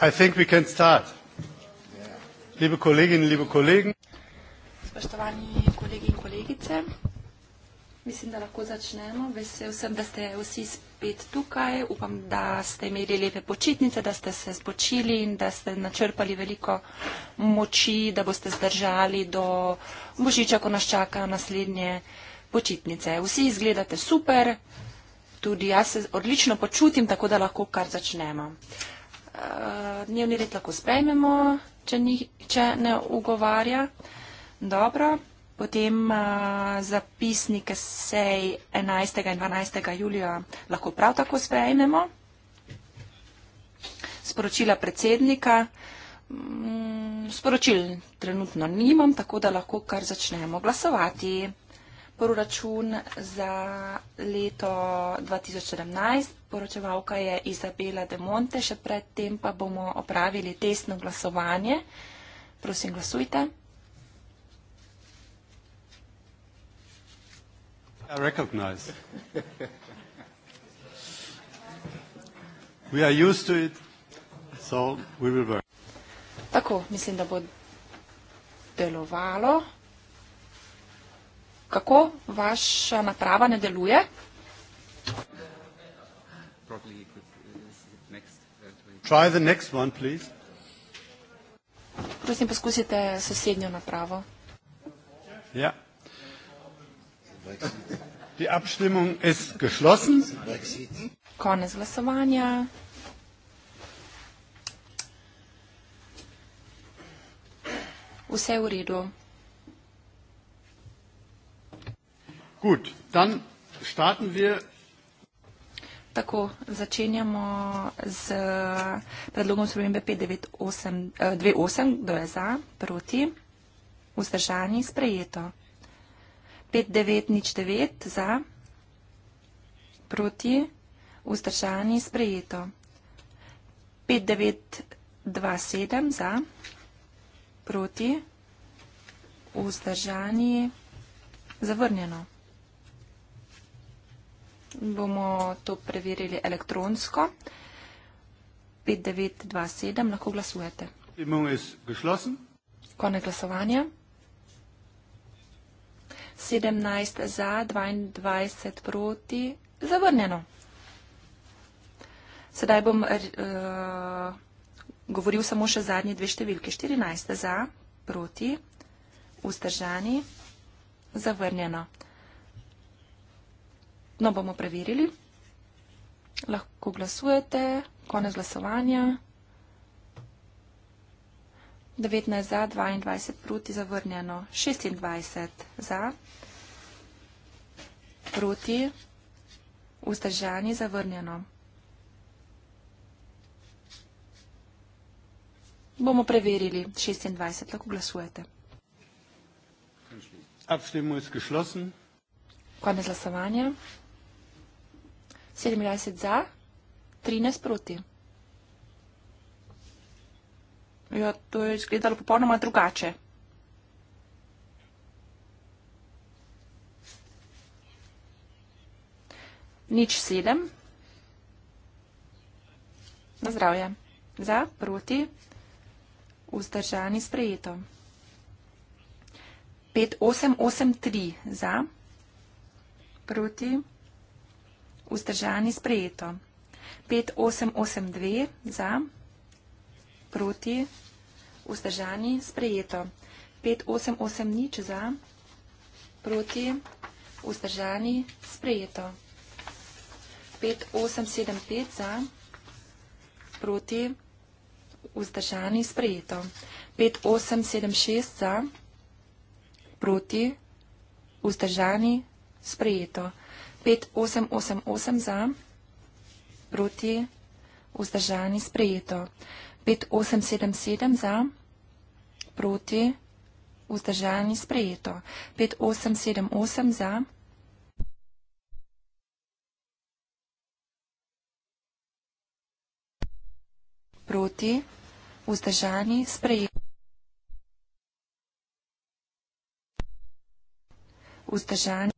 I think we can start. Liebe Kolleginnen, liebe Kollegen. Spoštovani kolegi in kolegice, mislim, da lahko začnemo. Vesel sem, da ste vsi spet tukaj. Upam, da ste imeli lepe počitnice, da ste se spočili in da ste načrpali veliko moči, da boste zdržali do božiča, ko nas čaka naslednje počitnice. Vsi izgledate super, tudi jaz se odlično počutim, tako da lahko kar začnemo. Uh, dnevni red lahko sprejmemo, če, ni, če ne ugovarja. Dobro. Potem a, uh, zapisnike sej 11. in 12. julija lahko prav tako sprejmemo. Sporočila predsednika. Mm, sporočil trenutno nimam, tako da lahko kar začnemo glasovati. Proračun za leto 2017 poročevalka je Izabela de Monte, še predtem pa bomo opravili testno glasovanje. Prosim, glasujte. I recognize. We are used to it, so we will work. Tako, mislim, da bo delovalo. Kako vaša naprava ne deluje? probably you could uh, next. Uh, Try the next one, please. Prosim, poskusite sosednjo napravo. Ja. Die Abstimmung ist geschlossen. Konec glasovanja. Vse v redu. Gut, dann starten wir Tako, začenjamo z predlogom spremembe 5928, eh, kdo je za, proti, vzdržani, sprejeto. 5909 za, proti, vzdržani, sprejeto. 5927 za, proti, vzdržani, zavrnjeno bomo to preverili elektronsko. 5927, lahko glasujete. Konec glasovanja. 17 za, 22 proti, zavrnjeno. Sedaj bom uh, govoril samo še zadnje dve številke. 14 za, proti, vzdržani, zavrnjeno. No, bomo preverili. Lahko glasujete. Konec glasovanja. 19 za, 22 proti, zavrnjeno. 26 za, proti, vzdržani, zavrnjeno. Bomo preverili. 26 lahko glasujete. Abstimmung ist geschlossen. Konec glasovanja. 27 za, 13 proti. Ja, to je izgledalo popolnoma drugače. Nič sedem. Na zdravje. Za, proti, vzdržani sprejeto. 5883 za, proti, vzdržani sprejeto vzdržani sprejeto. 5882 za, proti, vzdržani sprejeto. 5880 za, proti, vzdržani sprejeto. 5875 za, proti, vzdržani sprejeto. 5876 za, proti, vzdržani sprejeto. 5877 za, proti, vzdržani sprejeto. 5888 za, proti, vzdržani, sprejeto. 5877 za, proti, vzdržani, sprejeto. 5878 za. Proti, vzdržani, sprejeto. Vzdržani.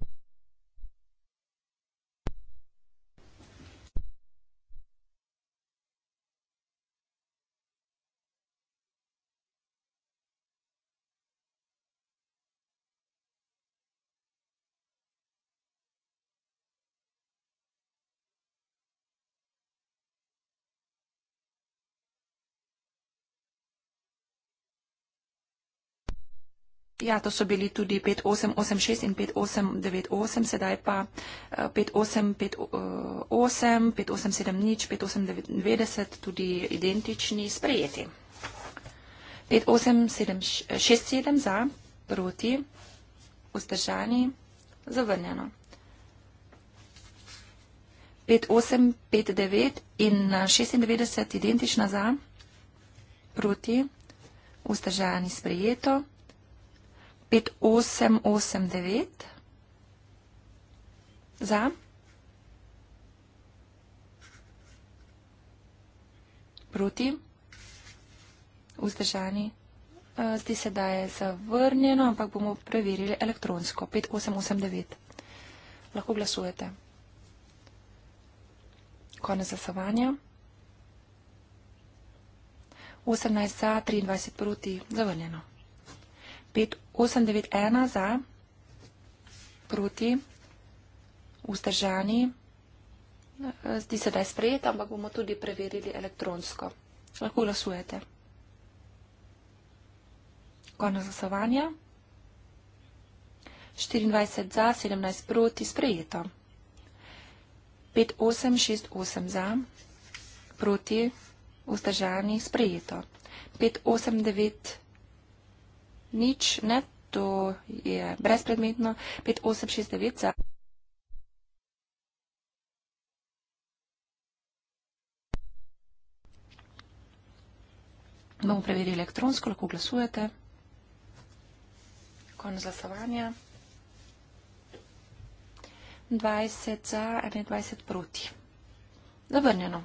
Ja, to so bili tudi 5886 in 5898, sedaj pa 5858, 5870, 5890, tudi identični sprejeti. 5867 za, proti, vzdržani, zavrnjeno. 5859 in 96 eh, identična za, proti, vzdržani, sprejeto. 5, 8, 8, 9. Za. Proti. Vzdržani. Eh, zdi se, da je zavrnjeno, ampak bomo preverili elektronsko. 5, 8, 8, 9. Lahko glasujete. Konec zasavanja. 18 za, 23 proti, zavrnjeno. 5, 8, 9, 1 za, proti, vzdržani. Zdi se, da je sprejet, ampak bomo tudi preverili elektronsko. Lahko glasujete. Konec glasovanja. 24 za, 17 proti, sprejeto. 5, 8, 6, 8 za, proti, vzdržani, sprejeto. 5, 8, 9, 1 nič, ne, to je brezpredmetno. 5869. Bomo preverili elektronsko, lahko glasujete. Konec glasovanja. 20 za, 21 proti. Zavrnjeno.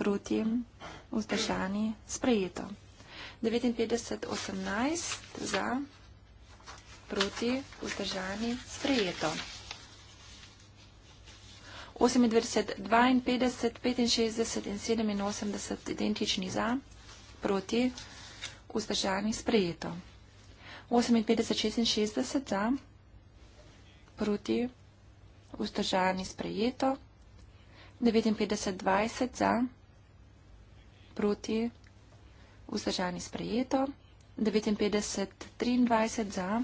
proti, vzdržani, sprejeto. 59.18 za, proti, vzdržani, sprejeto. 28, 52, 65 in 87 identični za, proti, vzdržani, sprejeto. 58, 66 za, proti, vzdržani, sprejeto. 59, 20 za, proti, vzdržani, sprejeto proti, vzdržani sprejeto, 59, 23 za,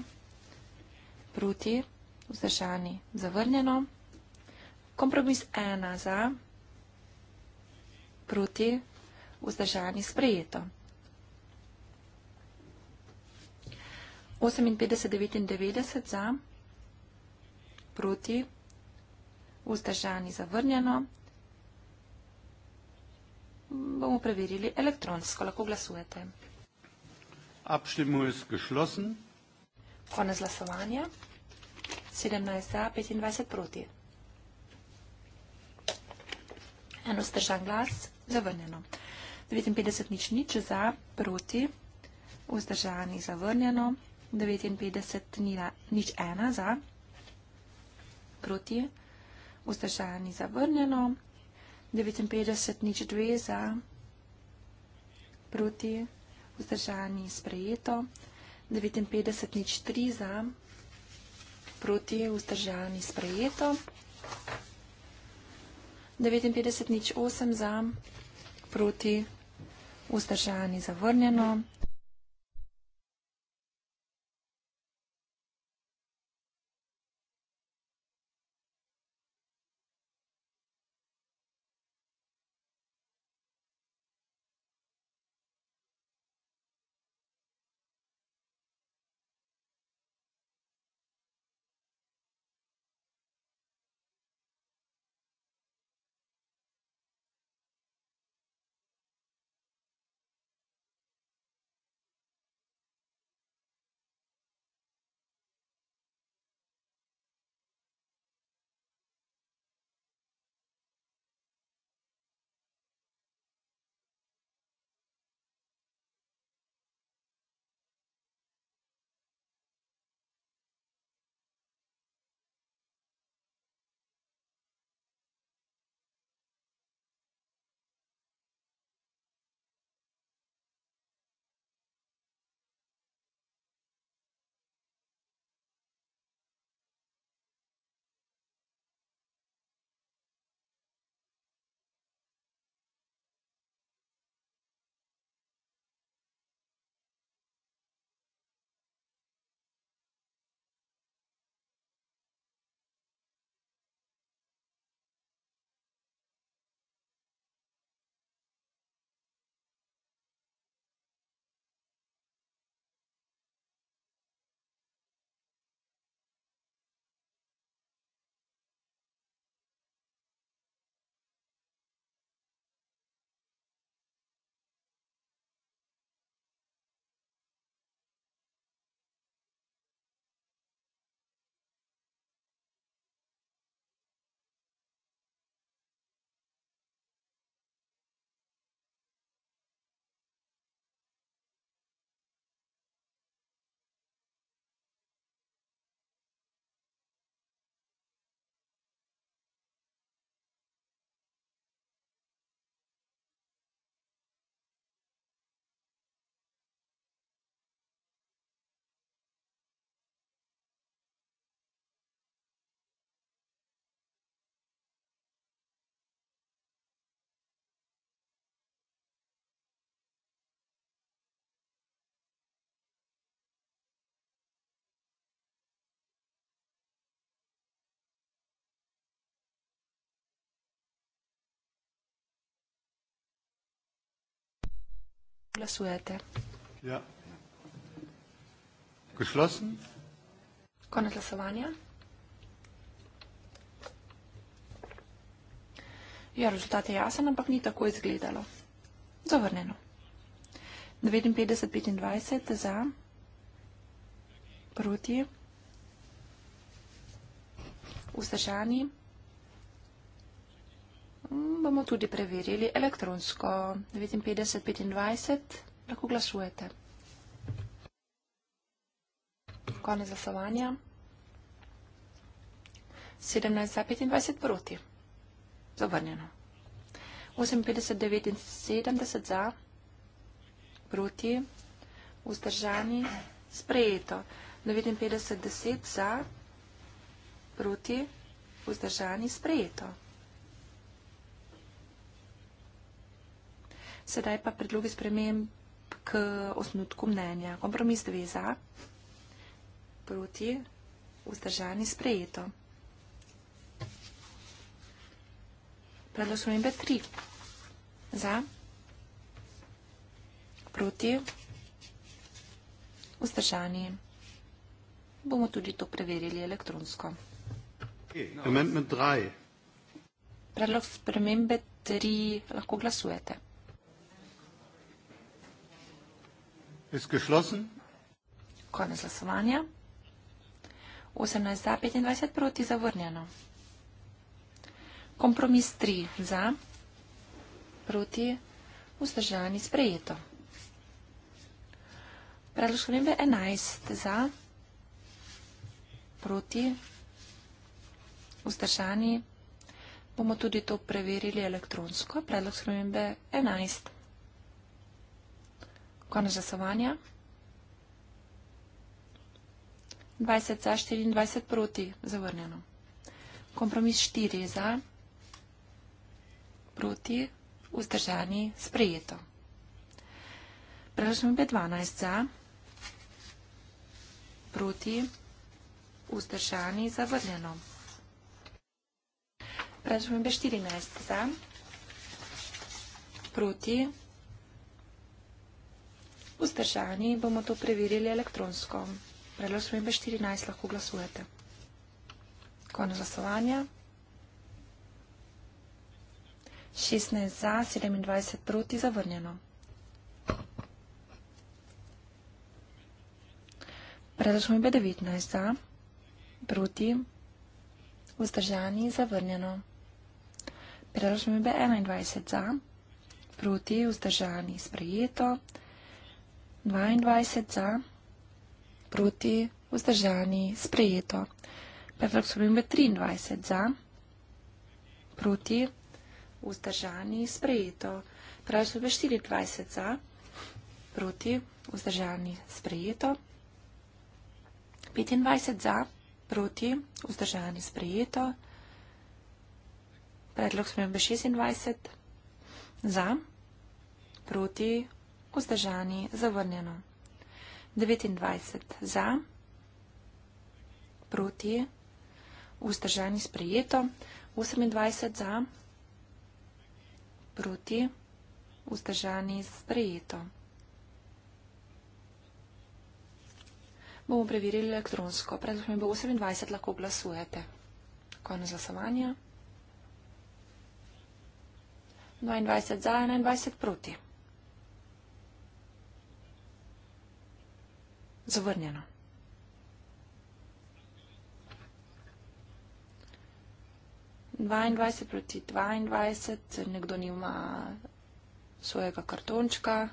proti, vzdržani zavrnjeno, kompromis 1 za, proti, vzdržani sprejeto. 58, 99 za, proti, vzdržani zavrnjeno, bomo preverili elektronsko. Lahko glasujete. Konec glasovanja. 17 za, 25 proti. Eno stržan glas, zavrnjeno. 59 nič nič za, proti, vzdržani zavrnjeno. 59 nič ena za, proti, vzdržani zavrnjeno. 59 nič 2 za, proti, vzdržani sprejeto, 59 nič 3 za, proti, vzdržani sprejeto, 59 nič 8 za, proti, vzdržani zavrnjeno, 59 nič 8 za, proti, vzdržani zavrnjeno, Glasujete. Ja. Geschlossen. Konec glasovanja. Ja, rezultat je jasen, ampak ni tako izgledalo. Zavrneno. 59-25 za. Proti. Vzdržani bomo tudi preverili elektronsko. 59.25 lahko glasujete. Konec glasovanja. 17.25 proti. Zavrnjeno. 58.79 za. Proti. Vzdržani. Sprejeto. 59.10 za. Proti. Vzdržani. Sprejeto. Sedaj pa predlogi sprememb k osnutku mnenja. Kompromis dve za, proti, vzdržani sprejeto. Predlog spremembe tri za, proti, vzdržani. Bomo tudi to preverili elektronsko. Predlog spremembe tri lahko glasujete. Konec glasovanja. 18 za, 25 proti, zavrnjeno. Kompromis 3 za, proti, vzdržani, sprejeto. Predlog spremembe 11 za, proti, vzdržani. Bomo tudi to preverili elektronsko. Predlog spremembe 11 za. Konec glasovanja. 20 za, 24 proti. Zavrnjeno. Kompromis 4 za, proti, vzdržani, sprejeto. Prelašnjo B12 za, proti, vzdržani, zavrnjeno. Prelašnjo B14 za, proti, vzdržani, zavrnjeno. Vzdržani bomo to preverili elektronsko. Predlog spremembe 14 lahko glasujete. Konec glasovanja. 16 za, 27 proti, zavrnjeno. Predlog spremembe 19 za, proti, vzdržani, zavrnjeno. Predlog spremembe 21 za, proti, vzdržani, sprejeto. Predlog spremembe 21 za, proti, vzdržani, sprejeto. 22 za, proti, vzdržani, sprejeto. Predlog spremembe 23 za, proti, vzdržani, sprejeto. Predlog spremembe 24 za, proti, vzdržani, sprejeto. 25 za, proti, vzdržani, sprejeto. Predlog spremembe 26 za, proti, vzdržani, sprejeto vzdržani, zavrnjeno. 29 za, proti, vzdržani, sprejeto. 28 za, proti, vzdržani, sprejeto. Bomo preverili elektronsko. Predvsem je bilo 28, lahko glasujete. Konec glasovanja. 22 za, 21 proti. Zavrnjeno. Dvaindvajset proti dvaindvajset, nekdo nima svojega kartončka.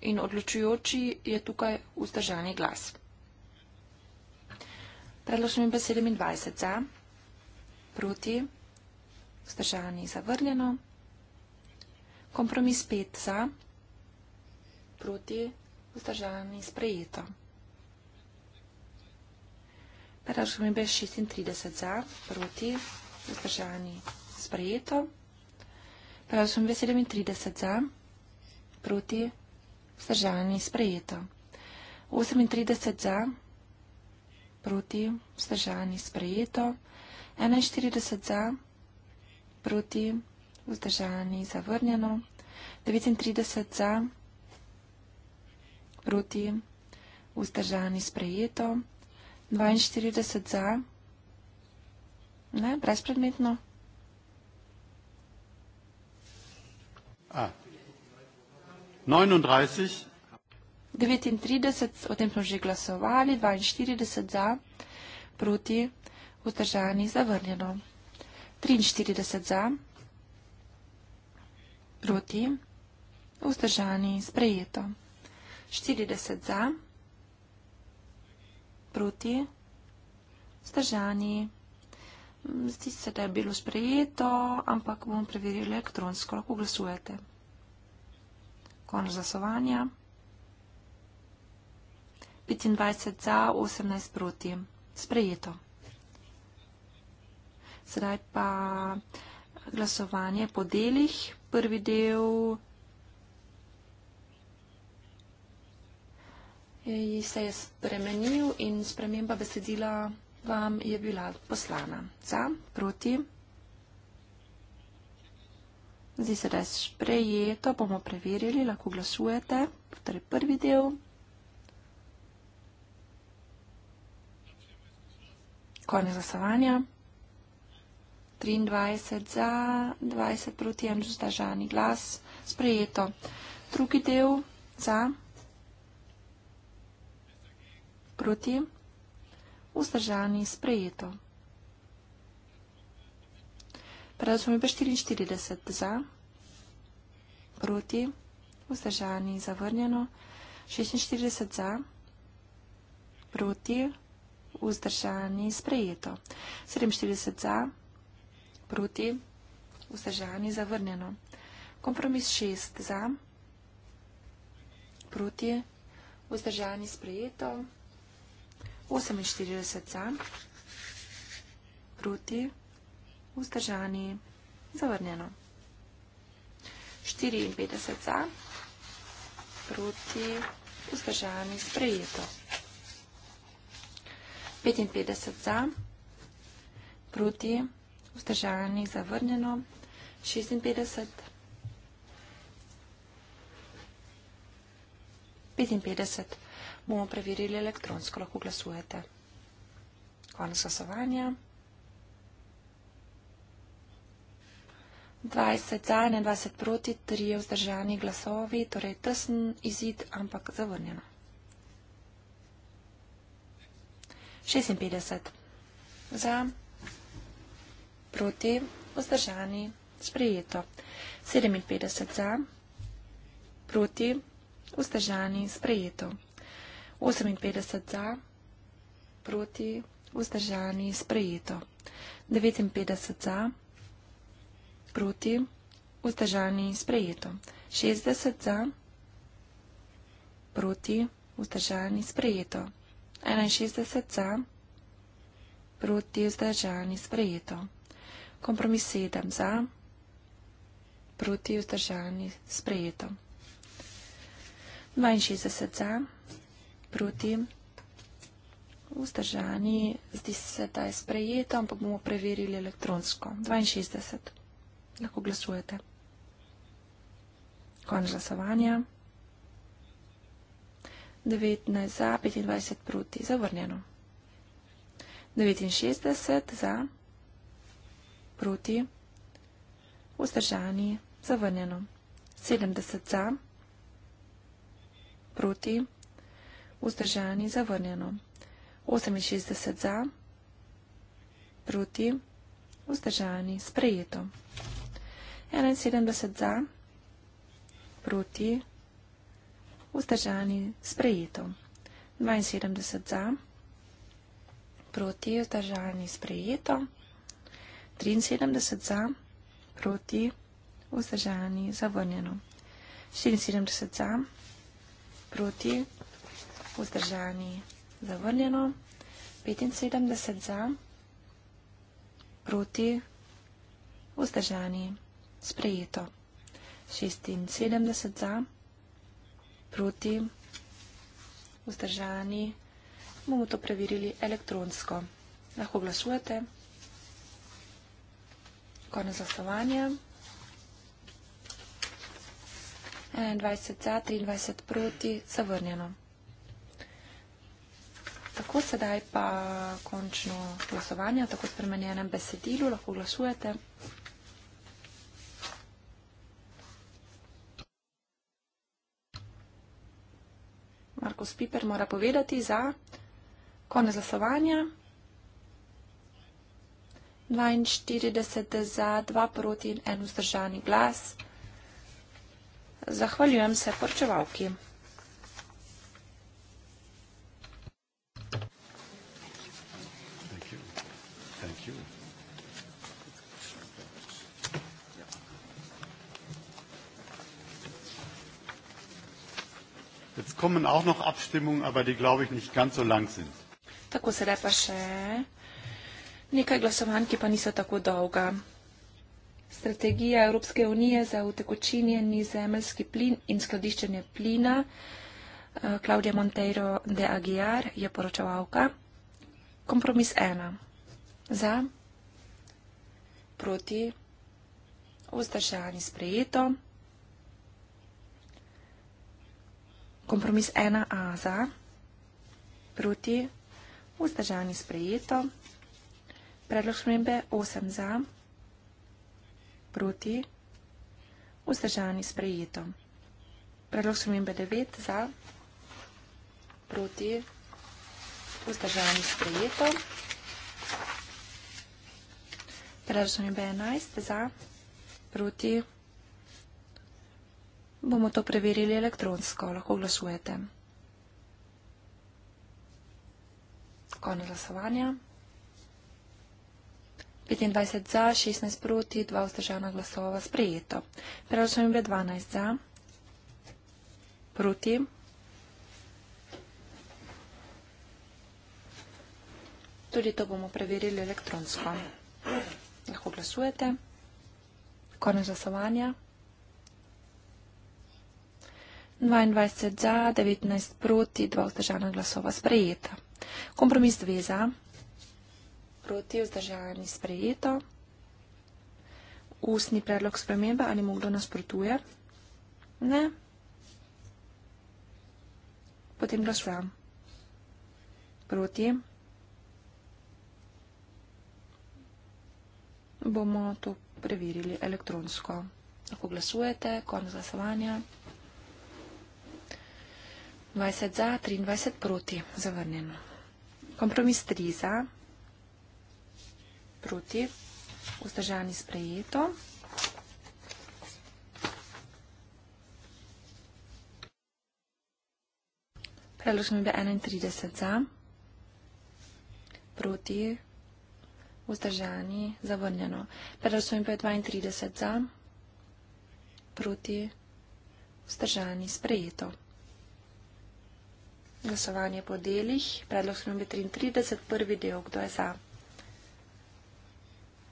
In odločujoči je tukaj vzdržani glas. Predložim pa sedemindvajset za, proti, vzdržani zavrnjeno. Kompromis pet za, proti, vzdržani zavrnjeno. Zdržano in sprejeto. Beražujem B36 za, proti, vzdržani, sprejeto. Beražujem B37 za, proti, vzdržani, sprejeto. 38 za, proti, vzdržani, sprejeto. 41 za, proti, vzdržani, zavrnjeno. 39 za, proti, vzdržani, sprejeto proti, vzdržani sprejeto, 42 za, ne, brezpredmetno. A. Ah. 39, o tem smo že glasovali, 42 za, proti, vzdržani, zavrnjeno. 43 za, proti, vzdržani, sprejeto. 40 za, proti, zdržani. Zdi se, da je bilo sprejeto, ampak bom preveril elektronsko, lahko glasujete. Konec glasovanja. 25 za, 18 proti. Sprejeto. Zdaj pa glasovanje po delih. Prvi del. ji se je spremenil in sprememba besedila vam je bila poslana. Za, proti. Zdi se, da je sprejeto, bomo preverili, lahko glasujete. Torej prvi del. Kone zasavanja. 23 za, 20 proti, en zdržani glas. Sprejeto. Drugi del za. Proti? Vzdržani, sprejeto. Preračujem pa 44 za. Proti? Vzdržani, zavrnjeno. 46 za. Proti? Vzdržani, sprejeto. 47 za. Proti? Vzdržani, zavrnjeno. Kompromis 6 za. Proti? Vzdržani, sprejeto. 48 cm, proti, vzdržani, zavrnjeno. 54 cm, proti, vzdržani, sprejeto. 55 cm, proti, vzdržani, zavrnjeno. 56 cm. 55 cm bomo preverili elektronsko, lahko glasujete. Konec glasovanja. 20 za, 21 proti, 3 vzdržani glasovi, torej tesen izid, ampak zavrnjeno. 56 za, proti, vzdržani, sprejeto. 57 za, proti, vzdržani, sprejeto. 58 za, proti, vzdržani, sprejeto. 59 za, proti, vzdržani, sprejeto. 60 za, proti, vzdržani, sprejeto. 61 za, proti, vzdržani, sprejeto. Kompromis 7 za, proti, vzdržani, sprejeto. 62 za, proti, vzdržani, sprejeto. 62 za, proti. Vzdržani, zdi se, da je sprejeto, ampak bomo preverili elektronsko. 62. Lahko glasujete. Konč glasovanja. 19 za, 25 proti. Zavrnjeno. 69 za, proti. Vzdržani, zavrnjeno. 70 za, proti vzdržani zavrnjeno. 68 za, proti, vzdržani sprejeto. 71 za, proti, vzdržani sprejeto. 72 za, proti, vzdržani sprejeto. 73 za, proti, vzdržani zavrnjeno. 74 za, proti, vzdržani, zavrnjeno, 75 za, proti, vzdržani, sprejeto, 76 za, proti, vzdržani, bomo to preverili elektronsko. Lahko oglašujete, konec zaslovanja, 21 za, 23 proti, zavrnjeno. Tako sedaj pa končno glasovanje, tako spremenjenem besedilu, lahko glasujete. Marko Spiper mora povedati za konec glasovanja. 42 za, 2 proti in 1 vzdržani glas. Zahvaljujem se porčevalki. kommen auch noch Abstimmungen, aber die, glaube ich, nicht ganz so lang sind. Tako sedaj pa še nekaj glasovanj, ki pa niso tako dolga. Strategija Evropske unije za utekočinjeni zemljski plin in skladiščenje plina. Klaudija eh, Monteiro de Aguiar je poročevalka. Kompromis ena. Za, proti, vzdržani sprejeto. kompromis 1A za, proti, vzdržani sprejeto, predlog šmembe 8 za, proti, vzdržani sprejeto, predlog šmembe 9 za, proti, vzdržani sprejeto, predlog šmembe 11 za, proti, vzdržani sprejeto, Bomo to preverili elektronsko. Lahko glasujete. Konec glasovanja. 25 za, 16 proti, 2 vzdržana glasova sprejeto. Preračujem le 12 za, proti. Tudi to bomo preverili elektronsko. Lahko glasujete. Konec glasovanja. 22 za, 19 proti, 2 vzdržana glasova sprejeta. Kompromis 2 za, proti vzdržani sprejeto. Ustni predlog spremembe ali mu kdo nasprotuje? Ne. Potem glasujem. Proti. Bomo to preverili elektronsko. Lahko glasujete, konec glasovanja. 20 za, 23 proti, zavrnjeno. Kompromis 3 za, proti, vzdržani sprejeto. Predlog smo bili 31 za, proti, vzdržani, zavrnjeno. Predlog smo bili 32 za, proti, vzdržani, sprejeto. Glasovanje po delih. Predlog skrbi 33, prvi del. Kdo je za?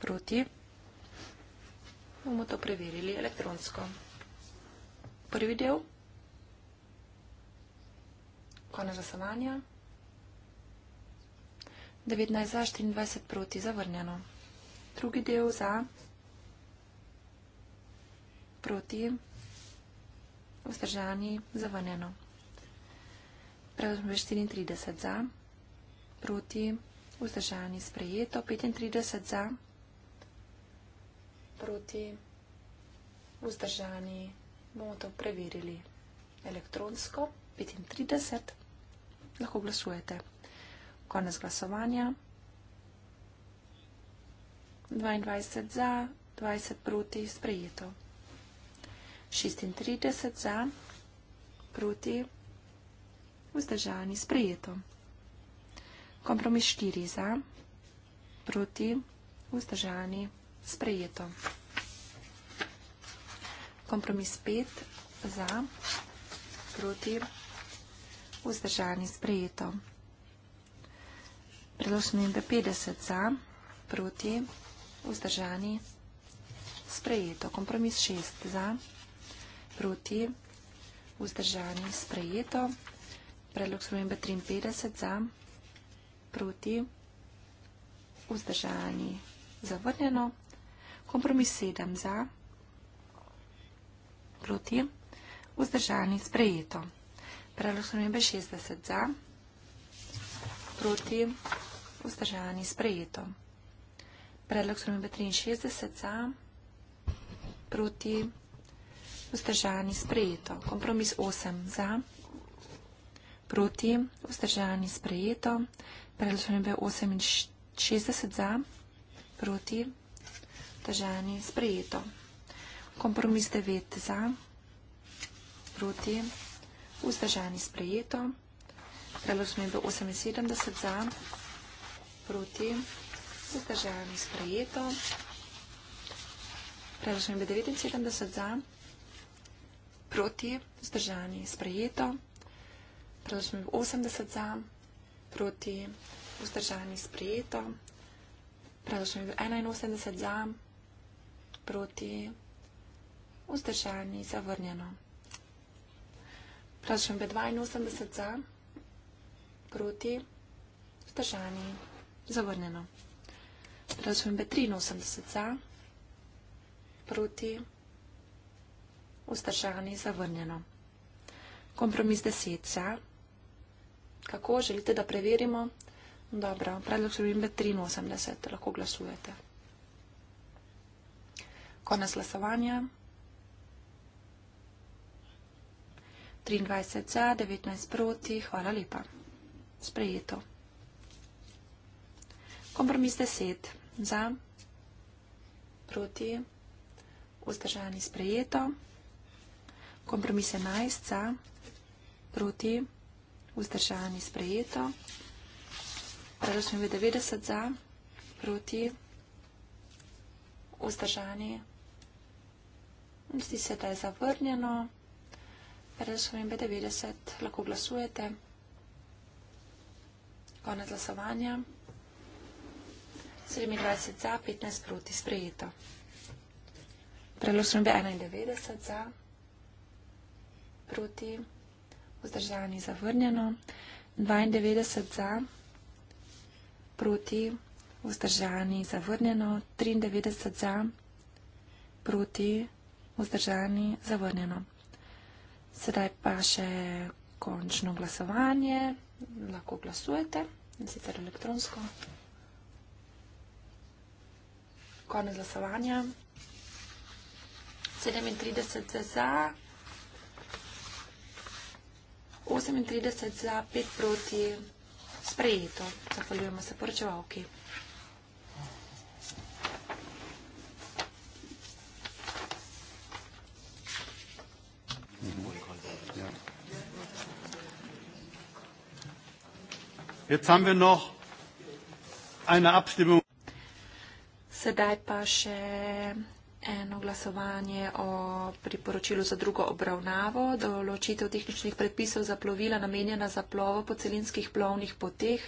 Proti? Bomo to preverili elektronsko. Prvi del. Konec glasovanja. 19 za, 24 proti, zavrnjeno. Drugi del za, proti, vzdržani, zavrnjeno. 34 za, proti, vzdržani sprejeto, 35 za, proti, vzdržani, bomo to preverili elektronsko, 35, lahko glasujete. Konec glasovanja, 22 za, 20 proti, sprejeto, 36 za, proti, vzdržani sprejeto vzdržani, sprejeto. Kompromis 4 za, proti, vzdržani, sprejeto. Kompromis 5 za, proti, vzdržani, sprejeto. Predlog smembe 50 za, proti, vzdržani, sprejeto. Kompromis 6 za, proti, vzdržani, sprejeto. Kompromis 6 za, proti, vzdržani, sprejeto. Predlog spremembe 53 za, proti, vzdržani, zavrnjeno. Kompromis 7 za, proti, vzdržani, sprejeto. Predlog spremembe 60 za, proti, vzdržani, sprejeto. Predlog spremembe 63 za, proti, vzdržani, sprejeto. Kompromis 8 za, proti, vzdržani, sprejeto proti, vzdržani sprejeto. Predložen je bil 68 za, proti, vzdržani sprejeto. Kompromis 9 za, proti, vzdržani sprejeto. Predložen je bil 78 za, proti, vzdržani sprejeto. Predložen je bil 79 za, proti, vzdržani sprejeto. Proti, vzdržani sprejeto. Priložimo 80 za, proti vzdržani sprejeto. Priložimo 81 za, proti vzdržani zavrnjeno. Priložimo 82 za, proti vzdržani zavrnjeno. Priložimo 83 za, proti vzdržani zavrnjeno. Kompromis 10 za. Kako želite, da preverimo? Dobro, predlog spremembe 83, lahko glasujete. Konec glasovanja. 23 za, 19 proti, hvala lepa. Sprejeto. Kompromis 10 za, proti, vzdržani sprejeto. Kompromis 11 za, proti, vzdržani sprejeto vzdržani sprejeto. Proračun je 90 za, proti, vzdržani. Zdi se, da je zavrnjeno. Proračun je 90, lahko glasujete. Konec glasovanja. 27 za, 15 proti, sprejeto. Proračun je 91 za, proti, vzdržani vzdržani zavrnjeno, 92 za, proti, vzdržani zavrnjeno, 93 za, proti, vzdržani zavrnjeno. Sedaj pa še končno glasovanje, lahko glasujete, in sicer elektronsko. Konec glasovanja. 37 za, 38 za 5 proti sprejeto. Zahvaljujemo se poročevalki. Sedaj pa še eno glasovanje o priporočilu za drugo obravnavo, določitev tehničnih predpisov za plovila namenjena za plovo po celinskih plovnih poteh,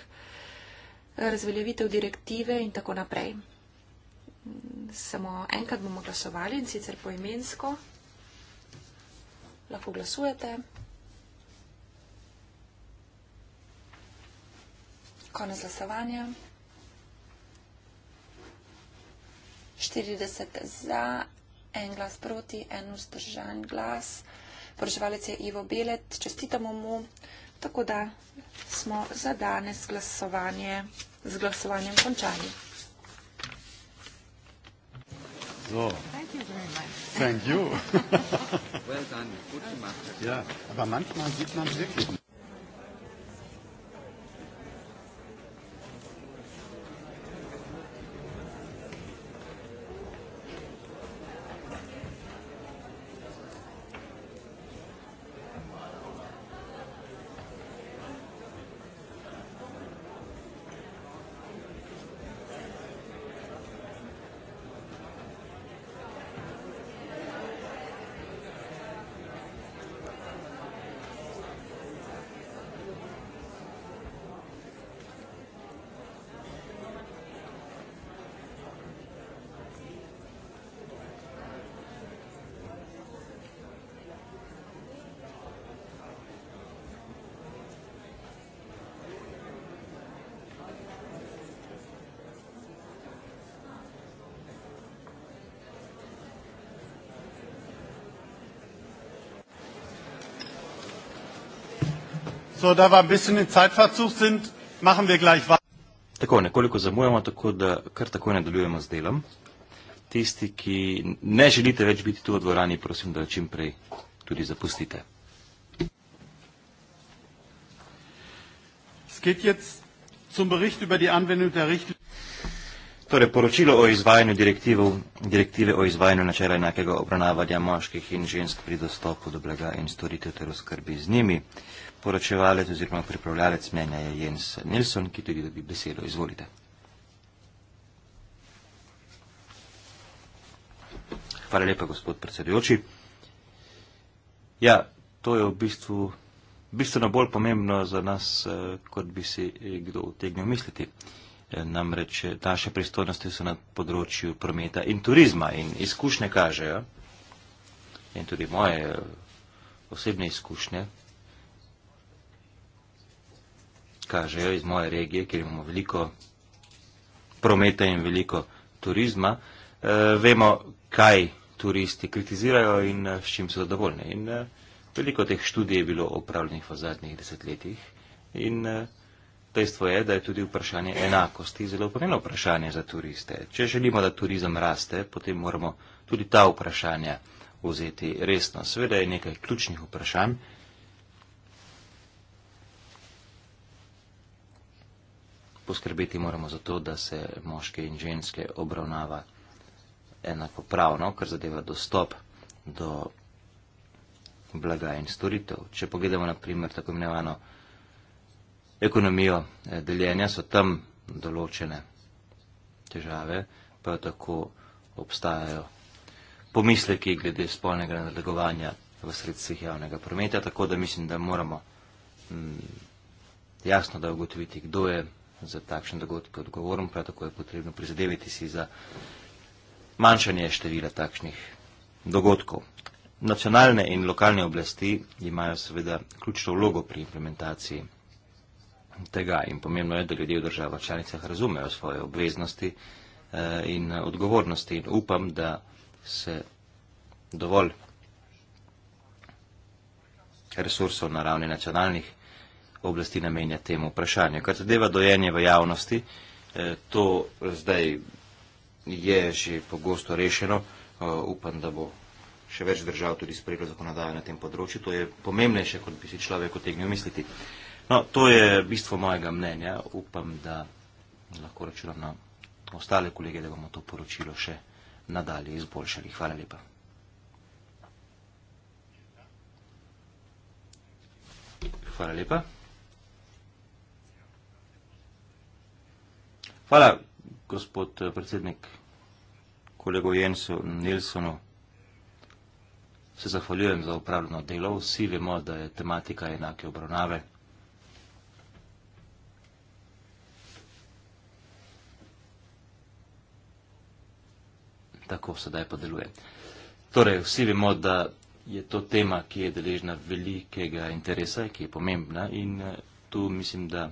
razveljavitev direktive in tako naprej. Samo enkrat bomo glasovali in sicer poimensko. Lahko glasujete. Konec glasovanja. 40 za, en glas proti, en vzdržan glas. Proževalec je Ivo Belet, čestitamo mu, tako da smo za danes glasovanje, z glasovanjem končali. So. Thank you very much. Thank you. well done. Good yeah. Aber manchmal sieht man wirklich. So, da vam bisschen in Zeitverzug sind, machen wir gleich weiter. Tako, nekoliko zamujamo, tako da kar takoj nadaljujemo z delom. Tisti, ki ne želite več biti tu v dvorani, prosim, da čim prej tudi zapustite. Torej, poročilo o izvajanju direktive o izvajanju načela enakega obravnavanja moških in žensk pri dostopu do blaga in storitev ter oskrbi z njimi poročevalec oziroma pripravljalec mnenja je Jens Nilsson, ki tudi dobi besedo. Izvolite. Hvala lepa, gospod predsedujoči. Ja, to je v bistvu bistveno bolj pomembno za nas, eh, kot bi si eh, kdo utegnil misliti. Eh, namreč naše pristojnosti so na področju prometa in turizma in izkušnje kažejo, in tudi moje osebne izkušnje, kažejo iz moje regije, kjer imamo veliko prometa in veliko turizma, uh, vemo, kaj turisti kritizirajo in uh, s čim so zadovoljni. In, uh, veliko teh študij je bilo opravljenih v zadnjih desetletjih in uh, dejstvo je, da je tudi vprašanje enakosti zelo pomembno vprašanje za turiste. Če želimo, da turizem raste, potem moramo tudi ta vprašanja vzeti resno. Sveda je nekaj ključnih vprašanj, poskrbeti moramo za to, da se moške in ženske obravnava enakopravno, kar zadeva dostop do blaga in storitev. Če pogledamo naprimer tako imenovano ekonomijo eh, deljenja, so tam določene težave, pa tako obstajajo pomisleki glede spolnega nadlegovanja v sredstvih javnega prometa, tako da mislim, da moramo m, mm, jasno da ugotoviti, kdo je za takšne dogodke odgovoren, prav tako je potrebno prizadeviti si za manjšanje števila takšnih dogodkov. Nacionalne in lokalne oblasti imajo seveda ključno vlogo pri implementaciji tega in pomembno je, da ljudje v državah članicah razumejo svoje obveznosti eh, in eh, odgovornosti in upam, da se dovolj resursov na ravni nacionalnih oblasti oblasti namenja temu vprašanju. Kar zadeva dojenje v javnosti, eh, to zdaj je že pogosto rešeno. Eh, upam, da bo še več držav tudi sprejelo zakonodajo na tem področju. To je pomembnejše, kot bi si človek otegnil misliti. No, to je bistvo mojega mnenja. Upam, da lahko računam na ostale kolege, da bomo to poročilo še nadalje izboljšali. Hvala lepa. Hvala lepa. Hvala, gospod eh, predsednik, kolego Jensu Nilsonu. Se zahvaljujem za upravljeno delo. Vsi vemo, da je tematika enake obravnave. Tako sedaj pa deluje. Torej, vsi vemo, da je to tema, ki je deležna velikega interesa, ki je pomembna in eh, tu mislim, da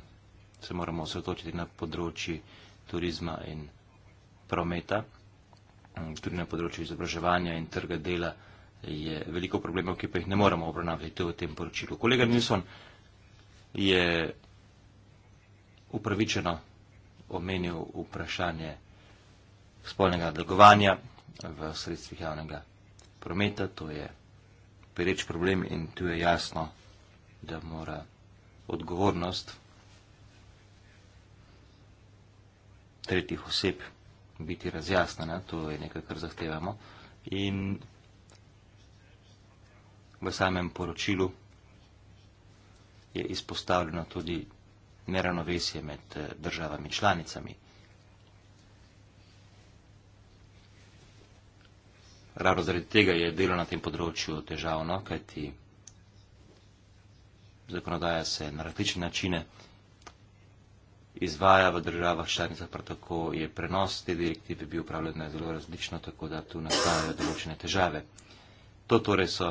se moramo osredotočiti na področji turizma in prometa. Mm, Tudi na področju izobraževanja in trga dela je veliko problemov, ki pa jih ne moramo obravnavati v tem poročilu. Kolega Nilsson je upravičeno omenil vprašanje spolnega delovanja v sredstvih javnega prometa. To je pereč problem in tu je jasno, da mora odgovornost tretjih oseb biti razjasnjena, to je nekaj, kar zahtevamo. In v samem poročilu je izpostavljeno tudi neravnovesje med eh, državami članicami. Ravno zaradi tega je delo na tem področju težavno, kajti zakonodaja se na različne načine izvaja v državah članicah, prav tako je prenos te direktive bil upravljen na zelo različno, tako da tu nastajajo določene težave. To torej so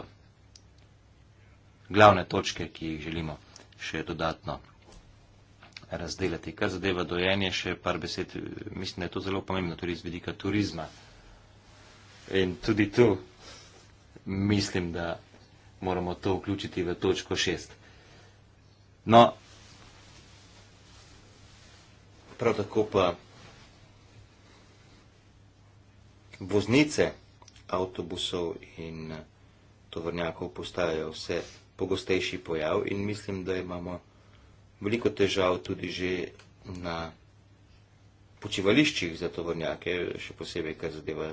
glavne točke, ki jih želimo še dodatno razdelati. Kar zadeva dojenje, še par besed, mislim, da je to zelo pomembno tudi iz vidika turizma. In tudi tu mislim, da moramo to vključiti v točko šest. No, prav tako pa voznice avtobusov in tovrnjakov postajajo vse pogostejši pojav in mislim, da imamo veliko težav tudi že na počivališčih za tovrnjake, še posebej, kar zadeva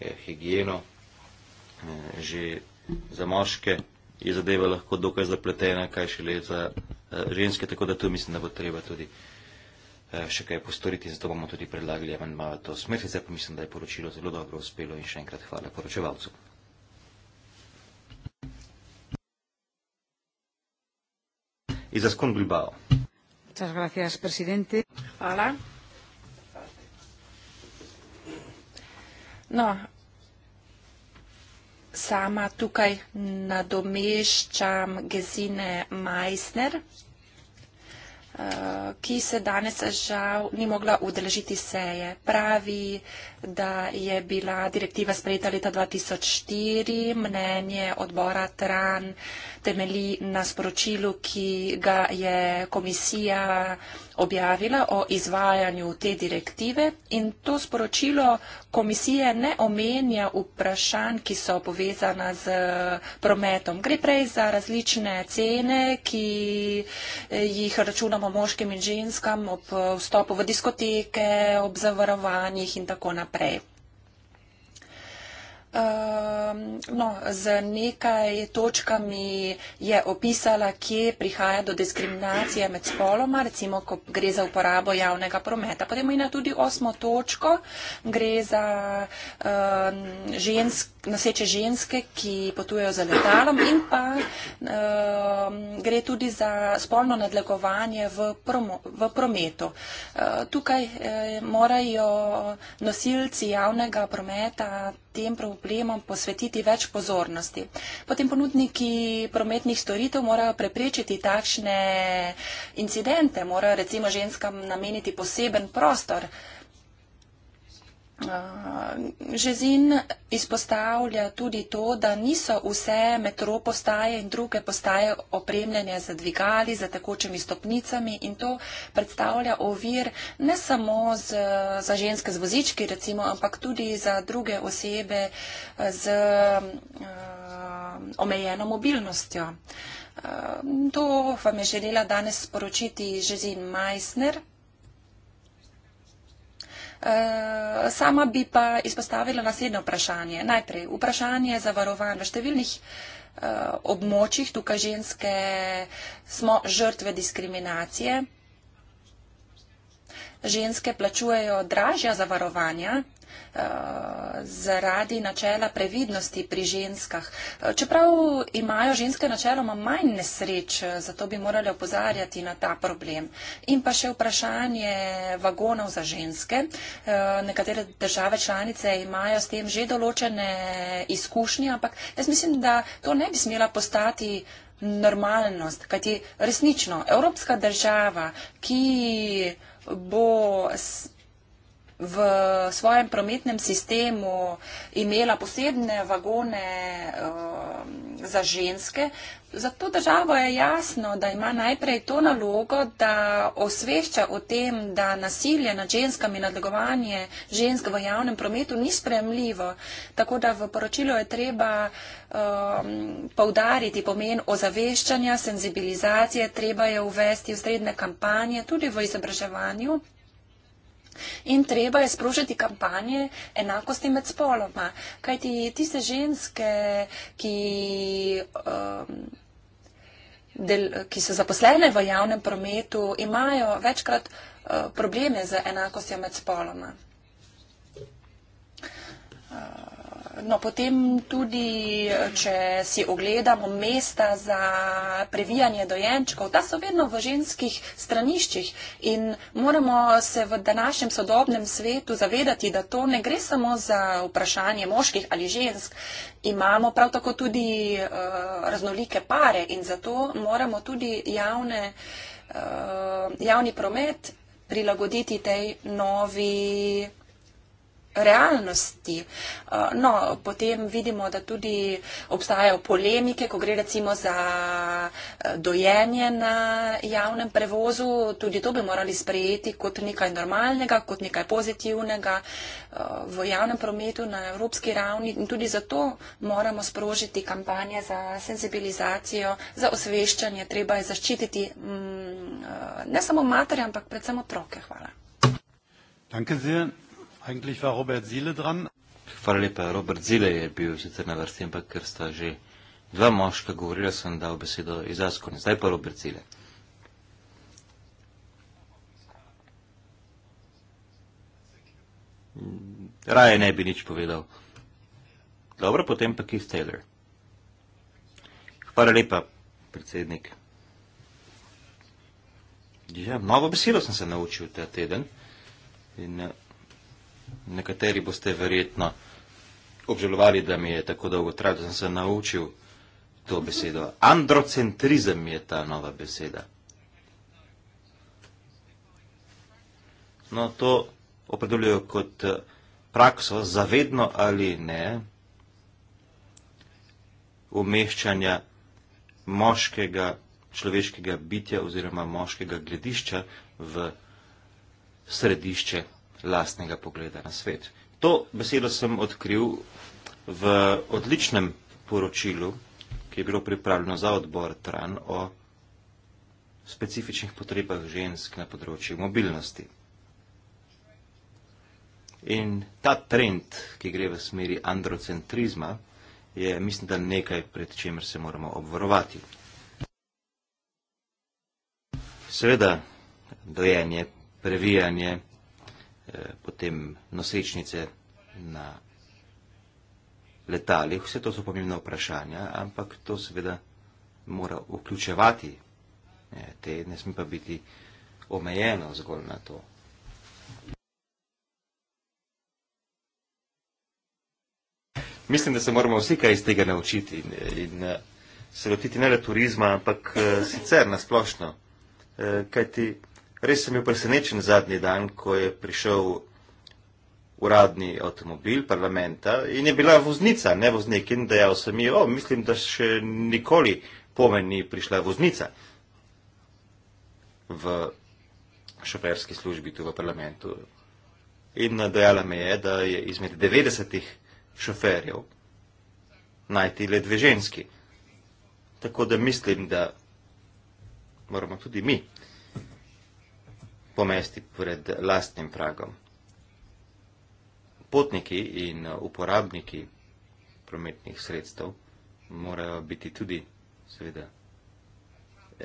eh, higieno, eh, že za moške je zadeva lahko dokaj zapletena, kaj še le za eh, ženske, tako da tu mislim, da bo treba tudi eh, Eh, še kaj postoriti, zato bomo tudi predlagali amandma to smer. Zdaj pa mislim, da je poročilo zelo dobro uspelo in še enkrat hvala poročevalcu. Izaskon Bilbao. Muchas gracias, presidente. Hvala. No, sama tukaj nadomeščam Gesine Meissner. Eh, ki se danes žal ni mogla udeležiti seje. Pravi, da je bila direktiva sprejeta leta 2004. Mnenje odbora TRAN temelji na sporočilu, ki ga je komisija objavila o izvajanju te direktive in to sporočilo komisije ne omenja vprašanj, ki so povezana z prometom. Gre prej za različne cene, ki eh, jih računamo moškim in ženskam ob vstopu v diskoteke, ob zavarovanjih in tako naprej naprej. Um, no, z nekaj točkami je opisala, kje prihaja do diskriminacije med spoloma, recimo, ko gre za uporabo javnega prometa. Potem je na tudi osmo točko, gre za um, žensk noseče ženske, ki potujejo za letalom in pa um, gre tudi za spolno nadlegovanje v, promo, v prometu. Uh, tukaj uh, morajo nosilci javnega prometa tem problemom posvetiti več pozornosti. Potem ponudniki prometnih storitev morajo preprečiti takšne incidente, morajo recimo ženskam nameniti poseben prostor. Uh, Eh, Žezin izpostavlja tudi to, da niso vse metropostaje in druge postaje opremljene z dvigali, z tekočimi stopnicami in to predstavlja ovir ne samo z, za ženske z vozički, recimo, ampak tudi za druge osebe eh, z eh, omejeno mobilnostjo. To vam je želela danes sporočiti Žezin Meissner. Eh, sama bi pa izpostavila naslednje vprašanje. Najprej vprašanje zavarovanj v številnih eh, območjih, tukaj ženske smo žrtve diskriminacije. Ženske plačujejo dražja zavarovanja. Eh, zaradi načela previdnosti pri ženskah. Eh, čeprav imajo ženske načeloma manj nesreč, eh, zato bi morali opozarjati na ta problem. In pa še vprašanje vagonov za ženske. Nekatere države članice imajo s tem že določene izkušnje, ampak jaz mislim, da to ne bi smela postati normalnost, kajti resnično Evropska država, ki bo v svojem prometnem sistemu imela posebne vagone uh, za ženske. Zato državo je jasno, da ima najprej to nalogo, da osvešča o tem, da nasilje nad ženskami, nadlegovanje žensk v javnem prometu ni spremljivo. Tako da v poročilu je treba um, povdariti pomen ozaveščanja, senzibilizacije, treba je uvesti v sredne kampanje, tudi v izobraževanju In treba je sprožiti kampanje enakosti med spoloma, kajti tiste ženske, ki, um, del, ki so zaposlene v javnem prometu, imajo večkrat uh, probleme z enakostjo med spoloma. Uh, no potem tudi, če si ogledamo mesta za previjanje dojenčkov, ta so vedno v ženskih straniščih in moramo se v današnjem sodobnem svetu zavedati, da to ne gre samo za vprašanje moških ali žensk. Imamo prav tako tudi uh, raznolike pare in zato moramo tudi javne, uh, javni promet prilagoditi tej novi realnosti. Eh, no, potem vidimo, da tudi obstajajo polemike, ko gre recimo za eh, dojenje na javnem prevozu. Tudi to bi morali sprejeti kot nekaj normalnega, kot nekaj pozitivnega eh, v javnem prometu na evropski ravni. In tudi zato moramo sprožiti kampanje za senzibilizacijo, za osveščanje. Treba je zaščititi mm, ne samo materje, ampak predvsem otroke. Hvala. Danke sehr. Eigentlich war Robert Ziele dran. Hvala lepa, Robert Zile je bil sicer na vrsti, ampak ker sta že dva moška govorila, sem dal besedo iz Askone. Zdaj pa Robert Zile. Raje ne bi nič povedal. Dobro, potem pa Keith Taylor. Hvala lepa, predsednik. Ja, novo besedo sem se naučil ta teden. In, uh, Nekateri boste verjetno obžalovali, da mi je tako dolgo trajalo, da sem se naučil to besedo. Androcentrizem je ta nova beseda. No, to opredeljujejo kot eh, prakso, zavedno ali ne, umeščanja moškega človeškega bitja oziroma moškega gledišča v središče lastnega pogleda na svet. To besedo sem odkril v odličnem poročilu, ki je bilo pripravljeno za odbor TRAN o specifičnih potrebah žensk na področju mobilnosti. In ta trend, ki gre v smeri androcentrizma, je, mislim, da nekaj, pred čemer se moramo obvarovati. Seveda, dojenje, previjanje, Eh, potem nosečnice na letalih, vse to so pomembna vprašanja, ampak to seveda mora vključevati eh, te, ne sme pa biti omejeno zgolj na to. Mislim, da se moramo vsi kaj iz tega naučiti in eh, se lotiti ne le turizma, ampak sicer nasplošno. Kaj ti Res sem bil presenečen zadnji dan, ko je prišel uradni avtomobil parlamenta in je bila voznica, ne voznik, in dejal sem ji, o, mislim, da še nikoli pomen ni prišla voznica v šoferski službi tu v parlamentu. In dejala me je, da je izmed 90 šoferjev najti le dve ženski. Tako da mislim, da moramo tudi mi pomesti pred lastnim pragom. Potniki in uporabniki prometnih sredstev morajo biti tudi, seveda,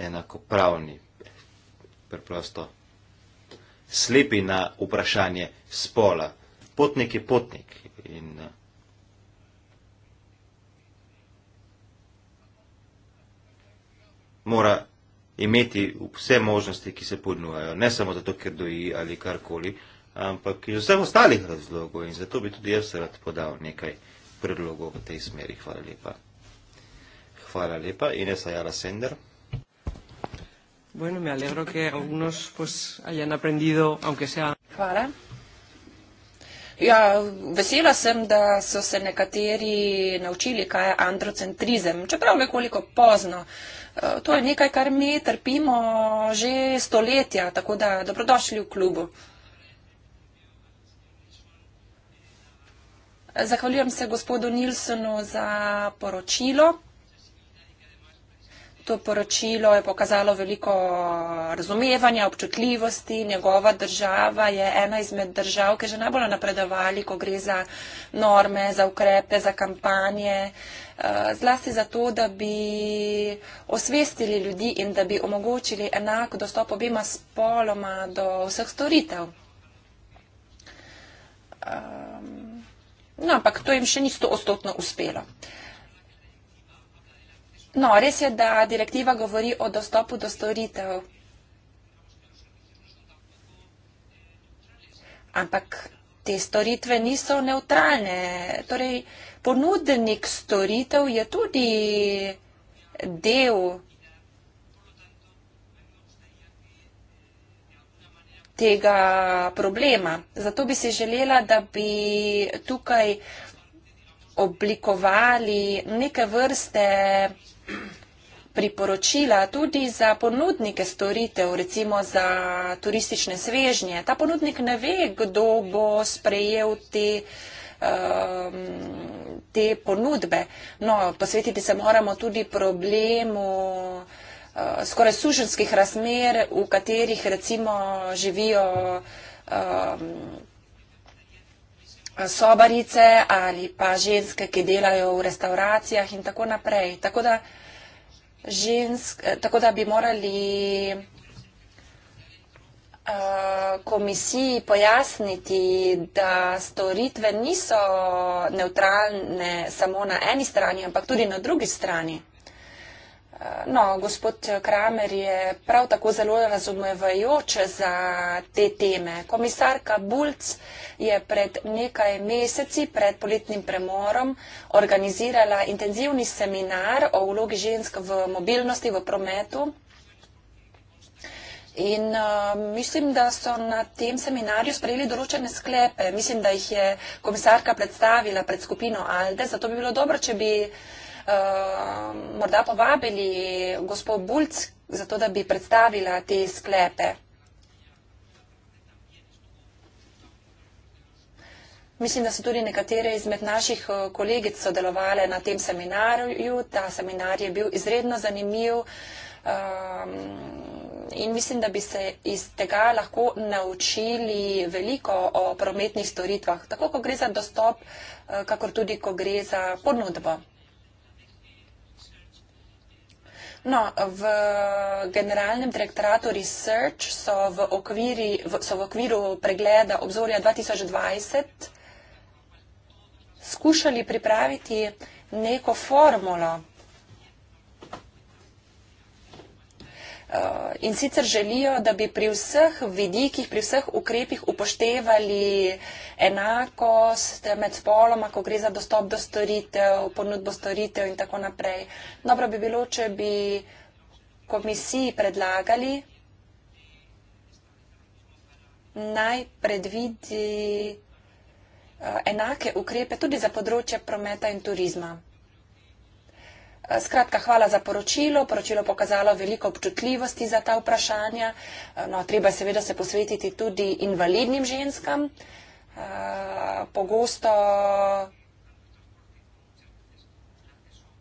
enakopravni, preprosto slepi na vprašanje spola. Potnik je potnik in mora imeti vse možnosti, ki se ponujajo. Ne samo zato, ker doji ali karkoli, ampak iz vseh ostalih razlogov. In zato bi tudi jaz rad podal nekaj predlogov v tej smeri. Hvala lepa. Hvala lepa. Inesa Jara Sender. Bueno, me alegro que algunos pues, hayan aprendido, aunque sea. Hvala. Ja, vesela sem, da so se nekateri naučili, kaj je androcentrizem, čeprav nekoliko pozno. E, to je nekaj, kar mi trpimo že stoletja, tako da dobrodošli v klubu. Zahvaljujem se gospodu Nilsonu za poročilo to poročilo je pokazalo veliko razumevanja, občutljivosti. Njegova država je ena izmed držav, ki že najbolj napredovali, ko gre za norme, za ukrepe, za kampanje. Eh, zlasti zato, da bi osvestili ljudi in da bi omogočili enak dostop obima spoloma do vseh storitev. Ehm, no, ampak to jim še ni stoodstotno uspelo. Uh, No, res je, da direktiva govori o dostopu do storitev. Ampak te storitve niso neutralne. Torej, ponudnik storitev je tudi del. tega problema. Zato bi se želela, da bi tukaj oblikovali neke vrste priporočila tudi za ponudnike storitev, recimo za turistične svežnje. Ta ponudnik ne ve, kdo bo sprejel te, um, te ponudbe. No, posvetiti se moramo tudi problemu uh, skoraj suženskih razmer, v katerih recimo živijo um, sobarice ali pa ženske, ki delajo v restauracijah in tako naprej. Tako da, uh, žensk, eh, tako da bi morali eh, komisiji pojasniti, da storitve niso neutralne samo na eni strani, ampak tudi na drugi strani. No, gospod Kramer je prav tako zelo razumevajoč za te teme. Komisarka Bulc je pred nekaj meseci, pred poletnim premorom, organizirala intenzivni seminar o vlogi žensk v mobilnosti v prometu. In uh, mislim, da so na tem seminarju sprejeli določene sklepe. Mislim, da jih je komisarka predstavila pred skupino Alde, zato bi bilo dobro, če bi. Uh, Eh, morda povabili gospod Bulc, zato da bi predstavila te sklepe. Mislim, da so tudi nekatere izmed naših eh, kolegic sodelovali na tem seminarju. Ta seminar je bil izredno zanimiv um, in mislim, da bi se iz tega lahko naučili veliko o prometnih storitvah, tako ko gre za dostop, eh, kakor tudi ko gre za ponudbo. No, v generalnem direktoratu Research so v, okviri, so v okviru pregleda obzorja 2020 skušali pripraviti neko formulo Eh, in sicer želijo, da bi pri vseh vidikih, pri vseh ukrepih upoštevali enakost med spoloma, ko gre za dostop do storitev, ponudbo storitev in tako naprej. Dobro bi bilo, če bi komisiji predlagali naj predvidi eh, enake ukrepe tudi za področje prometa in turizma. Skratka, hvala za poročilo. Poročilo pokazalo veliko občutljivosti za ta vprašanja. No, treba seveda se posvetiti tudi invalidnim ženskam. Pogosto,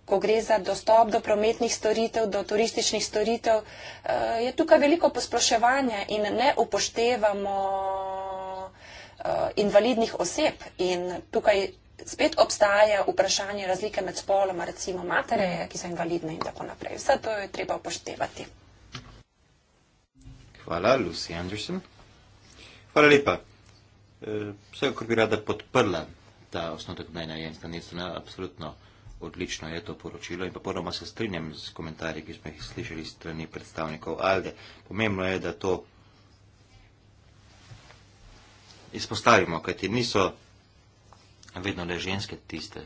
ko gre za dostop do prometnih storitev, do turističnih storitev, je tukaj veliko posploševanja in ne upoštevamo invalidnih oseb. In tukaj spet obstaja vprašanje razlike med spoloma, recimo matere, mm. ki so invalidne in tako naprej. Vse to je treba upoštevati. Hvala, Lucy Anderson. Hvala lepa. E, Vse, kar bi rada podprla ta osnotek mnenja Jens Danesena, absolutno odlično je to poročilo in pa ponoma se strinjam z komentarji, ki smo jih slišali strani predstavnikov ALDE. Pomembno je, da to izpostavimo, kajti niso vedno le ženske tiste,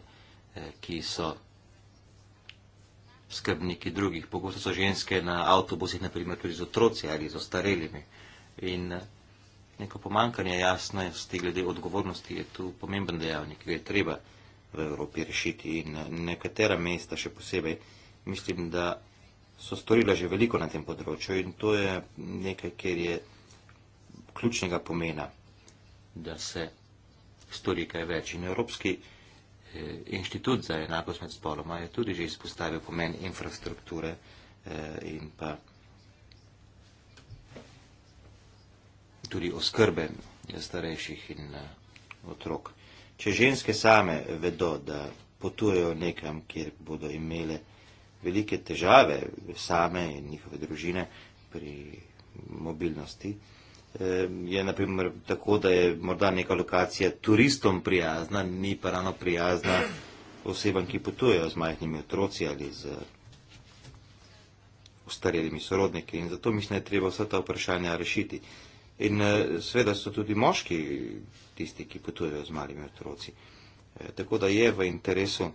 eh, ki so skrbniki drugih. Pogosto so ženske na avtobusih, naprimer tudi z otroci ali z ostarelimi. In eh, neko pomankanje jasnosti glede odgovornosti je tu pomemben dejavnik, ki ga je treba v Evropi rešiti. In eh, nekatera mesta še posebej, mislim, da so storila že veliko na tem področju in to je nekaj, kjer je ključnega pomena, da se stori kaj več. In Evropski eh, inštitut za enakost med spoloma je tudi že izpostavil pomen infrastrukture eh, in pa tudi oskrbe eh, starejših in otrok. Če ženske same vedo, da potujejo nekam, kjer bodo imele velike težave same in njihove družine pri mobilnosti, je naprimer tako, da je morda neka lokacija turistom prijazna, ni pa ravno prijazna osebam, ki potujejo z majhnimi otroci ali z ostarelimi sorodniki. In zato mislim, da je treba vsa ta vprašanja rešiti. In eh, seveda so tudi moški tisti, ki potujejo z malimi otroci. Eh, tako da je v interesu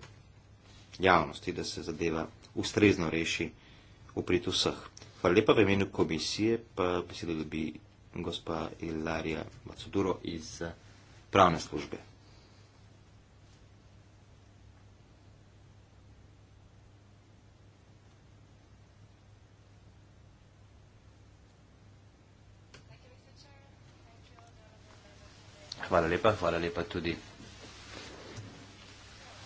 javnosti, da se zadeva ustrezno reši v prid vseh. Hvala lepa v imenu komisije, pa besedo dobi. Da gospa Ilarija Macuduro iz eh, pravne službe. Hvala lepa, hvala lepa tudi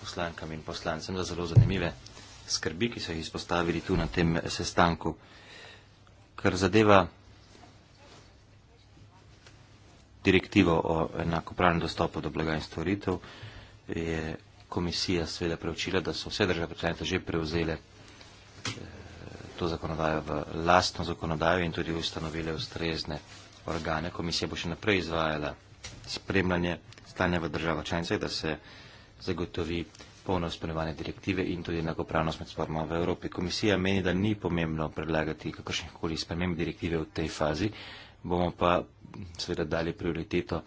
poslankam in poslancem za zelo zanimive skrbi, ki so jih izpostavili tu na tem sestanku. Kar zadeva direktivo o enakopravnem dostopu do blaga in storitev, je komisija seveda preučila, da so vse države članice že prevzele eh, to zakonodajo v lastno zakonodajo in tudi ustanovile ustrezne organe. Komisija bo še naprej izvajala spremljanje stanja v državah članicah, da se zagotovi polno izpolnjevanje direktive in tudi enakopravnost med sporma v Evropi. Komisija meni, da ni pomembno predlagati kakršnih koli sprememb direktive v tej fazi, bomo pa seveda dali prioriteto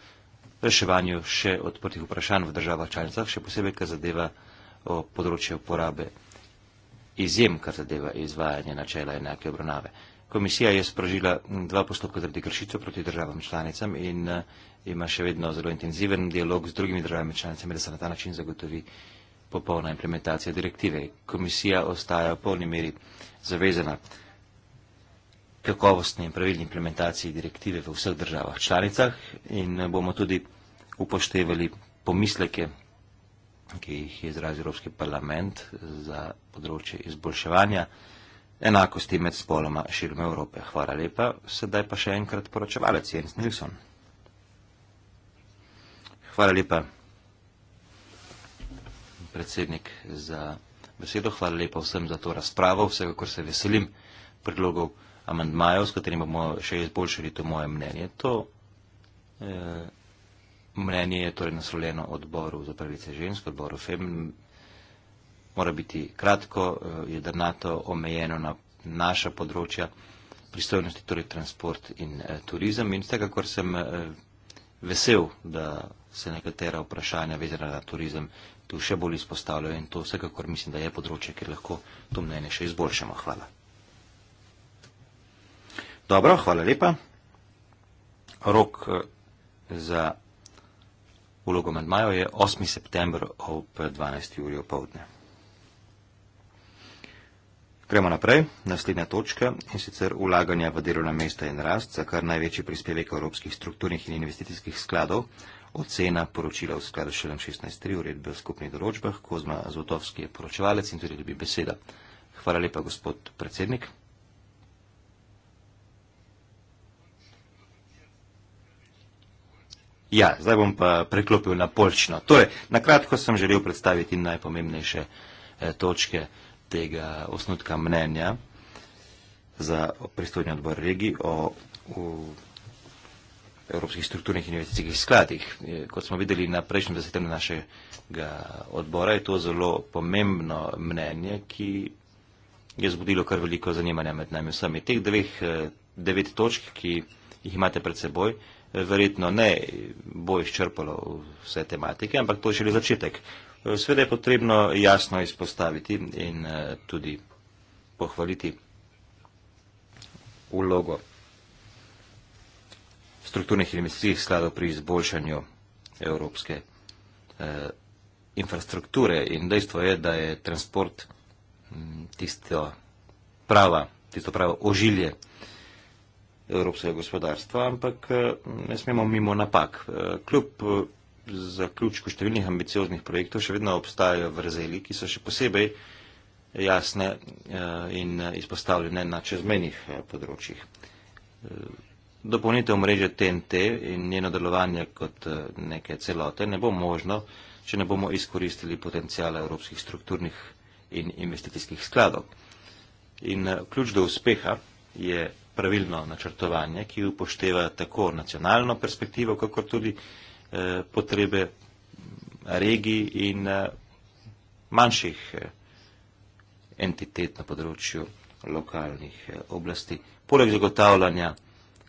reševanju še odprtih vprašanj v državah članicah, še posebej, kar zadeva področje uporabe izjem, kar zadeva izvajanje načela enake obravnave. Komisija je sprožila dva postopka zaradi kršitev proti državam članicam in e, ima še vedno zelo intenziven dialog z drugimi državami članicami, da se na ta način zagotovi popolna implementacija direktive. Komisija ostaja v polni meri zavezena kakovostni in pravilni implementaciji direktive v vseh državah članicah in bomo tudi upoštevali pomisleke, ki jih je izrazil Evropski parlament za področje izboljševanja enakosti med spoloma širom Evrope. Hvala lepa. Sedaj pa še enkrat poročevalec Jens Nilsson. Hvala lepa, predsednik, za besedo. Hvala lepa vsem za to razpravo. Vsega, kar se veselim, predlogov vsega, amandmajev, s katerimi bomo še izboljšali to moje mnenje. To eh, mnenje je torej naslovljeno odboru za pravice žensk, odboru FEM. Mora biti kratko, eh, je danato omejeno na naša področja pristojnosti, torej transport in eh, turizem. In vsekakor sem eh, vesel, da se nekatera vprašanja vezana na turizem tu še bolj izpostavljajo in to vsekakor mislim, da je področje, kjer lahko to mnenje še izboljšamo. Hvala. Dobro, hvala lepa. Rok eh, za vlogo medmajo je 8. september ob 12. uri opovdne. Gremo naprej, naslednja točka in sicer ulaganja v delovna mesta in rast, za kar največji prispevek evropskih strukturnih in investicijskih skladov, ocena poročila v skladu 16.3 uredbe o skupnih določbah, Kozma Zvotovski je poročevalec in tudi dobi beseda. Hvala lepa, gospod predsednik. Ja, zdaj bom pa preklopil na polčno. Torej, na kratko sem želel predstaviti najpomembnejše eh, točke tega osnutka mnenja za pristojni odbor regij o v evropskih strukturnih in investicijskih skladih. Eh, kot smo videli na prejšnjem zasedanju našega odbora, je to zelo pomembno mnenje, ki je zbudilo kar veliko zanimanja med nami vsemi. Teh dveh, eh, devet točk, ki jih imate pred seboj, eh, verjetno ne bo izčrpalo vse tematike, ampak to je šele začetek. Sveda je potrebno jasno izpostaviti in eh, tudi pohvaliti vlogo strukturnih in investicijskih skladov pri izboljšanju evropske eh, infrastrukture. In dejstvo je, da je transport tisto prava, tisto pravo ožilje evropskega gospodarstva, ampak eh, ne smemo mimo napak. Eh, kljub eh, zaključku številnih ambicioznih projektov še vedno obstajajo vrzeli, ki so še posebej jasne in izpostavljene na čezmenih področjih. Dopolnitev mreže TNT in njeno delovanje kot neke celote ne bo možno, če ne bomo izkoristili potencijala evropskih strukturnih in investicijskih skladov. In ključ do uspeha je pravilno načrtovanje, ki upošteva tako nacionalno perspektivo, kakor tudi eh, potrebe regij in eh, manjših eh, entitet na področju lokalnih oblasti. Poleg zagotavljanja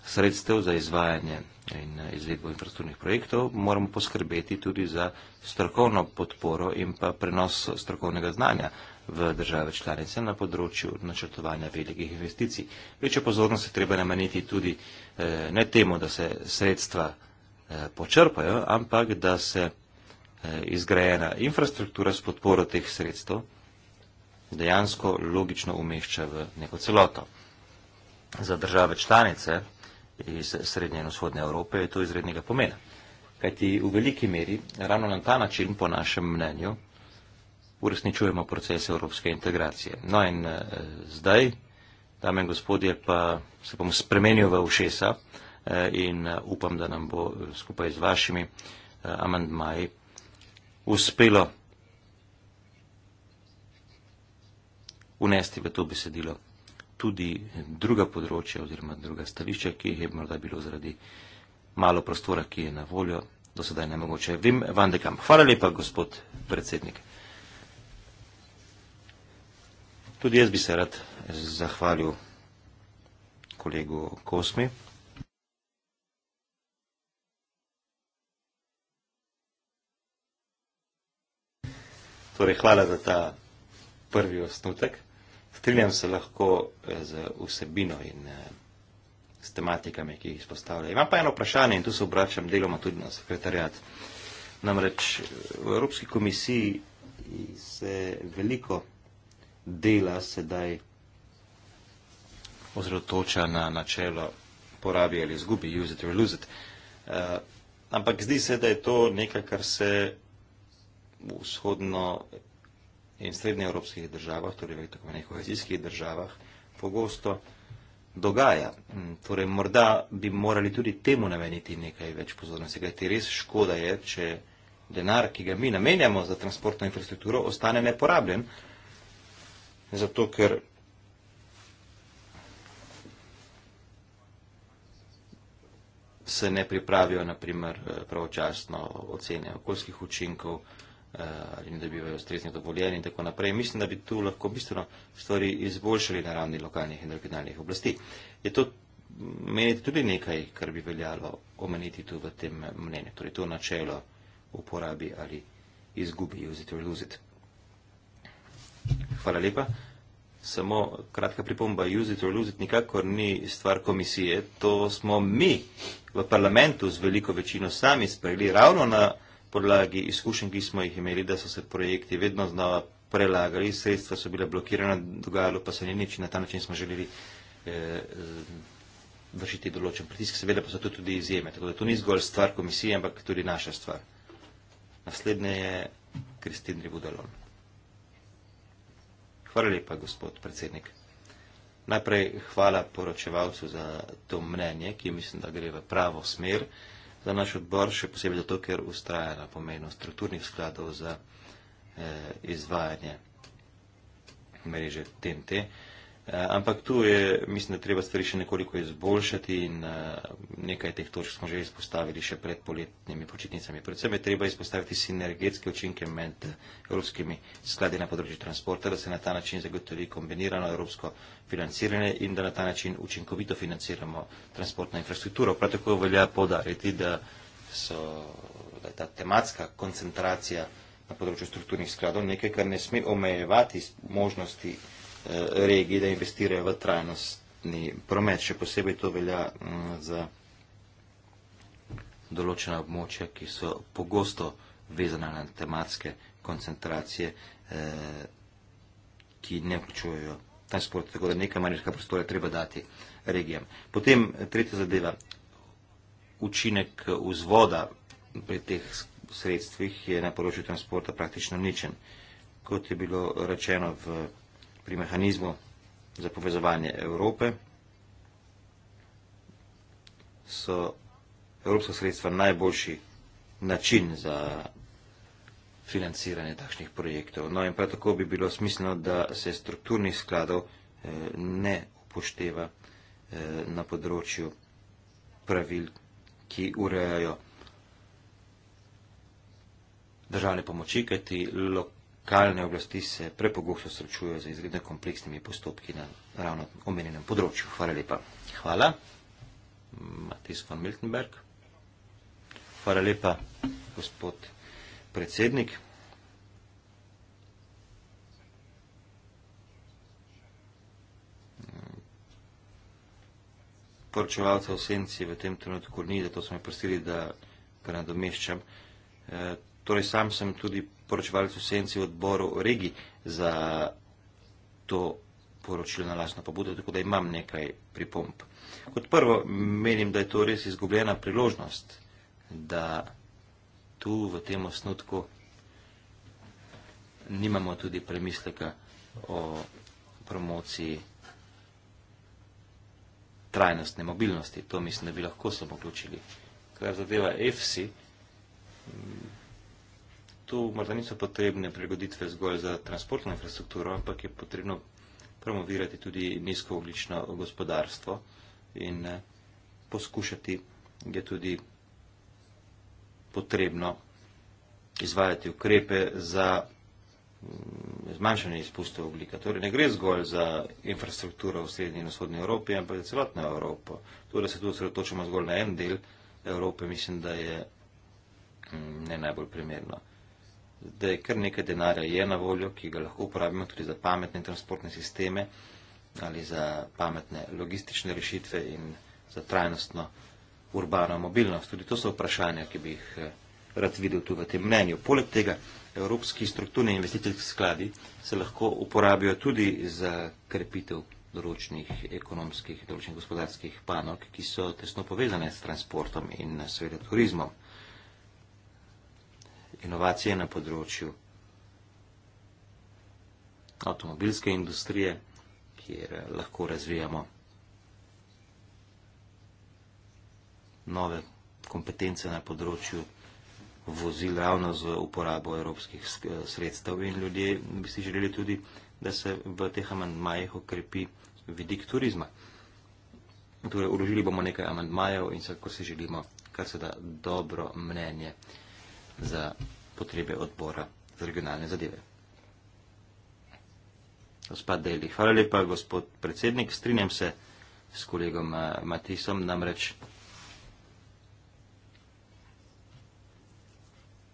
sredstev za izvajanje in izvedbo infrastrukturnih projektov moramo poskrbeti tudi za strokovno podporo in pa prenos strokovnega znanja v države članice na področju načrtovanja velikih investicij. Večjo pozornost je treba nameniti tudi eh, ne temu, da se sredstva eh, počrpajo, ampak da se eh, izgrajena infrastruktura s podporo teh sredstev dejansko logično umešča v neko celoto. Za države članice iz Srednje in Vzhodne Evrope je to izrednega pomena. Kajti v veliki meri, ravno na ta način, po našem mnenju, uresničujemo procese evropske integracije. No in eh, zdaj, dame in gospodje, pa se bom spremenil v ušesa eh, in eh, upam, da nam bo eh, skupaj z vašimi eh, amandmaji uspelo unesti v to besedilo tudi druga področja oziroma druga stališča, ki jih je morda bilo zaradi malo prostora, ki je na voljo, do sedaj ne mogoče. Vim, Vandekam. Hvala lepa, gospod predsednik. Tudi jaz bi se rad zahvalil kolegu Kosmi. Torej, hvala za ta prvi osnutek. Strinjam se lahko eh, z vsebino in eh, s tematikami, ki jih izpostavlja. Imam pa eno vprašanje in tu se obračam deloma tudi na sekretarjat. Namreč v Evropski komisiji se veliko dela sedaj ozrotoča na načelo porabi ali izgubi, use it or lose it. Uh, ampak zdi se, da je to nekaj, kar se v vzhodno in srednjeevropskih državah, torej v nekih kohezijskih državah, pogosto dogaja. Mm, torej, morda bi morali tudi temu nameniti nekaj več pozornosti. Kaj ti res škoda je, če denar, ki ga mi namenjamo za transportno infrastrukturo, ostane neporabljen. Uh, zato ker se ne pripravijo, naprimer, eh, pravočasno ocene okoljskih učinkov eh, ali ne dobivajo ustrezni dovoljeni in tako naprej. Mislim, da bi tu lahko bistveno stvari izboljšali na ravni lokalnih in regionalnih oblasti. Je to meniti tudi nekaj, kar bi veljalo omeniti tu v tem mnenju, torej to načelo uporabi ali izgubi, use it or lose it. Hvala lepa. Samo kratka pripomba, use it or lose it nikakor ni stvar komisije. To smo mi v parlamentu z veliko večino sami sprejeli ravno na podlagi izkušenj, ki smo jih imeli, da so se projekti vedno znova prelagali, sredstva so bile blokirane, dogajalo pa se ni nič in na ta način smo želeli eh, vršiti določen pritisk. Seveda pa so to tudi izjeme. Tako da to ni zgolj stvar komisije, ampak tudi naša stvar. Naslednje je Kristin Ribudalon. Hvala lepa, gospod predsednik. Najprej hvala poročevalcu za to mnenje, ki mislim, da gre v pravo smer za naš odbor, še posebej zato, ker ustraja na pomenu strukturnih skladov za eh, izvajanje mreže TNT. Eh, Eh, ampak tu je, mislim, da treba stvari še nekoliko izboljšati in eh, nekaj teh točk smo že izpostavili še pred poletnimi počitnicami. Predvsem je treba izpostaviti sinergetske učinke med evropskimi skladi na področju transporta, da se na ta način zagotovi kombinirano evropsko financiranje in da na ta način učinkovito financiramo transportno infrastrukturo. Prav tako velja podariti, da, so, da je ta tematska koncentracija na področju strukturnih skladov nekaj, kar ne sme omejevati možnosti Eh, regij, da investirajo v trajnostni promet. Še posebej to velja mm, za določena območja, ki so pogosto vezana na tematske koncentracije, eh, ki ne vključujejo transport, tako da nekaj manjšega prostora treba dati regijam. Potem eh, tretja zadeva, učinek vzvoda pri teh sredstvih je na področju transporta praktično ničen. Kot je bilo rečeno v pri mehanizmu za povezovanje Evrope, so evropska sredstva najboljši način za financiranje takšnih projektov. No in prav tako bi bilo smiselno, da se strukturnih skladov eh, ne upošteva eh, na področju pravil, ki urejajo državne pomoči, kajti lok lokalne oblasti se prepogosto srečujejo z izredno kompleksnimi postopki na ravno omenjenem področju. Hvala lepa. Hvala. Matis von Miltenberg. Hvala lepa, gospod predsednik. Poročevalca v senci v tem trenutku ni, zato sem jo prosili, da ga nadomeščam. E, torej, sam sem tudi poročevalcu Senci v odboru Regi za to poročilo na lasno pobudo, tako da imam nekaj pripomp. Kot prvo, menim, da je to res izgubljena priložnost, da tu v tem osnutku nimamo tudi premisleka o promociji trajnostne mobilnosti. To mislim, da bi lahko samo vključili. Kar zadeva EFSI, tu morda niso potrebne prilagoditve zgolj za transportno infrastrukturo, ampak je potrebno promovirati tudi nizkooglično gospodarstvo in eh, poskušati je tudi potrebno izvajati ukrepe za mm, zmanjšanje izpustov oglika. Torej ne gre zgolj za infrastrukturo v srednji in vzhodni Evropi, ampak za celotno Evropo. To, da se tu osredotočamo zgolj na en del Evrope, mislim, da je mm, ne najbolj primerno da je kar nekaj denarja je na voljo, ki ga lahko uporabimo tudi za pametne transportne sisteme ali za pametne logistične rešitve in za trajnostno urbano mobilnost. Tudi to so vprašanja, ki bi jih eh, rad videl tu v tem mnenju. Poleg tega, evropski strukturni investicijski skladi se lahko uporabijo tudi za krepitev določenih ekonomskih, določenih gospodarskih panog, ki so tesno povezane s transportom in eh, seveda turizmom inovacije na področju avtomobilske industrije, kjer eh, lahko razvijamo nove kompetence na področju vozil ravno z uporabo evropskih eh, sredstev in ljudje bi si želeli tudi, da se v teh amandmajih okrepi vidik turizma. Torej, uložili bomo nekaj amandmajev in se, ko si želimo, kar se da dobro mnenje za potrebe odbora za regionalne zadeve. Gospod Deli, hvala lepa, gospod predsednik. Strinjam se s kolegom eh, Matisom, namreč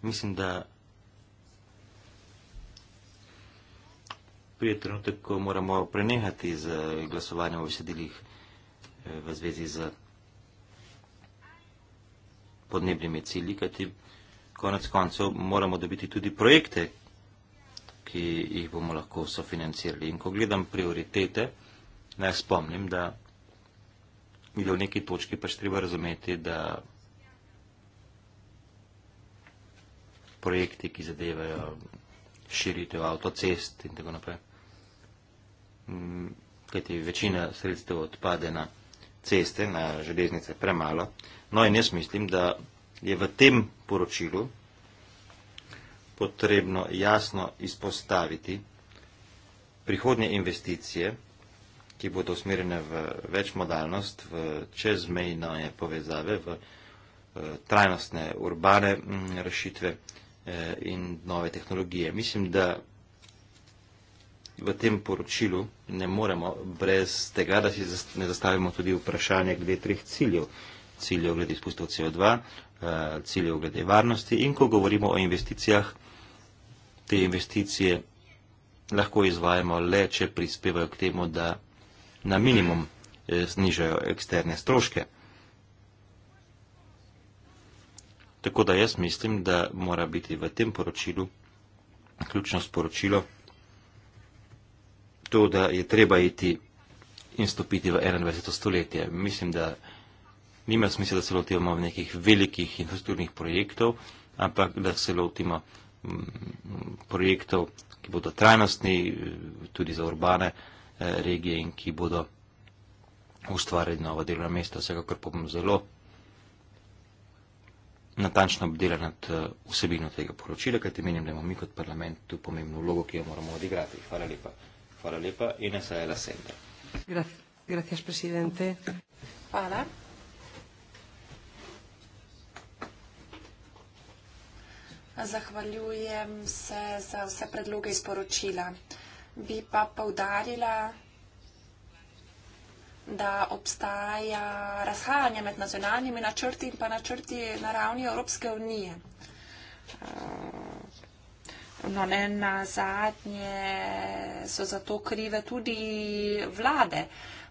mislim, da prije trenutek, ko moramo prenehati z glasovanjem v besedilih eh, v zvezi z podnebnimi cilji, kaj ti konec koncev moramo dobiti tudi projekte, ki jih bomo lahko sofinancirali. In ko gledam prioritete, naj spomnim, da je v neki točki pač treba razumeti, da projekti, ki zadevajo širitev avtocest in tako naprej, mm, kajti večina sredstev odpade na ceste, na železnice premalo. No in jaz mislim, da je v tem poročilu potrebno jasno izpostaviti prihodnje investicije, ki bodo usmerjene v večmodalnost, v čezmejne povezave, v eh, trajnostne urbane mm, rešitve eh, in nove tehnologije. Mislim, da v tem poročilu ne moremo brez tega, da si ne zastavimo tudi vprašanje glede treh ciljev. Ciljev glede izpustov CO2, Eh, ciljev glede varnosti in ko govorimo o investicijah, te investicije lahko izvajamo le, če prispevajo k temu, da na minimum eh, znižajo eksterne stroške. Tako da jaz mislim, da mora biti v tem poročilu ključno sporočilo to, da je treba iti in stopiti v 21. stoletje. Mislim, da nima smisla, da se lotimo nekih velikih infrastrukturnih projektov, ampak da se lotimo mm, projektov, ki bodo trajnostni eh, tudi za urbane eh, regije in ki bodo ustvarjali nova delovna mesta. Vsekakor pa bom zelo natančno obdelal nad eh, vsebino tega poročila, kajti menim, da imamo mi kot parlament tu pomembno vlogo, ki jo moramo odigrati. Hvala lepa. Hvala lepa in SAE La Senta. Gracias, presidente. Hvala. Zahvaljujem se za vse predloge iz poročila. Bi pa povdarila, da obstaja razhajanje med nacionalnimi načrti in pa načrti na ravni Evropske unije. Eh, no, ne, na zadnje so za to krive tudi vlade.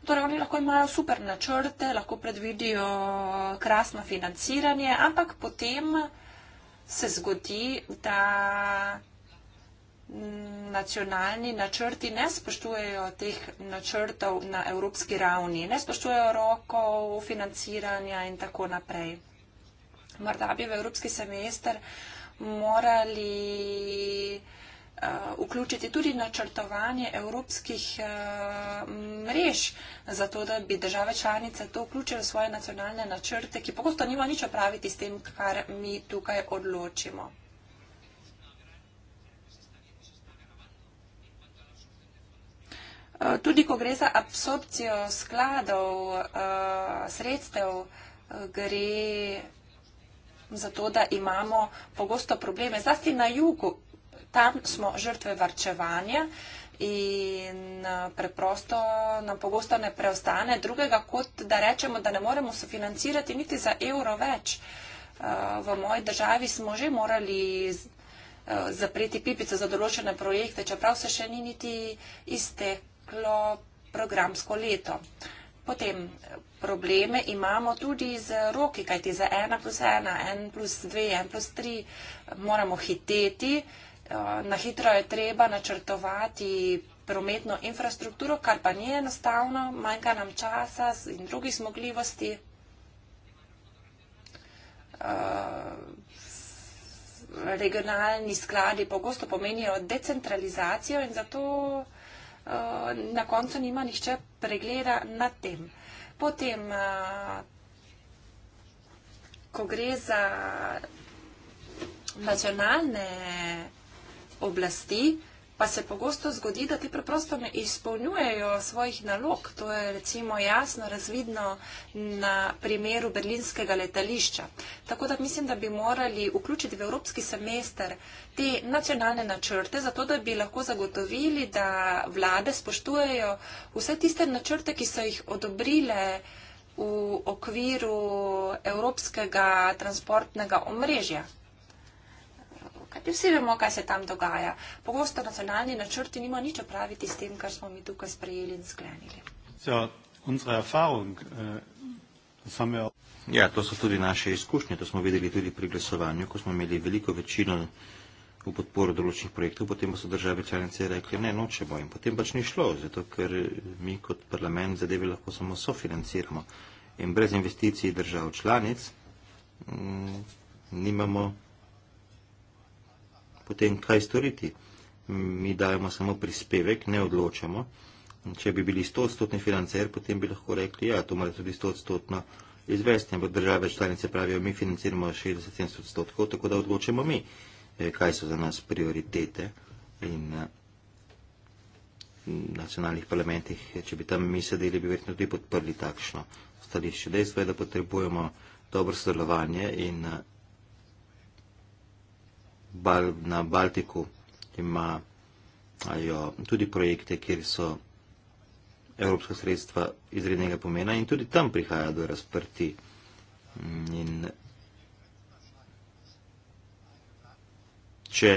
Torej, oni lahko imajo super načrte, lahko predvidijo krasno financiranje, ampak potem se zgodi, da nacionalni načrti ne spoštujejo teh načrtov na evropski ravni, ne spoštujejo rokov, financiranja in tako naprej. Morda bi v evropski semester morali Eh, vključiti tudi načrtovanje evropskih eh, mrež, zato da bi države članice to vključile v svoje nacionalne načrte, ki pogosto nima nič opraviti s tem, kar mi tukaj odločimo. Eh, tudi, ko gre za absorpcijo skladov, sredstev, gre za to, da imamo pogosto probleme, zlasti na jugu tam smo žrtve varčevanja in eh, preprosto nam pogosto ne preostane drugega, kot da rečemo, da ne moremo sofinancirati niti za evro več. Eh, v moji državi smo že morali eh, zapreti pipico za določene projekte, čeprav se še ni niti izteklo programsko leto. Potem probleme imamo tudi z roki, kajti za 1 plus 1, 1 plus 2, 1 plus 3 moramo hiteti. Eh, na hitro je treba načrtovati prometno infrastrukturo, kar pa ni enostavno, manjka nam časa in drugih zmogljivosti. Eh, regionalni skladi pogosto pomenijo decentralizacijo in zato eh, na koncu nima nihče pregleda nad tem. Potem, ko gre za nacionalne. Hmm oblasti, pa se pogosto zgodi, da ti preprosto ne izpolnjujejo svojih nalog. To je recimo jasno razvidno na primeru berlinskega letališča. Tako da mislim, da bi morali vključiti v evropski semester te nacionalne načrte, zato da bi lahko zagotovili, da vlade spoštujejo vse tiste načrte, ki so jih odobrile v okviru evropskega transportnega omrežja. Kaj vsi vemo, kaj se tam dogaja. Pogosto nacionalni načrti nima nič opraviti s tem, kar smo mi tukaj sprejeli in sklenili. Eh, ja, to so tudi naše izkušnje, to smo videli tudi pri glasovanju, ko smo imeli veliko večino v podporu določenih projektov, potem pa so države članice rekli, ne, nočemo in potem pač ni šlo, zato ker eh, mi kot parlament zadeve lahko samo sofinanciramo in brez investicij držav članic mm, nimamo potem kaj storiti. Mi dajemo samo prispevek, ne odločamo. Če bi bili 100-odstotni financer, potem bi lahko rekli, ja, to mora tudi 100-odstotno izvesti, ampak države članice pravijo, mi financiramo 60-70 odstotkov, tako da odločamo mi, eh, kaj so za nas prioritete in eh, nacionalnih parlamentih, eh, če bi tam mi sedeli, bi verjetno tudi podprli takšno stališče. Dejstvo je, da potrebujemo dobro sodelovanje in Bal, na Baltiku imajo tudi projekte, kjer so evropska sredstva izrednega pomena in tudi tam prihaja do razprti. In če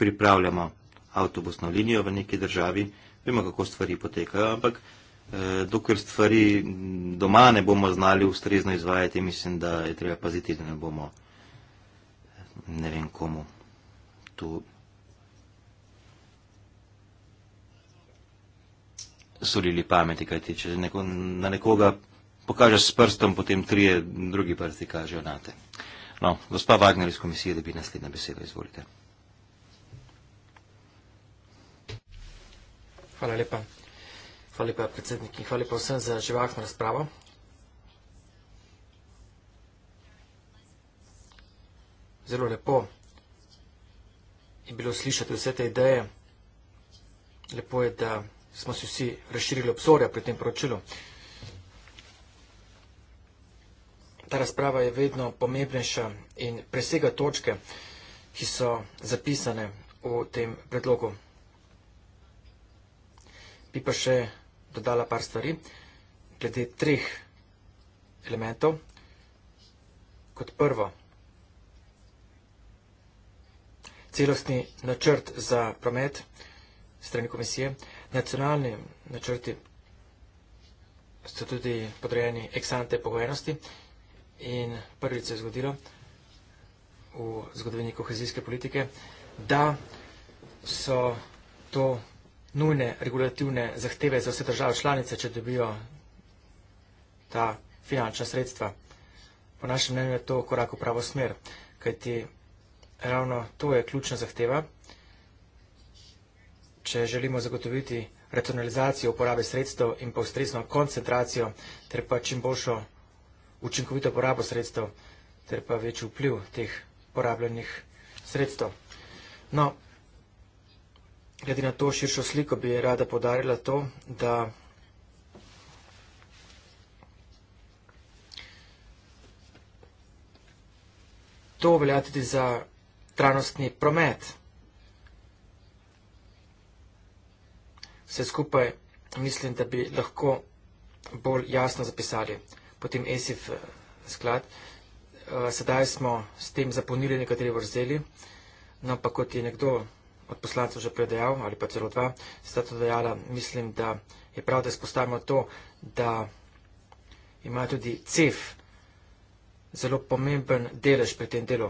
pripravljamo avtobusno linijo v neki državi, vemo, kako stvari potekajo, ampak Eh, dokler stvari doma ne bomo znali ustrezno izvajati, mislim, da je treba paziti, da ne bomo ne vem komu tu. Sulili pameti, kaj ti, če neko, na nekoga pokažeš s prstom, potem trije drugi prsti kažejo na te. No, gospa Wagner iz komisije, da bi naslednja beseda, izvolite. Hvala lepa. Hvala lepa, predsednik, in hvala lepa vsem za živahno razpravo. Zelo lepo je bilo slišati vse te ideje. Lepo je, da smo si vsi razširili obzorja pri tem poročilu. Ta razprava je vedno pomembnejša in presega točke, ki so zapisane v tem predlogu. Bi pa še dodala par stvari, glede treh elementov. Kot prvo, celostni načrt za promet strani komisije, nacionalni načrti so tudi podrejeni eksante pogojenosti in prvič se je zgodilo v zgodovini kohezijske politike, da so to vsega, nujne regulativne zahteve za vse države članice, če dobijo ta finančna sredstva. Po našem mnenju je to korak v pravo smer, kajti ravno to je ključna zahteva, če želimo zagotoviti racionalizacijo uporabe sredstev in pa ustrezno koncentracijo ter pa čim boljšo učinkovito porabo sredstev ter pa večji vpliv teh porabljenih sredstev. No, glede na to širšo sliko bi rada podarila to, da to velja tudi za trajnostni promet. Vse skupaj mislim, da bi lahko bolj jasno zapisali. Potem ESIF eh, sklad. Eh, sedaj smo s tem zapolnili nekateri vrzeli, no pa kot je nekdo od poslancev že predejal ali pa celo dva, sta to dejala, mislim, da je prav, da izpostavimo to, da ima tudi CEF zelo pomemben delež pri tem delu.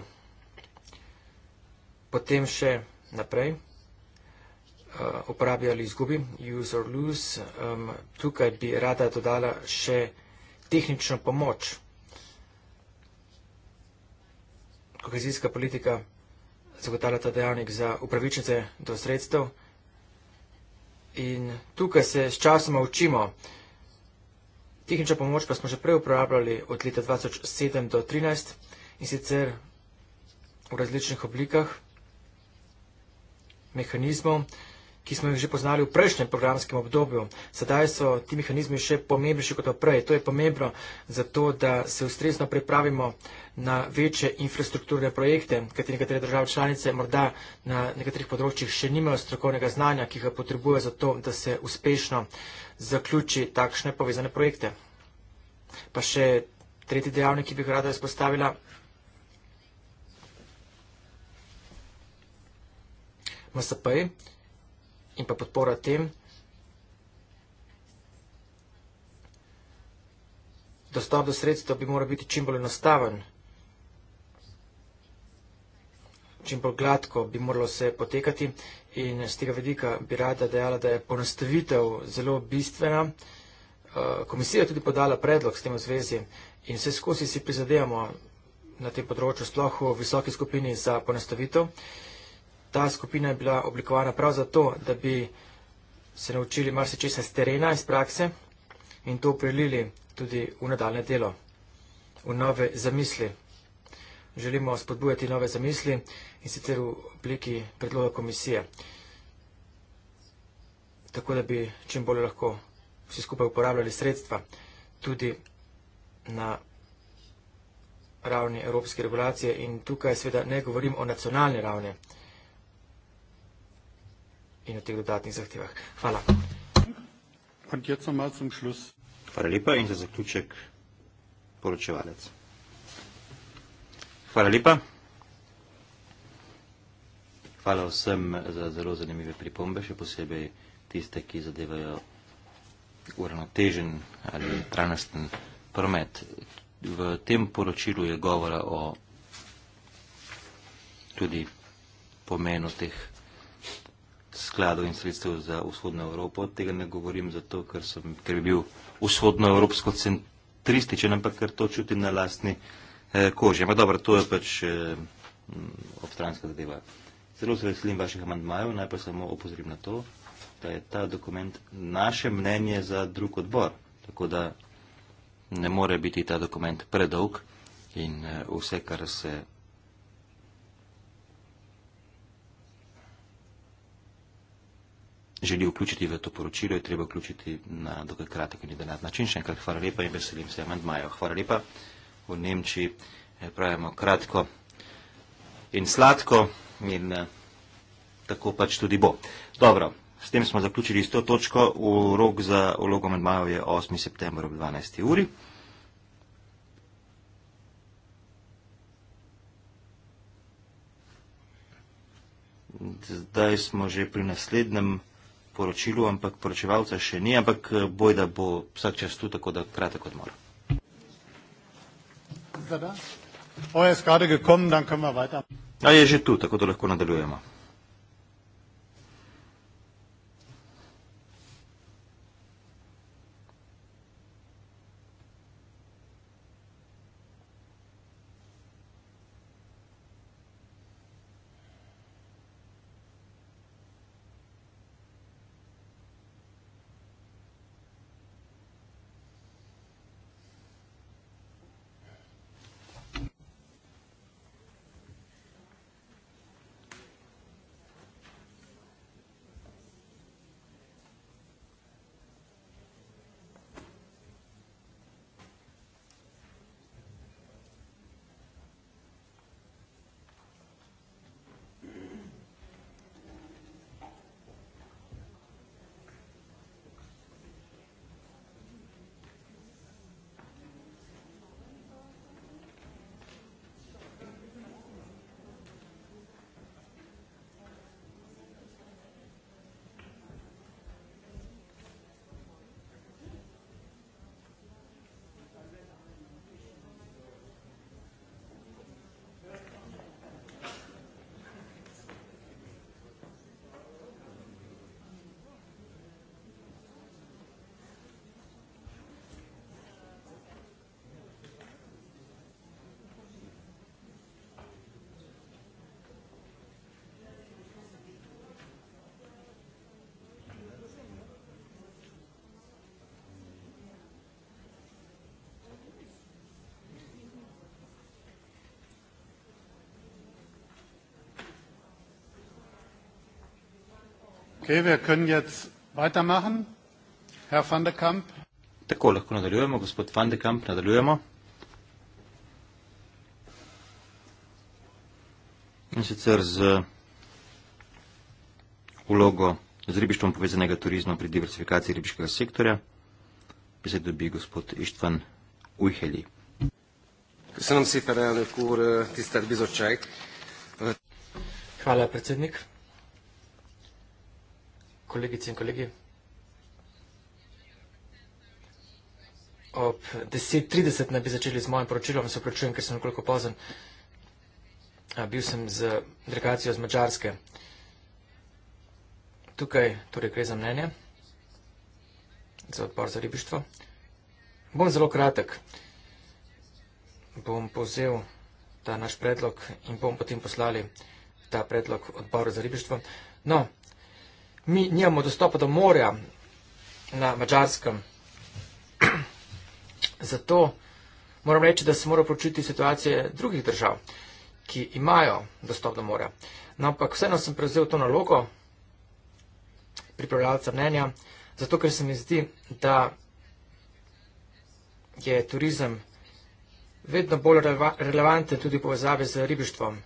Potem še naprej uh, uporabi ali izgubi, use or lose. Um, tukaj bi rada dodala še tehnično pomoč. Kohezijska politika zagotavlja ta dejavnik za upravičence do sredstev. In tukaj se s časoma učimo. Tehnična pomoč pa smo že prej uporabljali od leta 2007 do 2013 in sicer v različnih oblikah mehanizmov, ki smo jih že poznali v prejšnjem programskem obdobju. Sedaj so ti mehanizmi še pomembnejši kot prej. To je pomembno zato, da se ustrezno pripravimo na večje infrastrukturne projekte, kateri nekatere države članice morda na nekaterih področjih še nimajo strokovnega znanja, ki ga potrebuje za to, da se uspešno zaključi takšne povezane projekte. Pa še tretji dejavnik, ki bi ga rada izpostavila. MSP-ji in pa podpora tem, dostop do sredstva bi moral biti čim bolj enostaven, čim bolj gladko bi moralo se potekati in z tega vedika bi rada dejala, da je ponastavitev zelo bistvena. Eh, komisija je tudi podala predlog s tem v zvezi in vse skozi si prizadevamo na tem področju, sploh v visoki skupini za ponastavitev ta skupina je bila oblikovana prav zato, da bi se naučili marsičesa z terena iz prakse in to prelili tudi v nadaljne delo, v nove zamisli. Želimo spodbujati nove zamisli in sicer v obliki predloga komisije, tako da bi čim bolje lahko vsi skupaj uporabljali sredstva tudi na ravni evropske regulacije in tukaj sveda ne govorim o nacionalni ravni in o teh dodatnih zahtevah. Hvala. Hvala lepa in za zaključek poročevalec. Hvala lepa. Hvala vsem za zelo zanimive pripombe, še posebej tiste, ki zadevajo uravnotežen ali trajnosten promet. V tem poročilu je govora o tudi pomenu teh skladov in sredstev za vzhodno Evropo. Od tega ne govorim zato, ker, sem, ker bi bil vzhodnoevropsko centrističen, ampak ker to čutim na lastni eh, koži. Ampak dobro, to je pač eh, mm, obstranska zadeva. Zelo se veselim vaših amandmajev, najprej samo opozorim na to, da je ta dokument naše mnenje za drug odbor. Tako da ne more biti ta dokument predolg in eh, vse, kar se. želi vključiti v to poročilo, je treba vključiti na dokaj kratek in denar način. Še enkrat hvala lepa in veselim se amandmajo. Hvala lepa. V Nemčiji eh, pravimo kratko in sladko in eh, tako pač tudi bo. Dobro, s tem smo zaključili s to točko. V rok za vlogo amandmajo je 8. september ob 12. uri. Zdaj smo že pri naslednjem poročilu, ampak poročevalca še ni, ampak eh, boj, da bo vsak čas tu, tako da kratek odmor. Je že tu, tako da lahko nadaljujemo. Okay, wir können jetzt weitermachen. Herr van de Kamp. Tako lahko nadaljujemo, gospod van de Kamp, nadaljujemo. In sicer z vlogo z ribištvom povezanega turizma pri diversifikaciji ribiškega sektorja, bi se dobi gospod Ištvan Ujheli. Köszönöm szépen, elnök úr, tisztelt bizottság! Hvala, predsednik! kolegice in kolegi. Ob 10.30 naj bi začeli z mojim poročilom, se vprečujem, ker sem nekoliko pozen. Bil sem z delegacijo z Mačarske. Tukaj torej gre za mnenje, za odpor za ribištvo. Bom zelo kratek. Bom povzel ta naš predlog in bom potem poslali ta predlog odboru za ribištvo. No, mi nimamo dostopa do morja na mačarskem. Zato moram reči, da se mora počutiti situacije drugih držav, ki imajo dostop do morja. No, ampak vseeno sem prevzel to nalogo pripravljalca mnenja, zato ker se mi zdi, da je turizem vedno bolj relevanten tudi v povezavi z ribištvom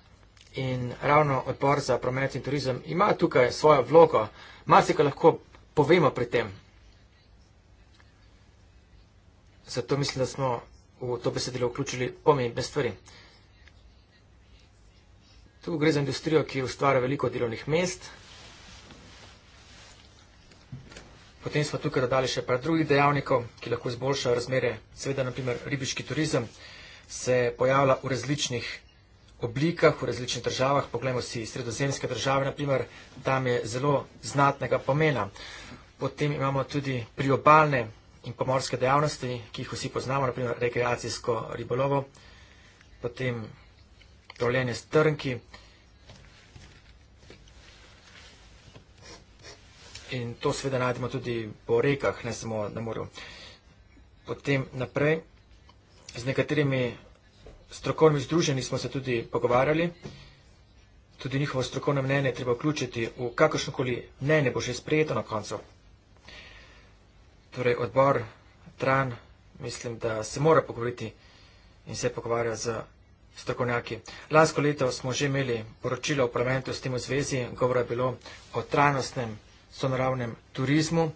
in ravno odbor za promet in turizem ima tukaj svojo vlogo. Masi, kaj lahko povemo pri tem. Zato mislim, da smo v to besedilo vključili pomembne stvari. Tu gre za industrijo, ki ustvara veliko delovnih mest. Potem smo tukaj dodali še par drugih dejavnikov, ki lahko izboljšajo razmere. Seveda, naprimer, ribiški turizem se pojavlja v različnih oblikah v različnih državah. Poglejmo si sredozemske države, naprimer, tam je zelo znatnega pomena. Potem imamo tudi priobalne in pomorske dejavnosti, ki jih vsi poznamo, naprimer rekreacijsko ribolovo, potem trovljenje s trnki in to seveda najdemo tudi po rekah, ne samo na morju. Potem naprej z nekaterimi strokovnimi združenji smo se tudi pogovarjali. Tudi njihovo strokovno mnenje je treba vključiti v kakršnokoli mnenje, bo že sprejeto na koncu. Torej, odbor Tran, mislim, da se mora pogovoriti in se pogovarja z strokovnjaki. Lansko leto smo že imeli poročilo v parlamentu s tem v zvezi, govora je bilo o trajnostnem sonaravnem turizmu.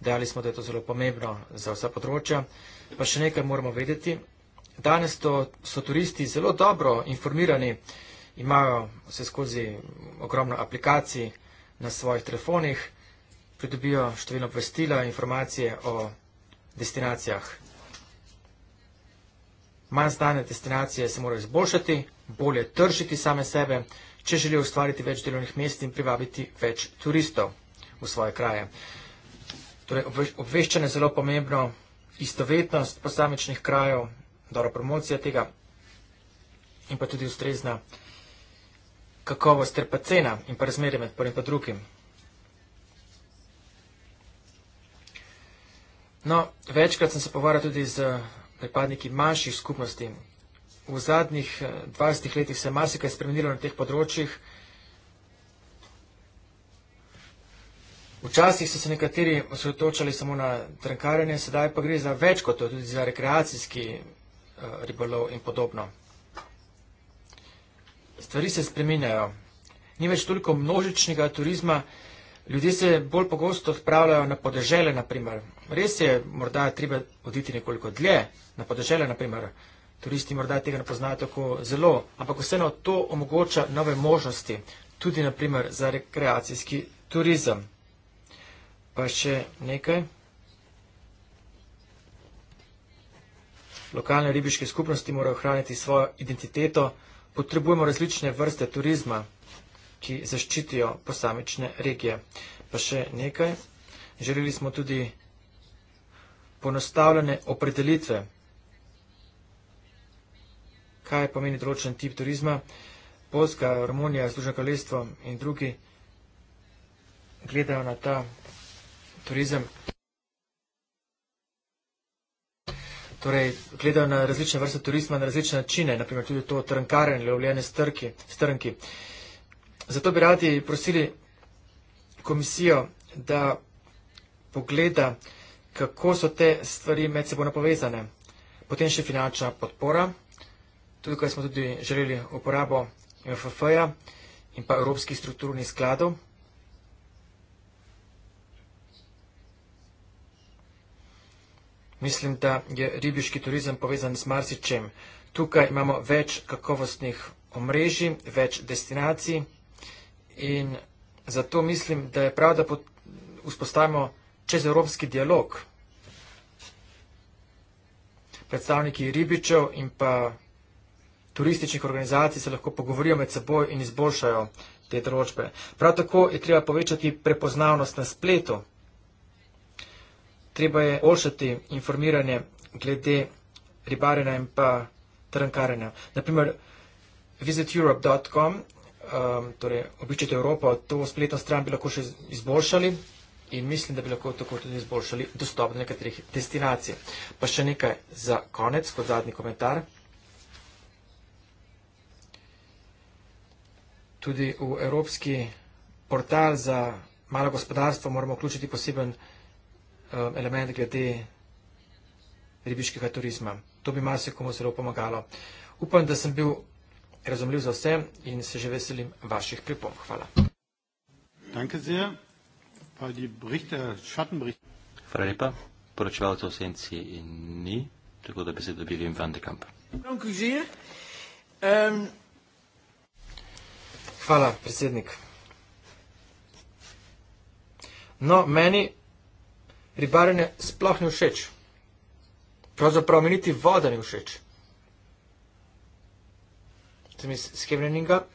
Dejali smo, da je to zelo pomembno za vsa področja. Pa še nekaj moramo vedeti, Danes to, so turisti zelo dobro informirani, imajo vse skozi ogromno aplikacij na svojih telefonih, pridobijo številno vestila in informacije o destinacijah. Manj znane destinacije se morajo izboljšati, bolje tržiti same sebe, če želijo ustvariti več delovnih mest in privabiti več turistov v svoje kraje. Torej, obveščanje je zelo pomembno, istovetnost posamečnih krajev dobra promocija tega in pa tudi ustrezna kakovost ter pa cena in pa razmerje med prvim in drugim. No, večkrat sem se povaral tudi z eh, pripadniki manjših skupnosti. V zadnjih 20 eh, letih se je marsikaj spremenilo na teh področjih. Včasih so se nekateri osredotočali samo na trenkarjenje, sedaj pa gre za več kot to, tudi za rekreacijski Eh, ribolov in podobno. Stvari se spreminjajo. Ni več toliko množičnega turizma, ljudje se bolj pogosto odpravljajo na podežele, naprimer. Res je, morda treba oditi nekoliko dlje, na podežele, naprimer. Turisti morda tega ne poznajo tako zelo, ampak vseeno to omogoča nove možnosti, tudi naprimer za rekreacijski turizem. Pa še nekaj. Lokalne ribiške skupnosti morajo ohraniti svojo identiteto, potrebujemo različne vrste turizma, ki zaščitijo posamične regije. Pa še nekaj, želeli smo tudi ponostavljene opredelitve, kaj pomeni določen tip turizma. Polska, Romunija, Združeno kraljestvo in drugi gledajo na ta turizem. torej, gledajo na različne vrste turizma na različne načine, naprimer tudi to trnkarjenje, lovljene strnki. Zato bi radi prosili komisijo, da pogleda, kako so te stvari med sebojno povezane. Potem še finančna podpora, tukaj smo tudi želeli uporabo FFF-ja in pa evropskih strukturnih skladov. Mislim, da je ribiški turizem povezan s marsičem. Tukaj imamo več kakovostnih omrežij, več destinacij in zato mislim, da je prav, da vzpostavimo čez evropski dialog predstavniki ribičev in pa turističnih organizacij se lahko pogovorijo med seboj in izboljšajo te določbe. Prav tako je treba povečati prepoznavnost na spletu treba je olšati informiranje glede ribarjenja in pa trankarjenja. Naprimer, visiteurope.com, um, torej obiščite Evropo, to spletno stran bi lahko še izboljšali in mislim, da bi lahko tako tudi izboljšali dostop do nekaterih destinacij. Pa še nekaj za konec, kot zadnji komentar. Tudi v Evropski portal za malo gospodarstvo moramo vključiti poseben. Um, element glede ribiškega turizma. To bi marsikomu zelo pomagalo. Upam, da sem bil razumljiv za vse in se že veselim vaših pripomb. Hvala. Hvala lepa. Poročevalcev senci in ni, tako da bi se dobili in van de kamp. Ehm, Hvala, predsednik. No, meni ribarjenje sploh ne všeč. Pravzaprav mi niti voda ne všeč. Sem iz Skevreninga.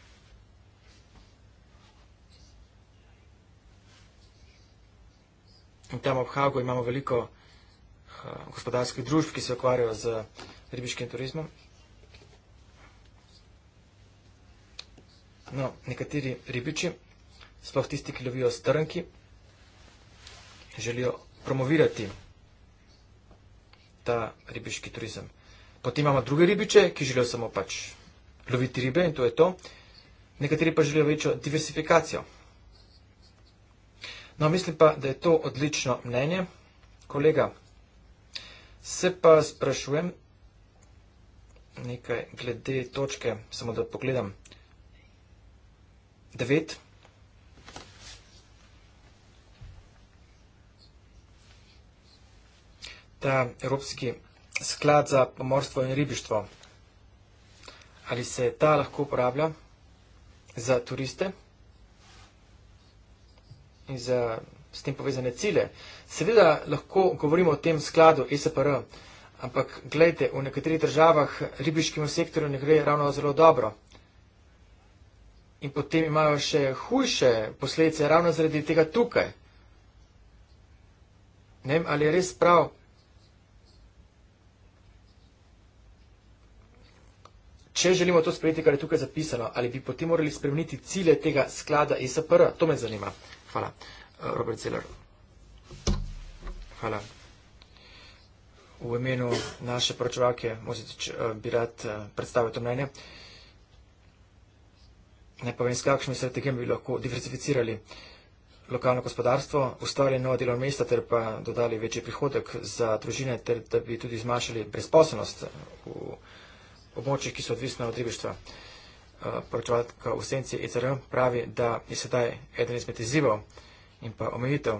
In tam ob Hagu imamo veliko eh, gospodarskih družb, ki se ukvarjajo z ribiškim turizmom. No, nekateri ribiči, sploh tisti, ki lovijo strnki, želijo promovirati ta ribiški turizem. Potem imamo druge ribiče, ki želijo samo pač loviti ribe in to je to. Nekateri pa želijo večjo diversifikacijo. No, mislim pa, da je to odlično mnenje. Kolega, se pa sprašujem nekaj glede točke, samo da pogledam. 9. ta Evropski sklad za pomorstvo in ribištvo. Ali se ta lahko uporablja za turiste in za s tem povezane cilje? Seveda lahko govorimo o tem skladu ESPR, ampak gledajte, v nekaterih državah ribiškemu sektorju ne gre ravno zelo dobro. In potem imajo še hujše posledice ravno zaradi tega tukaj. Ne vem, ali je res prav Če želimo to sprejeti, kar je tukaj zapisano, ali bi potem morali spremeniti cilje tega sklada ISPR, to me zanima. Hvala. Eh, Robert Zeller. Hvala. V imenu naše poročevalke Mozitič eh, bi rad eh, predstavil to mnenje. Naj povem, s kakšnimi strategijami bi lahko diversificirali lokalno gospodarstvo, ustvarjali nova delovna mesta ter pa dodali večji prihodek za družine ter da bi tudi zmanjšali brezposobnost v Sloveniji območjih, ki so odvisna od ribištva. Eh, poročevalka v senci ECR pravi, da je sedaj eden izmed izzivov in pa omejitev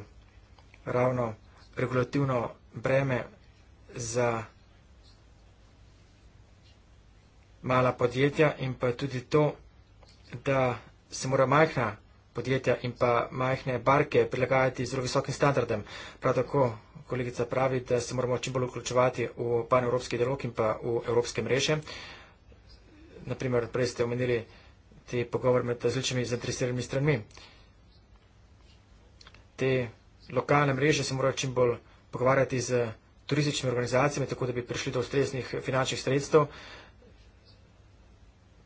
ravno regulativno breme za mala podjetja in pa tudi to, da se mora majhna podjetja in pa majhne barke prilagajati zelo visokim standardem. Prav tako kolegica pravi, da se moramo čim bolj vključevati v panevropski dialog in pa v evropske mreže. Naprimer, prej ste omenili te pogovore med različnimi zainteresiranimi stranmi. Te lokalne mreže se morajo čim bolj pogovarjati z turističnimi organizacijami, tako da bi prišli do ustreznih finančnih sredstev,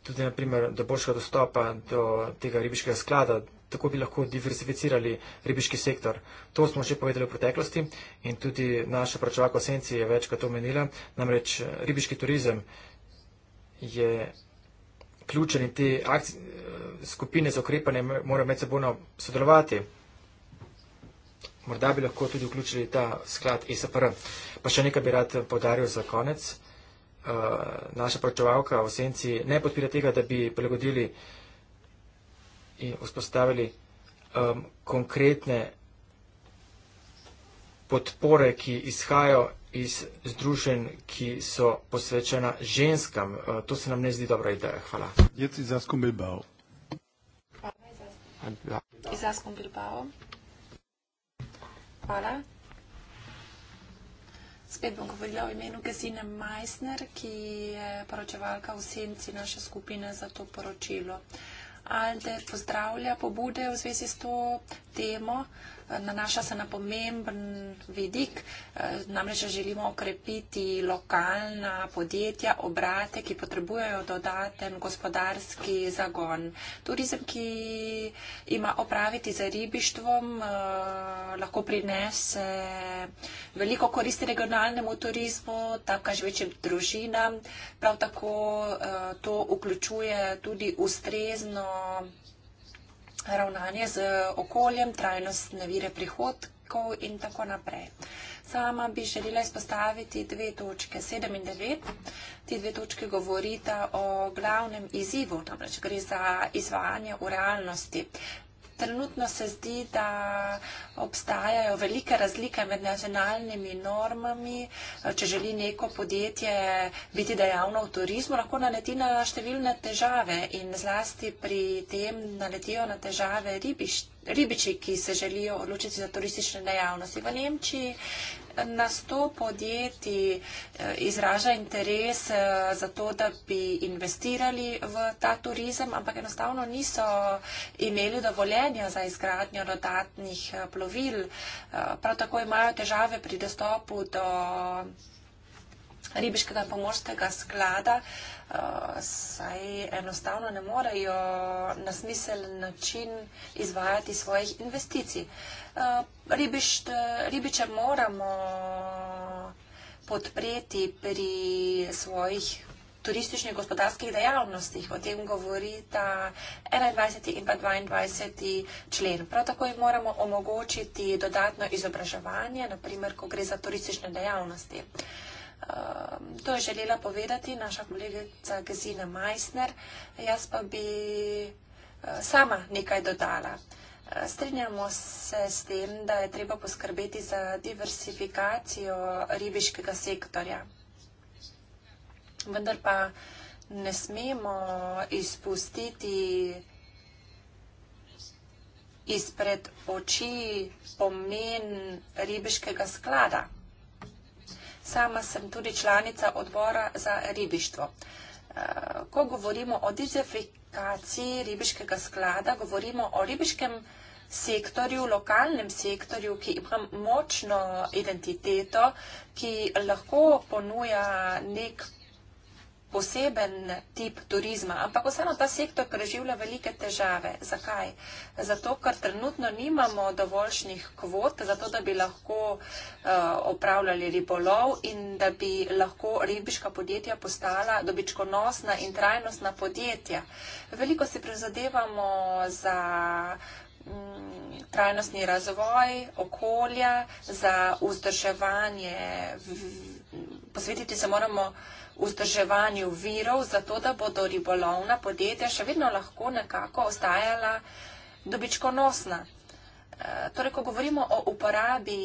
tudi naprimer do boljšega dostopa do tega ribiškega sklada, tako bi lahko diversificirali ribiški sektor. To smo že povedali v preteklosti in tudi naša pračevalka Senci je večkrat omenila, namreč eh, ribiški turizem je ključen in te akcij, eh, skupine za okrepanje morajo med sebojno sodelovati. Morda bi lahko tudi vključili ta sklad ESPR. Pa še nekaj bi rad eh, podaril za konec. Naša pračevalka v Senci ne podpira tega, da bi prilagodili in vzpostavili um, konkretne podpore, ki izhajajo iz združen, ki so posvečena ženskam. Uh, to se nam ne zdi dobra ideja. Hvala. Jaz iz Askom Bilbao. Iz Askom Bilbao. Hvala. Spet bom govorila o imenu Gesine Meissner, ki je poročevalka v senci naše skupine za to poročilo. Uh, ali da pozdravlja pobude v zvezi s to temo nanaša se na pomemben vidik, eh, namreč želimo okrepiti lokalna podjetja, obrate, ki potrebujejo dodaten gospodarski zagon. Turizem, ki ima opraviti za ribištvom, eh, lahko prinese veliko koristi regionalnemu turizmu, takaž večjim družinam, prav tako eh, to vključuje tudi ustrezno ravnanje z eh, okoljem, trajnostne vire prihodkov in tako naprej. Sama bi želela izpostaviti dve točke, sedem in devet. Ti dve točke govorita o glavnem izzivu, namreč gre za izvajanje v realnosti trenutno se zdi, da obstajajo velike razlike med nacionalnimi normami. Če želi neko podjetje biti dejavno v turizmu, lahko naleti na številne težave in zlasti pri tem naletijo na težave ribiš, ribiči, ki se želijo odločiti za turistične dejavnosti. V Nemčiji na sto podjetij eh, izraža interes eh, za to, da bi investirali v ta turizem, ampak enostavno niso imeli dovoljenja za izgradnjo dodatnih eh, plovil. Prav tako imajo težave pri dostopu do ribiškega in pomorskega sklada, eh, saj enostavno ne morejo na smiseln način izvajati svojih investicij. Eh, ribiče moramo podpreti pri svojih turističnih gospodarskih dejavnostih. O tem govori ta 21. in pa 22. člen. Prav tako jim moramo omogočiti dodatno izobraževanje, naprimer, ko gre za turistične dejavnosti. Uh, Ehm, to je želela povedati naša kolegica Gesina Meissner, jaz pa bi eh, sama nekaj dodala. Eh, strinjamo se s tem, da je treba poskrbeti za diversifikacijo ribiškega sektorja. Vendar pa ne smemo izpustiti izpred oči pomen ribiškega sklada. Sama sem tudi članica odbora za ribištvo. Eh, ko govorimo o dizifikaciji ribiškega sklada, govorimo o ribiškem sektorju, lokalnem sektorju, ki ima močno identiteto, ki lahko ponuja nek poseben tip turizma, ampak vseeno ta sektor preživlja velike težave. Zakaj? Zato, ker trenutno nimamo dovoljšnih kvot, zato da bi lahko uh, opravljali ribolov in da bi lahko ribiška podjetja postala dobičkonosna in trajnostna podjetja. Veliko si prizadevamo za mm, trajnostni razvoj okolja, za vzdrževanje. Posvetiti se moramo uh, vzdrževanju virov, zato da bodo ribolovna podjetja še vedno lahko nekako ostajala dobičkonosna. E, torej, ko govorimo o uporabi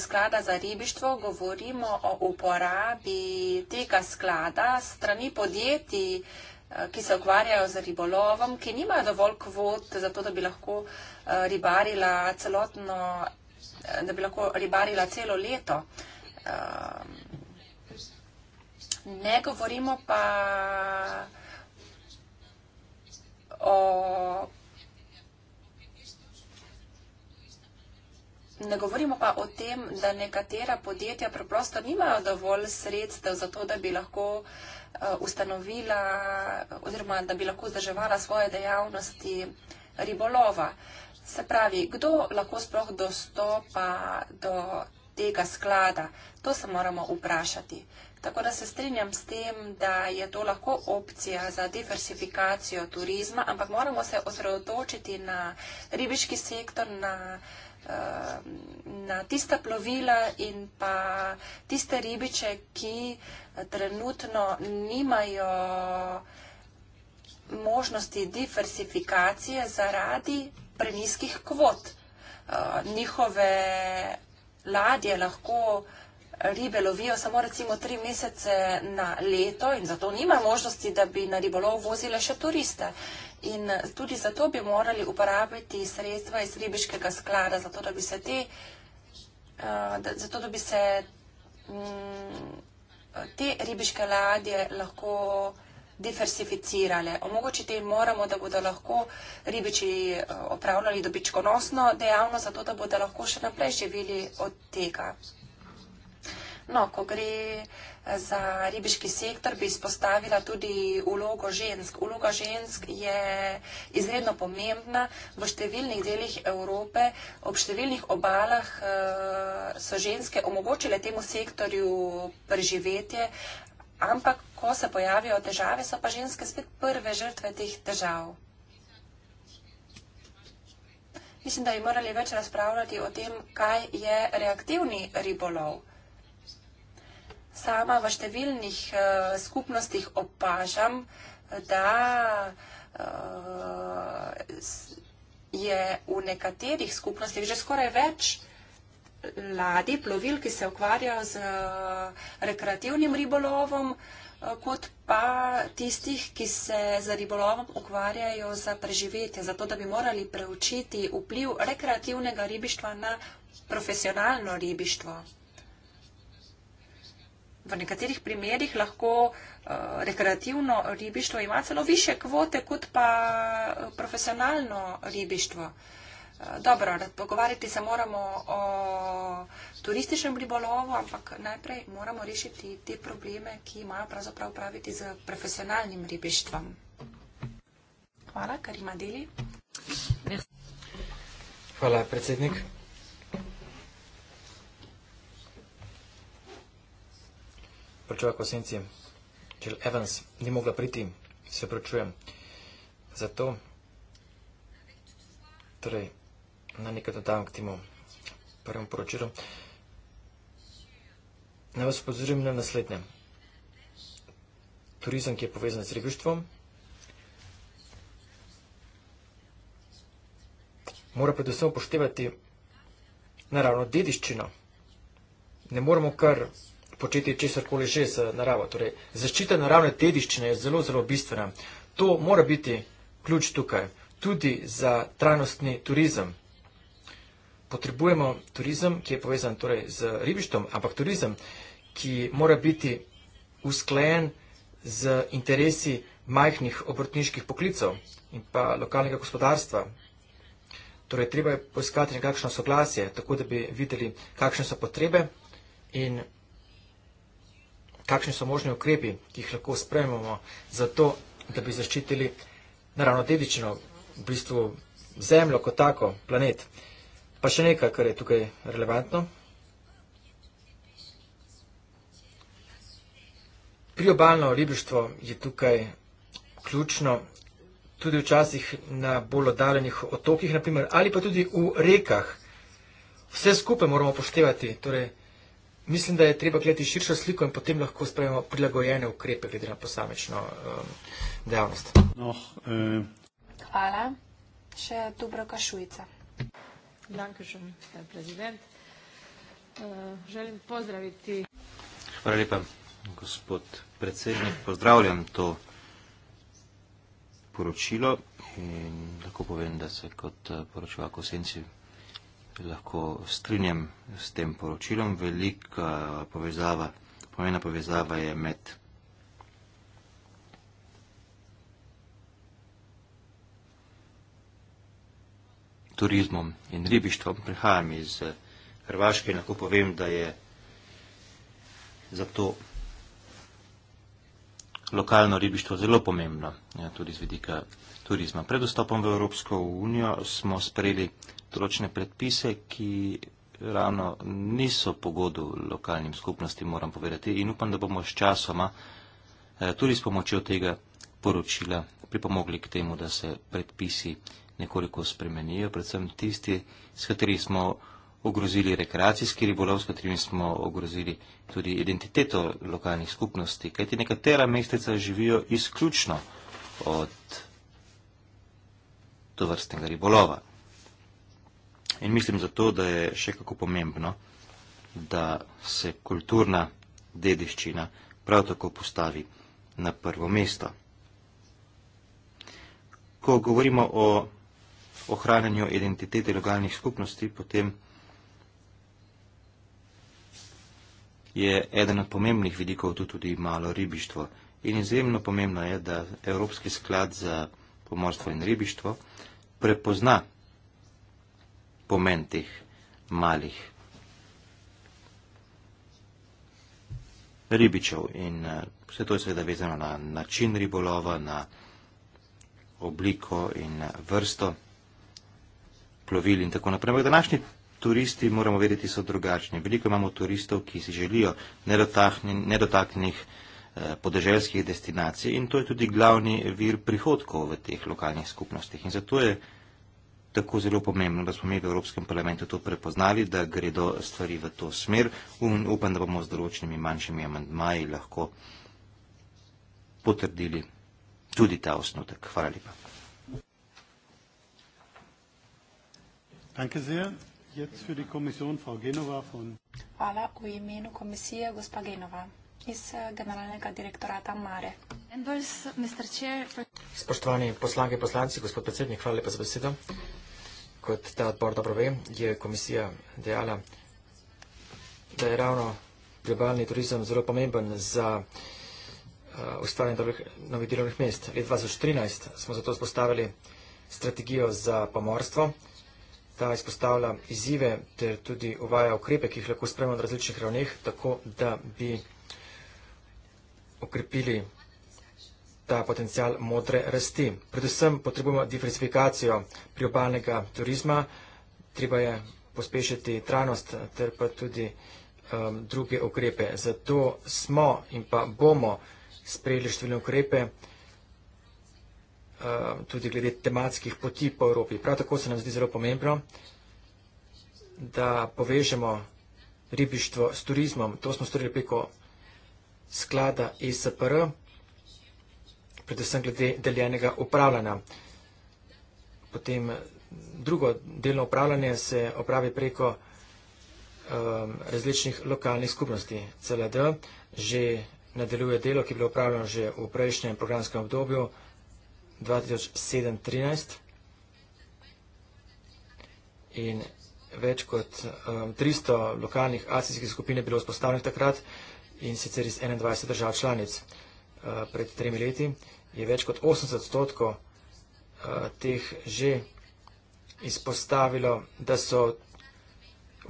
sklada za ribištvo, govorimo o uporabi tega sklada strani podjetij, e, ki se ukvarjajo z ribolovom, ki nimajo dovolj kvot za to, da bi lahko e, ribarila celotno, da bi lahko ribarila celo leto. Ne govorimo pa o. Ne govorimo pa o tem, da nekatera podjetja preprosto nimajo dovolj sredstev za to, da bi lahko eh, ustanovila oziroma da bi lahko zdrževala svoje dejavnosti ribolova. Se pravi, kdo lahko sploh dostopa do tega sklada? To se moramo vprašati. Tako da se strinjam s tem, da je to lahko opcija za diversifikacijo turizma, ampak moramo se osredotočiti na ribiški sektor, na, eh, na tista plovila in pa tiste ribiče, ki trenutno nimajo možnosti diversifikacije zaradi preniskih kvot. Eh, njihove ladje lahko ribe lovijo samo recimo tri mesece na leto in zato nima možnosti, da bi na ribolov vozile še turiste. In tudi zato bi morali uporabiti sredstva iz ribiškega sklada, zato da bi se te, eh, zato da bi se mm, te ribiške ladje lahko diversificirale. Omogočiti jim moramo, da bodo lahko ribiči eh, opravljali dobičkonosno dejavnost, zato da bodo lahko še naprej živeli od tega. No, ko gre eh, za ribiški sektor, bi izpostavila tudi vlogo žensk. Vloga žensk je izredno pomembna. V številnih delih Evrope, ob številnih obalah eh, so ženske omogočile temu sektorju preživetje, ampak ko se pojavijo težave, so pa ženske spet prve žrtve teh težav. Mislim, da bi morali več razpravljati o tem, kaj je reaktivni ribolov sama v številnih uh, skupnostih opažam, da uh, je v nekaterih skupnostih že skoraj več ladi, plovil, ki se ukvarjajo z uh, rekreativnim ribolovom, uh, kot pa tistih, ki se z ribolovom ukvarjajo za preživetje, zato da bi morali preučiti vpliv rekreativnega ribištva na profesionalno ribištvo. V nekaterih primerjih lahko eh, rekreativno ribištvo ima celo više kvote kot pa eh, profesionalno ribištvo. Eh, dobro, pogovarjati se moramo o turističnem ribolovu, ampak najprej moramo rešiti te probleme, ki imajo pravzaprav praviti z profesionalnim ribištvom. Hvala, kar ima deli. Hvala, predsednik. prečuva ko senci, Jill Evans ni mogla priti, se prečujem. Zato, torej, na nekaj dodam k temu prvem poročilu, naj vas upozorim na naslednje. Turizem, ki je povezan z ribištvom, mora predvsem upoštevati naravno dediščino. Ne moramo kar početi česar koli že z naravo. Torej, zaščita naravne dediščine je zelo, zelo bistvena. To mora biti ključ tukaj. Tudi za trajnostni turizem. Potrebujemo turizem, ki je povezan torej, z ribištom, ampak turizem, ki mora biti usklajen z interesi majhnih obrtniških poklicov in pa lokalnega gospodarstva. Torej, treba je poiskati nekakšno soglasje, tako da bi videli, kakšne so potrebe in kakšni so možni ukrepi, ki jih lahko sprememo za to, da bi zaščitili naravno dedično, v bistvu zemljo kot tako, planet. Pa še nekaj, kar je tukaj relevantno. Priobalno ribištvo je tukaj ključno, tudi včasih na bolj oddaljenih otokih, naprimer, ali pa tudi v rekah. Vse skupaj moramo poštevati, torej mislim, da je treba gledati širšo sliko in potem lahko sprejemamo prilagojene ukrepe glede na posamečno um, dejavnost. No, eh. Hvala. Še dobro kašujica. Dankešen, prezident. Uh, äh, želim pozdraviti. Hvala lepa, gospod predsednik. Pozdravljam to poročilo in lahko povem, da se kot eh, poročevalko v senci lahko strinjam s tem poročilom. Velika povezava, pomena povezava je med turizmom in ribištvom. Prihajam iz eh, Hrvaške in lahko povem, da je zato lokalno ribištvo zelo pomembno, ja, tudi z vidika turizma. Pred vstopom v Evropsko unijo smo sprejeli določene predpise, ki ravno niso pogodu lokalnim skupnostim, moram povedati, in upam, da bomo s časoma eh, tudi s pomočjo tega poročila pripomogli k temu, da se predpisi nekoliko spremenijo, predvsem tisti, s katerimi smo ogrozili rekreacijski ribolov, s katerimi smo ogrozili tudi identiteto lokalnih skupnosti, kajti nekatera mesteca živijo isključno od tovrstnega ribolova. In mislim zato, da je še kako pomembno, da se kulturna dediščina prav tako postavi na prvo mesto. Ko govorimo o ohranjanju identitete lokalnih skupnosti, potem je eden od pomembnih vidikov tu tudi malo ribištvo. In izjemno pomembno je, da Evropski sklad za pomorstvo in ribištvo prepozna pomen teh malih ribičev. In eh, vse to je seveda vezano na način ribolova, na obliko in eh, vrsto plovil in tako naprej. Ampak današnji turisti, moramo vedeti, so drugačni. Veliko imamo turistov, ki si želijo nedotaknih eh, podeželskih destinacij in to je tudi glavni vir prihodkov v teh lokalnih skupnostih. In zato je tako zelo pomembno, da smo mi v Evropskem parlamentu to prepoznali, da gredo stvari v to smer. Upam, da bomo z določenimi manjšimi amandmaji lahko potrdili tudi ta osnutek. Hvala lepa. Hvala v imenu komisije, gospa Genova, iz eh, generalnega direktorata Mare. Spoštovani poslanke, poslanci, gospod predsednik, hvala lepa za besedo kot ta odbor dobro ve, je komisija dejala, da je ravno globalni turizem zelo pomemben za uh, ustvarjanje novih delovnih mest. Leta 2013 smo zato spostavili strategijo za pomorstvo. Ta izpostavlja izzive ter tudi uvaja ukrepe, ki jih lahko spremljamo na različnih ravneh, tako da bi okrepili ta potencial modre rasti. Predvsem potrebujemo diversifikacijo priobalnega turizma, treba je pospešiti trajnost ter pa tudi um, druge ukrepe. Zato smo in pa bomo sprejeli številne ukrepe um, tudi glede tematskih poti po Evropi. Prav tako se nam zdi zelo pomembno, da povežemo ribištvo s turizmom. To smo storili preko sklada ESPR predvsem glede deljenega upravljanja. Potem drugo delno upravljanje se opravi preko um, različnih lokalnih skupnosti. CLD že nadaljuje delo, ki je bilo upravljeno že v prejšnjem programskem obdobju 2007-2013 in več kot um, 300 lokalnih asijskih skupin je bilo vzpostavljenih takrat in sicer iz 21 držav članic. Eh, pred tremi leti, je več kot 80 odstotkov eh, teh že izpostavilo, da so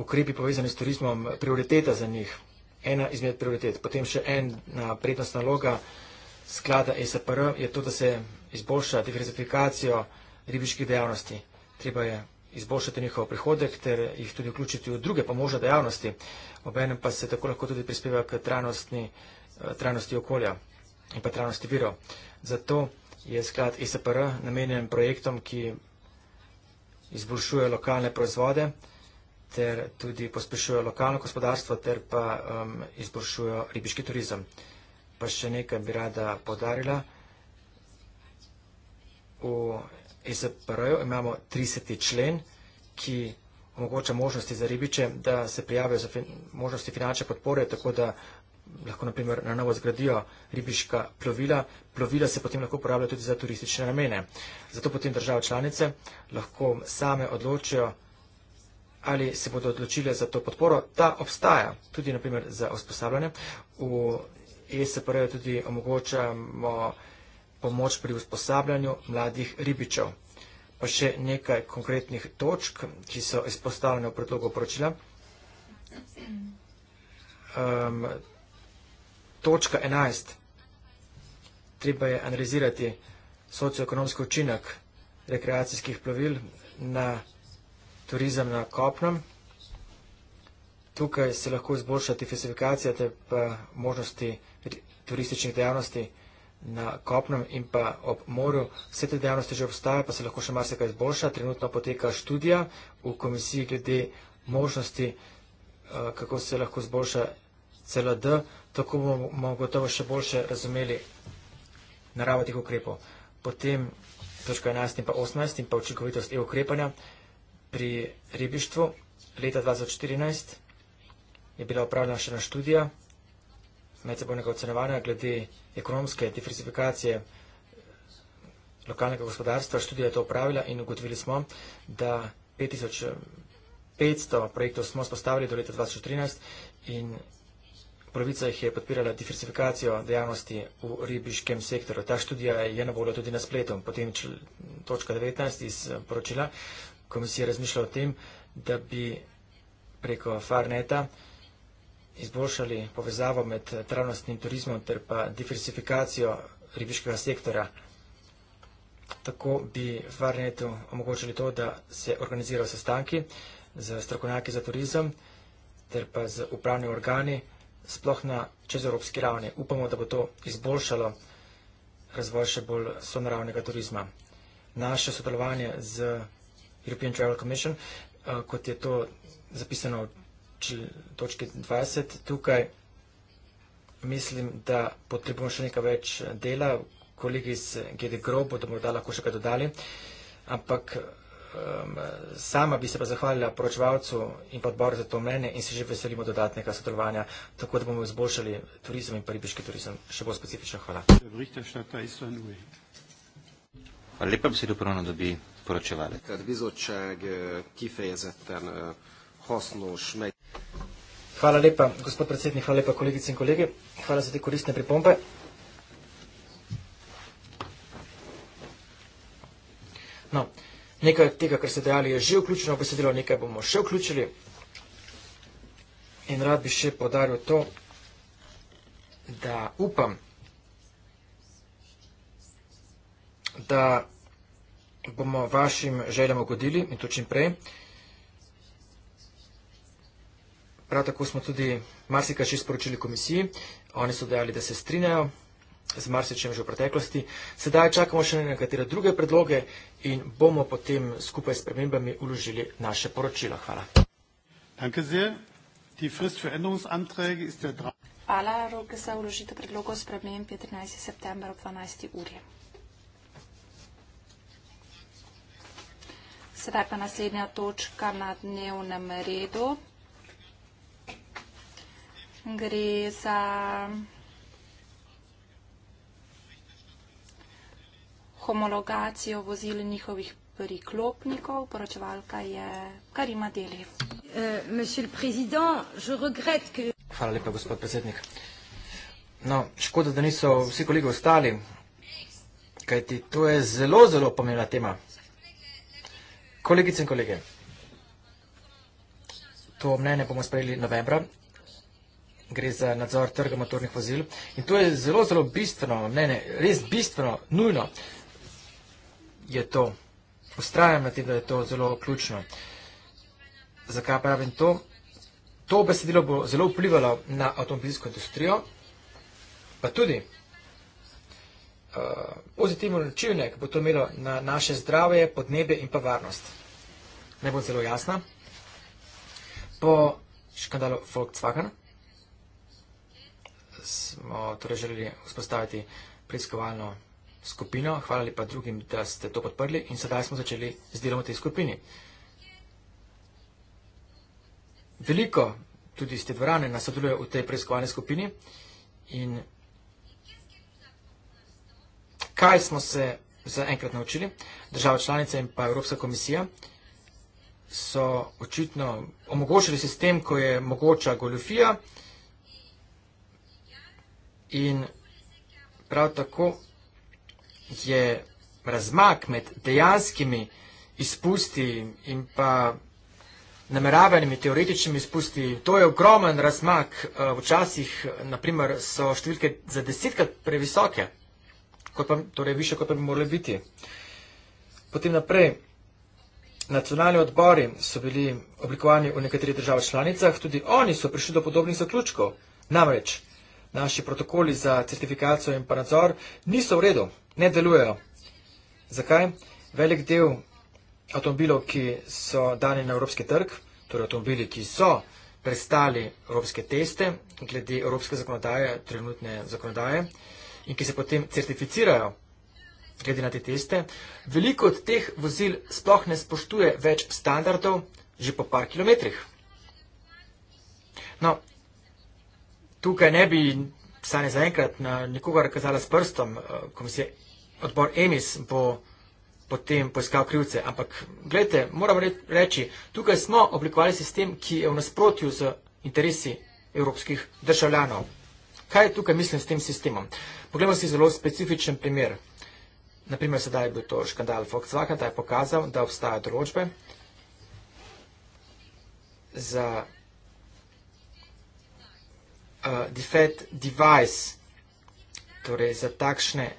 ukrepi povezani s turizmom prioriteta za njih. Ena izmed prioritet. Potem še ena prednostna naloga sklada ESPR je to, da se izboljša diverzifikacijo ribiških dejavnosti. Treba je izboljšati njihov prihodek ter jih tudi vključiti v druge pomožne dejavnosti. Obenem pa se tako lahko tudi prispeva k eh, trajnosti okolja in pa trajnostni virov. Zato je sklad ISPR namenjen projektom, ki izboljšuje lokalne proizvode ter tudi pospešuje lokalno gospodarstvo ter pa um, izboljšuje ribiški turizem. Pa še nekaj bi rada podarila. V ISPR-ju imamo 30. člen, ki omogoča možnosti za ribiče, da se prijavijo za fin možnosti finančne podpore, tako da lahko naprimer na novo zgradijo ribiška plovila, plovila se potem lahko uporabljajo tudi za turistične namene. Zato potem države članice lahko same odločijo, ali se bodo odločile za to podporo. Ta obstaja tudi naprimer za usposabljanje. V ESPR tudi omogočamo pomoč pri usposabljanju mladih ribičev. Pa še nekaj konkretnih točk, ki so izpostavljene v predlogu poročila. Um, točka 11. Treba je analizirati socioekonomski učinek rekreacijskih plovil na turizem na kopnem. Tukaj se lahko izboljša diversifikacija te možnosti turističnih dejavnosti na kopnem in pa ob morju. Vse te dejavnosti že obstajajo, pa se lahko še marsikaj izboljša. Trenutno poteka študija v komisiji glede možnosti, eh, kako se lahko izboljša CLD tako bomo gotovo še boljše razumeli naravo teh ukrepov. Potem točka 11 in pa 18 in pa učinkovitost e-ukrepanja pri ribištvu. Leta 2014 je bila upravljena še ena študija medsebojnega ocenovanja glede ekonomske diversifikacije lokalnega gospodarstva. Študija je to upravila in ugotovili smo, da 5500 projektov smo spostavili do leta 2013 in Polovica jih je podpirala diversifikacijo dejavnosti v ribiškem sektorju. Ta študija je na voljo tudi na spletu. Potem čl, točka 19 iz eh, poročila komisije razmišlja o tem, da bi preko Farneta izboljšali povezavo med eh, travnostnim turizmom ter pa diversifikacijo ribiškega sektora. Tako bi Farnetu omogočili to, da se organizirajo sestanki z strokovnjaki za turizem ter pa z upravnimi organi sploh na čezevropski ravni. Upamo, da bo to izboljšalo razvoj še bolj sonaravnega turizma. Naše sodelovanje z European Travel Commission, eh, kot je to zapisano v točki 20, tukaj mislim, da potrebujemo še nekaj več dela, kolegi iz GD Grobo, da bomo da lahko še kaj dodali, ampak Sama bi se pa zahvalila poročevalcu in podboru za to mnenje in se že veselimo dodatnega sodelovanja, tako da bomo izboljšali turizem in paribiški turizem. Še bolj specifično hvala. Hvala lepa, bi se do prvno dobi poročevali. Eh, eh, hvala lepa, gospod predsednik, hvala lepa kolegice in kolege. Hvala za te koristne pripombe. No. Nekaj tega, kar ste dejali, je že vključeno v besedilo, nekaj bomo še vključili. In rad bi še podaril to, da upam, da bomo vašim željam ugodili in to čim prej. Prav tako smo tudi marsikaj še sporočili komisiji. Oni so dejali, da se strinjajo z marsičem že v preteklosti. Sedaj čakamo še na nekatere druge predloge in bomo potem skupaj s premembami uložili naše poročila. Hvala. Hvala. Rok za uložitev predlogov sprememb je 13. september ob 12. uri. Sedaj pa naslednja točka na dnevnem redu. Gre za. homologacijo vozil njihovih priklopnikov. Poročevalka je Karima Deli. Eh, Hvala lepa, gospod predsednik. No, škoda, da niso vsi kolegi ostali, kajti to je zelo, zelo pomembna tema. Kolegice in kolege, to mnenje bomo sprejeli novembra, gre za nadzor trga motornih vozil in to je zelo, zelo bistveno mnenje, res bistveno, nujno je to. Ustrajam na tem, da je to zelo ključno. Zakaj pravim to? To besedilo bo zelo vplivalo na avtomobilsko industrijo, pa tudi eh, pozitivno uh, načine, ki bo to imelo na naše zdravje, podnebje in pa varnost. Ne bo zelo jasna. Po škandalu Volkswagen smo torej želeli vzpostaviti preiskovalno skupino, hvala lepa drugim, da ste to podprli in sedaj smo začeli z delom v tej skupini. Veliko tudi iz te dvorane nas sodeluje v tej preiskovalni skupini in kaj smo se zaenkrat naučili, država članica in pa Evropska komisija so očitno omogočili sistem, ko je mogoča goljofija in prav tako je razmak med dejanskimi izpusti in pa nameravanimi teoretičnimi izpusti, to je ogromen razmak. Eh, včasih, naprimer, so številke za desetkrat previsoke, kot pa, torej više, kot pa bi morali biti. Potem naprej, nacionalni odbori so bili oblikovani v nekaterih državah članicah, tudi oni so prišli do podobnih zaključkov. Namreč, naši protokoli za certifikacijo in pa nadzor niso v redu ne delujejo. Zakaj? Velik del avtomobilov, ki so dani na evropski trg, torej avtomobili, ki so prestali evropske teste glede evropske zakonodaje, trenutne zakonodaje in ki se potem certificirajo glede na te teste, veliko od teh vozil sploh ne spoštuje več standardov že po par kilometrih. No, tukaj ne bi, saj ne zaenkrat, na nikogar kazala s prstom eh, komisije odbor Emis bo potem poiskal krivce. Ampak, gledajte, moram reči, tukaj smo oblikovali sistem, ki je v nasprotju z interesi evropskih državljanov. Kaj je tukaj mislim s tem sistemom? Poglejmo si zelo specifičen primer. Naprimer, sedaj je bil to škandal Volkswagen, da je pokazal, da obstaja določbe za uh, defect device, torej za takšne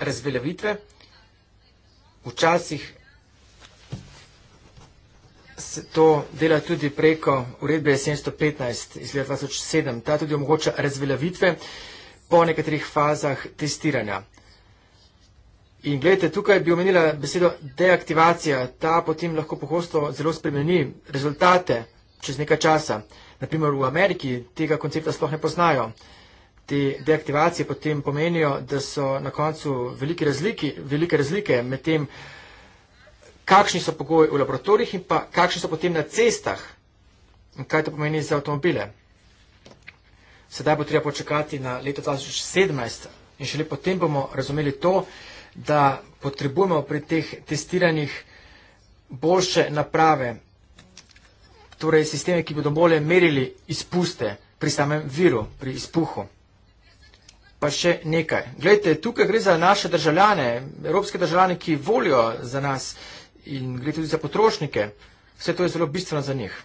razveljavitve. Včasih se to dela tudi preko uredbe 715 iz leta 2007. Ta tudi omogoča razveljavitve po nekaterih fazah testiranja. In gledajte, tukaj bi omenila besedo deaktivacija. Ta potem lahko pogosto zelo spremeni rezultate čez nekaj časa. Naprimer v Ameriki tega koncepta sploh ne poznajo te deaktivacije potem pomenijo, da so na koncu velike razlike, velike razlike med tem, kakšni so pogoji v laboratorijih in pa kakšni so potem na cestah in kaj to pomeni za avtomobile. Sedaj bo treba počakati na leto 2017 in šele potem bomo razumeli to, da potrebujemo pri teh testiranjih boljše naprave, torej sisteme, ki bodo bolje merili izpuste pri samem viru, pri izpuhu. Pa še nekaj. Glejte, tukaj gre za naše državljane, evropske državljane, ki volijo za nas in gre tudi za potrošnike. Vse to je zelo bistveno za njih.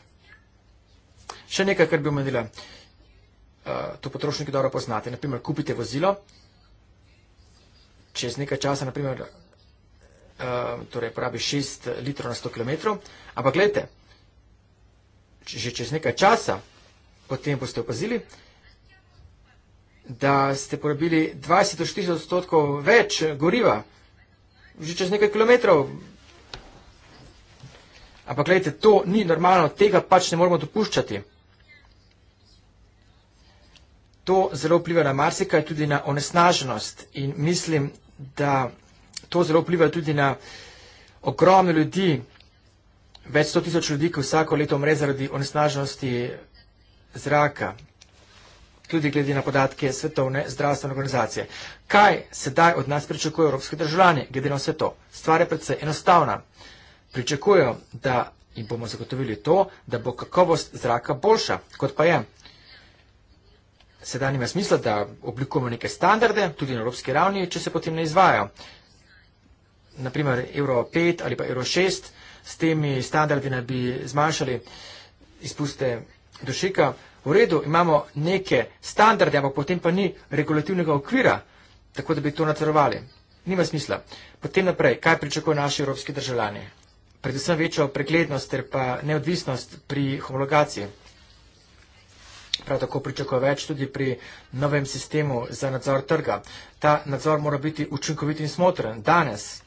Še nekaj, kar bi omenila. Uh, to potrošniki dobro poznate. Naprimer, kupite vozilo, čez nekaj časa, naprimer, uh, torej porabi 6 litrov na 100 km, ampak gledajte, že čez nekaj časa, potem boste opazili, da ste porabili 20 do 40 odstotkov več goriva, že čez nekaj kilometrov. Ampak gledajte, to ni normalno, tega pač ne moramo dopuščati. To zelo vpliva na marsikaj, tudi na onesnaženost in mislim, da to zelo vpliva tudi na ogromno ljudi, več sto tisoč ljudi, ki vsako leto umre zaradi onesnaženosti zraka tudi glede na podatke Svetovne zdravstvene organizacije. Kaj sedaj od nas pričakujejo evropski državljani, glede na vse to? Stvar je predvsej enostavna. Pričakujejo, da jim bomo zagotovili to, da bo kakovost zraka boljša, kot pa je. Sedaj nima smisla, da oblikujemo neke standarde, tudi na evropski ravni, če se potem ne izvajo. Naprimer Euro 5 ali pa Euro 6, s temi standardi naj bi zmanjšali izpuste dušika, v redu, imamo neke standarde, ampak potem pa ni regulativnega okvira, tako da bi to nadzorovali. Nima smisla. Potem naprej, kaj pričakujejo naši evropski državljani? Predvsem večjo preglednost ter pa neodvisnost pri homologaciji. Prav tako pričakujejo več tudi pri novem sistemu za nadzor trga. Ta nadzor mora biti učinkovit in smotren. Danes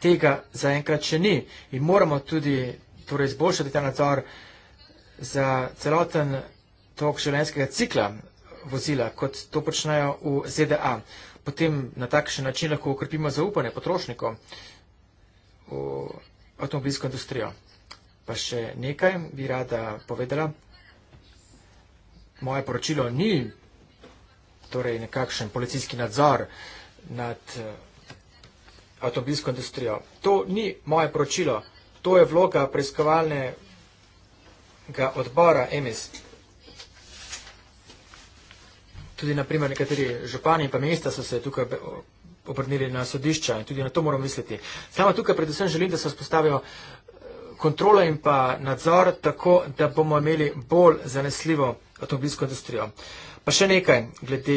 tega zaenkrat še ni in moramo tudi torej, izboljšati ta nadzor za celoten tok življenjskega cikla vozila, kot to počnejo v ZDA. Potem na takšen način lahko ukrepimo zaupanje potrošnikov v avtomobilsko industrijo. Pa še nekaj bi rada povedala. Moje poročilo ni torej nekakšen policijski nadzor nad eh, avtomobilsko industrijo. To ni moje poročilo. To je vloga preiskovalnega odbora EMIS tudi naprimer nekateri župani in pa ministra so se tukaj obrnili na sodišča in tudi na to moram misliti. Sama tukaj predvsem želim, da se vzpostavijo eh, kontrola in pa nadzor tako, da bomo imeli bolj zanesljivo avtomobilsko industrijo. Pa še nekaj glede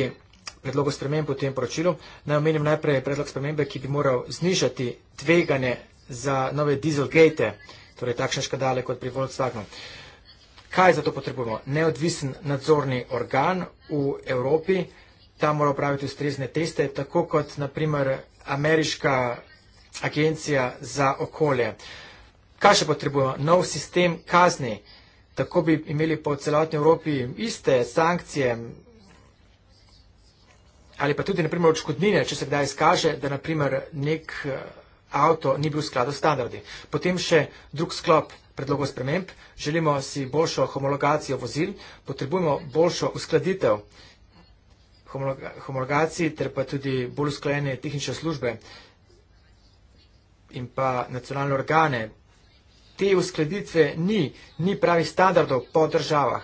predlogu sprememb v tem poročilu. Naj omenim najprej predlog spremembe, ki bi moral znižati tveganje za nove dieselgate, torej takšne škadale kot pri Volkswagenu. Kaj za to potrebujemo? Neodvisen nadzorni organ v Evropi, ta mora upraviti ustrezne teste, tako kot naprimer ameriška agencija za okolje. Kaj še potrebujemo? Nov sistem kazni, tako bi imeli po celotni Evropi iste sankcije ali pa tudi naprimer očkodnine, če se kdaj izkaže, da naprimer nek avto ni bil v skladu s standardi. Potem še drug sklop predlogov sprememb, želimo si boljšo homologacijo vozil, potrebujemo boljšo uskladitev homologacij ter pa tudi bolj usklajene tehnične službe in pa nacionalne organe. Te uskladitve ni, ni pravih standardov po državah.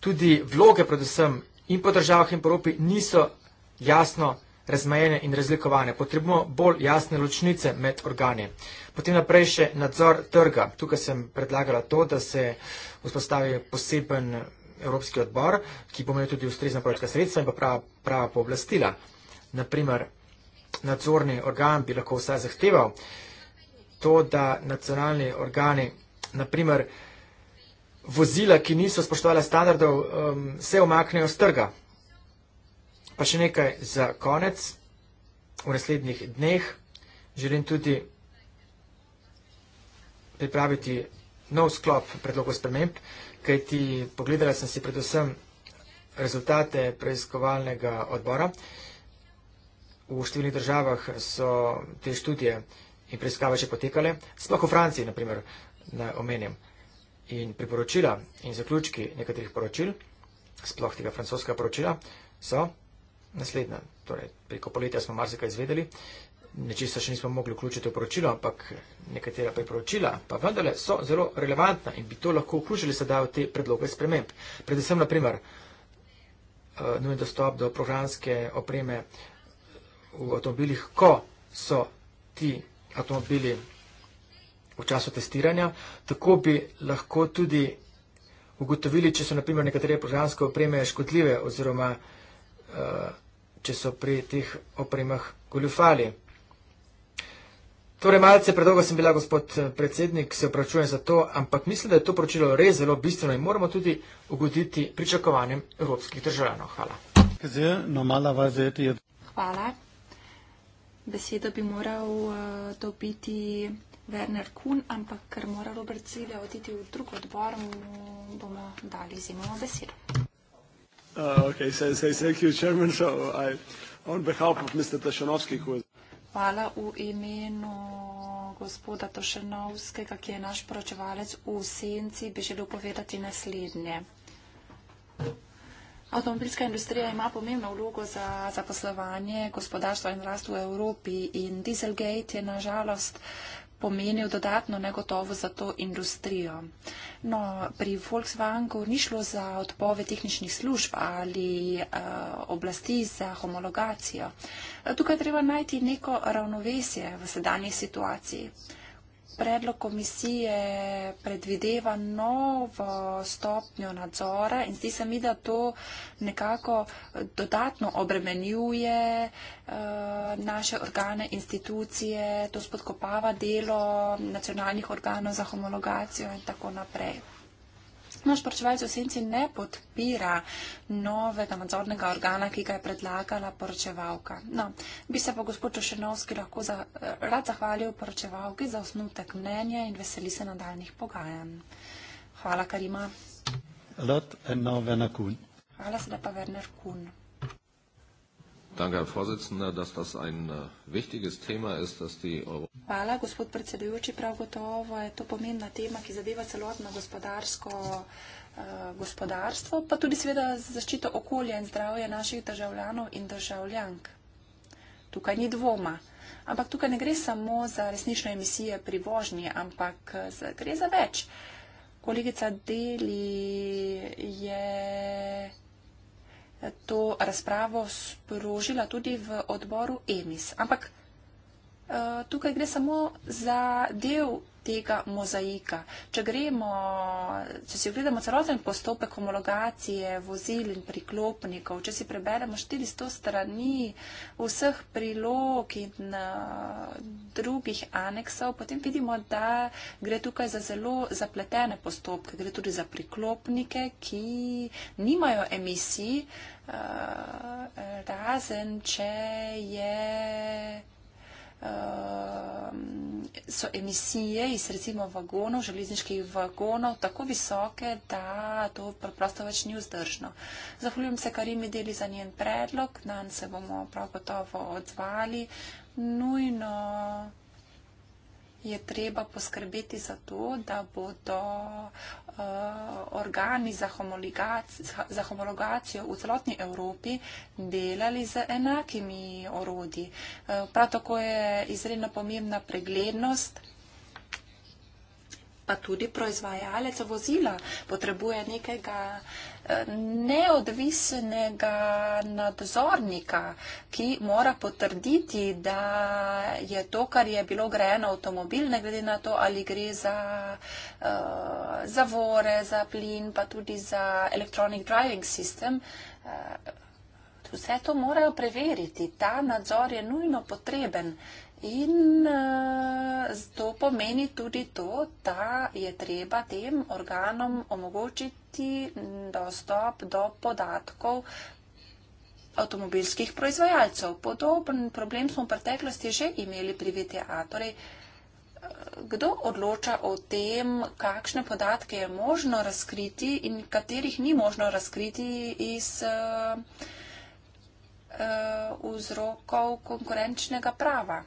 Tudi vloge predvsem in po državah in po Evropi niso jasno razmejene in razlikovane. Potrebujemo bolj jasne ločnice med organi. Potem naprej še nadzor trga. Tukaj sem predlagala to, da se vzpostavi poseben Evropski odbor, ki bo imel tudi ustrezna politika sredstva in pa prava, prava pooblastila. Naprimer, nadzorni organ bi lahko vsaj zahteval to, da nacionalni organi, naprimer, vozila, ki niso spoštovala standardov, um, se omaknejo z trga. Pa še nekaj za konec. V naslednjih dneh želim tudi pripraviti nov sklop predlogov sprememb, kaj ti pogledala sem si predvsem rezultate preiskovalnega odbora. V številnih državah so te študije in preiskave že potekale, sploh v Franciji, naprimer, ne omenjam. In priporočila in zaključki nekaterih poročil, sploh tega francoska poročila, so naslednja. Torej, preko poletja smo marsikaj izvedeli, nečisto še nismo mogli vključiti v poročilo, ampak nekatera priporočila pa vendarle so zelo relevantna in bi to lahko vključili sedaj v te predloge sprememb. Predvsem, naprimer, eh, nujen dostop do programske opreme v avtomobilih, ko so ti avtomobili v času testiranja, tako bi lahko tudi ugotovili, če so naprimer nekatere programske opreme škodljive oziroma uh, če so pri teh opremah goljufali. Torej, malce predolgo sem bila, gospod eh, predsednik, se opračujem za to, ampak mislim, da je to poročilo res zelo bistveno in moramo tudi ugoditi pričakovanjem evropskih državljanov. Hvala. Hvala. Besedo bi moral eh, dobiti Werner Kuhn, ampak ker mora Robert Cilja oditi v drug odbor, mu bomo dali zimovo besedo. Ah, okay, so, so thank you, Chairman. So I, on behalf of Mr. Tashanovsky, who is... Hvala v imenu gospoda Tošenovskega, ki je naš poročevalec v senci, bi želel povedati naslednje. Avtomobilska industrija ima pomembno vlogo za zaposlovanje gospodarstva in rast v Evropi in Dieselgate je nažalost pomenil dodatno negotovo za to industrijo. No, pri Volkswagenu ni šlo za odpove tehničnih služb ali uh, oblasti za homologacijo. Tukaj treba najti neko ravnovesje v sedanji situaciji. Uh, predlog komisije predvideva novo stopnjo nadzora in zdi se mi, da to nekako eh, dodatno obremenjuje eh, naše organe, institucije, to spodkopava delo nacionalnih organov za homologacijo in tako naprej. Naš poročevalec v senci ne podpira novega nadzornega organa, ki ga je predlagala poročevalka. No, bi se pa gospod Čošenovski lahko za, eh, rad zahvalil poročevalki za osnutek mnenja in veseli se nadaljnih pogajanj. Hvala, Karima. Lot en nove na kun. Hvala, sedaj pa Werner Kun. Danke, Herr Vorsitzender, dass das ein äh, wichtiges Thema ist, dass die Hvala, gospod predsedujoči, prav gotovo je to pomembna tema, ki zadeva celotno gospodarsko eh, gospodarstvo, pa tudi seveda zaščito okolja in zdravja naših državljanov in državljank. Tukaj ni dvoma. Ampak tukaj ne gre samo za resnične emisije pri vožnji, ampak eh, gre za več. Kolegica Deli je to razpravo sprožila tudi v odboru EMIS. Ampak eh, tukaj gre samo za del tega mozaika. Če, gremo, če si ogledamo celoten postopek homologacije vozil in priklopnikov, če si preberemo 400 strani vseh prilog in eh, drugih aneksov, potem vidimo, da gre tukaj za zelo zapletene postopke. Gre tudi za priklopnike, ki nimajo emisij, eh, razen če je. Ehm, so emisije iz recimo vagonov, železniških vagonov, tako visoke, da to preprosto več ni vzdržno. Zahvaljujem se Karimi Deli za njen predlog, nam se bomo prav gotovo odzvali. Nujno je treba poskrbeti za to, da bodo uh, organi za, za homologacijo v celotni Evropi delali z enakimi orodji. Uh, prav tako je izredno pomembna preglednost. Pa tudi proizvajalec vozila potrebuje nekega uh, neodvisnega nadzornika, ki mora potrditi, da je to, kar je bilo grejeno avtomobil, ne glede na to, ali gre za eh, zavore, za plin, pa tudi za electronic driving system. Eh, vse to morajo preveriti. Ta nadzor je nujno potreben. In uh, to pomeni tudi to, da je treba tem organom omogočiti mm, dostop do podatkov avtomobilskih proizvajalcev. Podoben problem smo v preteklosti že imeli pri VTA. Torej, eh, kdo odloča o tem, kakšne podatke je možno razkriti in katerih ni možno razkriti iz uh, uh, vzrokov konkurenčnega prava?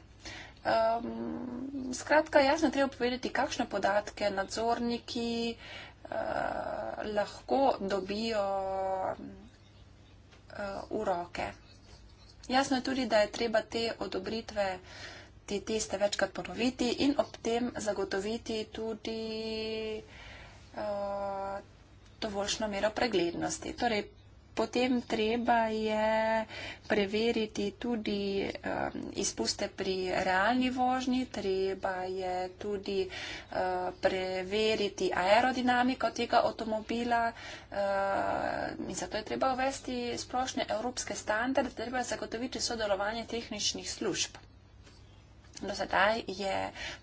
Um, skratka, jasno je treba povedati, kakšne podatke nadzorniki uh, lahko dobijo uh, v roke. Jasno je tudi, da je treba te odobritve, te teste večkrat ponoviti in ob tem zagotoviti tudi uh, dovoljšno mero preglednosti. Torej, Potem treba je preveriti tudi um, izpuste pri realni vožnji, treba je tudi uh, preveriti aerodinamiko tega avtomobila uh, in zato je treba uvesti splošne evropske standarde, treba je zagotoviti sodelovanje tehničnih služb. Do sedaj je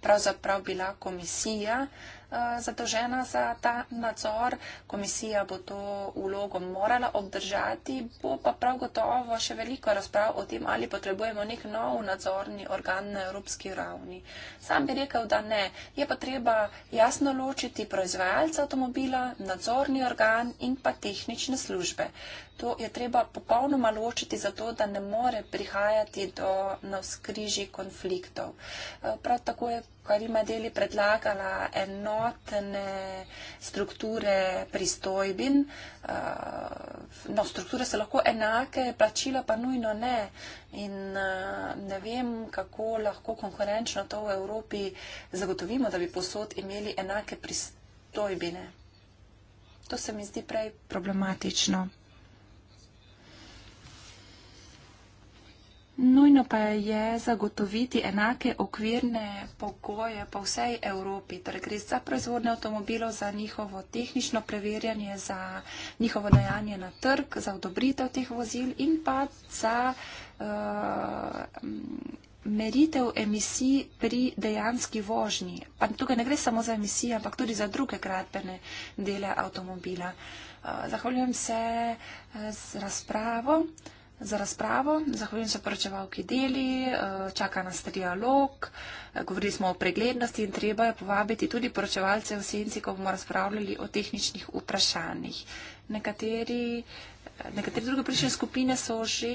pravzaprav bila komisija uh, Eh, zadožena za ta nadzor. Komisija bo to vlogo morala obdržati, bo pa prav gotovo še veliko razprav o tem, ali potrebujemo nek nov nadzorni organ na evropski ravni. Sam bi rekel, da ne. Je pa treba jasno ločiti proizvajalca avtomobila, nadzorni organ in pa tehnične službe to je treba popolnoma ločiti, zato da ne more prihajati do navskrižji konfliktov. Eh, prav tako je Karima Deli predlagala enotne strukture pristojbin. Eh, no, strukture so lahko enake, plačila pa nujno ne. In eh, ne vem, kako lahko konkurenčno to v Evropi zagotovimo, da bi posod imeli enake pristojbine. To se mi zdi prej problematično. Nujno pa je zagotoviti enake okvirne pogoje po vsej Evropi, torej gre za proizvodne avtomobilov, za njihovo tehnično preverjanje, za njihovo dajanje na trg, za odobritev teh vozil in pa za uh, meritev emisij pri dejanski vožnji. Pa tukaj ne gre samo za emisije, ampak tudi za druge gradbene dele avtomobila. Uh, zahvaljujem se eh, z razpravo za razpravo. Zahvaljujem se poročevalki deli, eh, čaka nas trialog, eh, govorili smo o preglednosti in treba je povabiti tudi poročevalce v senci, ko bomo razpravljali o tehničnih vprašanjih nekateri, nekateri druge prične skupine so že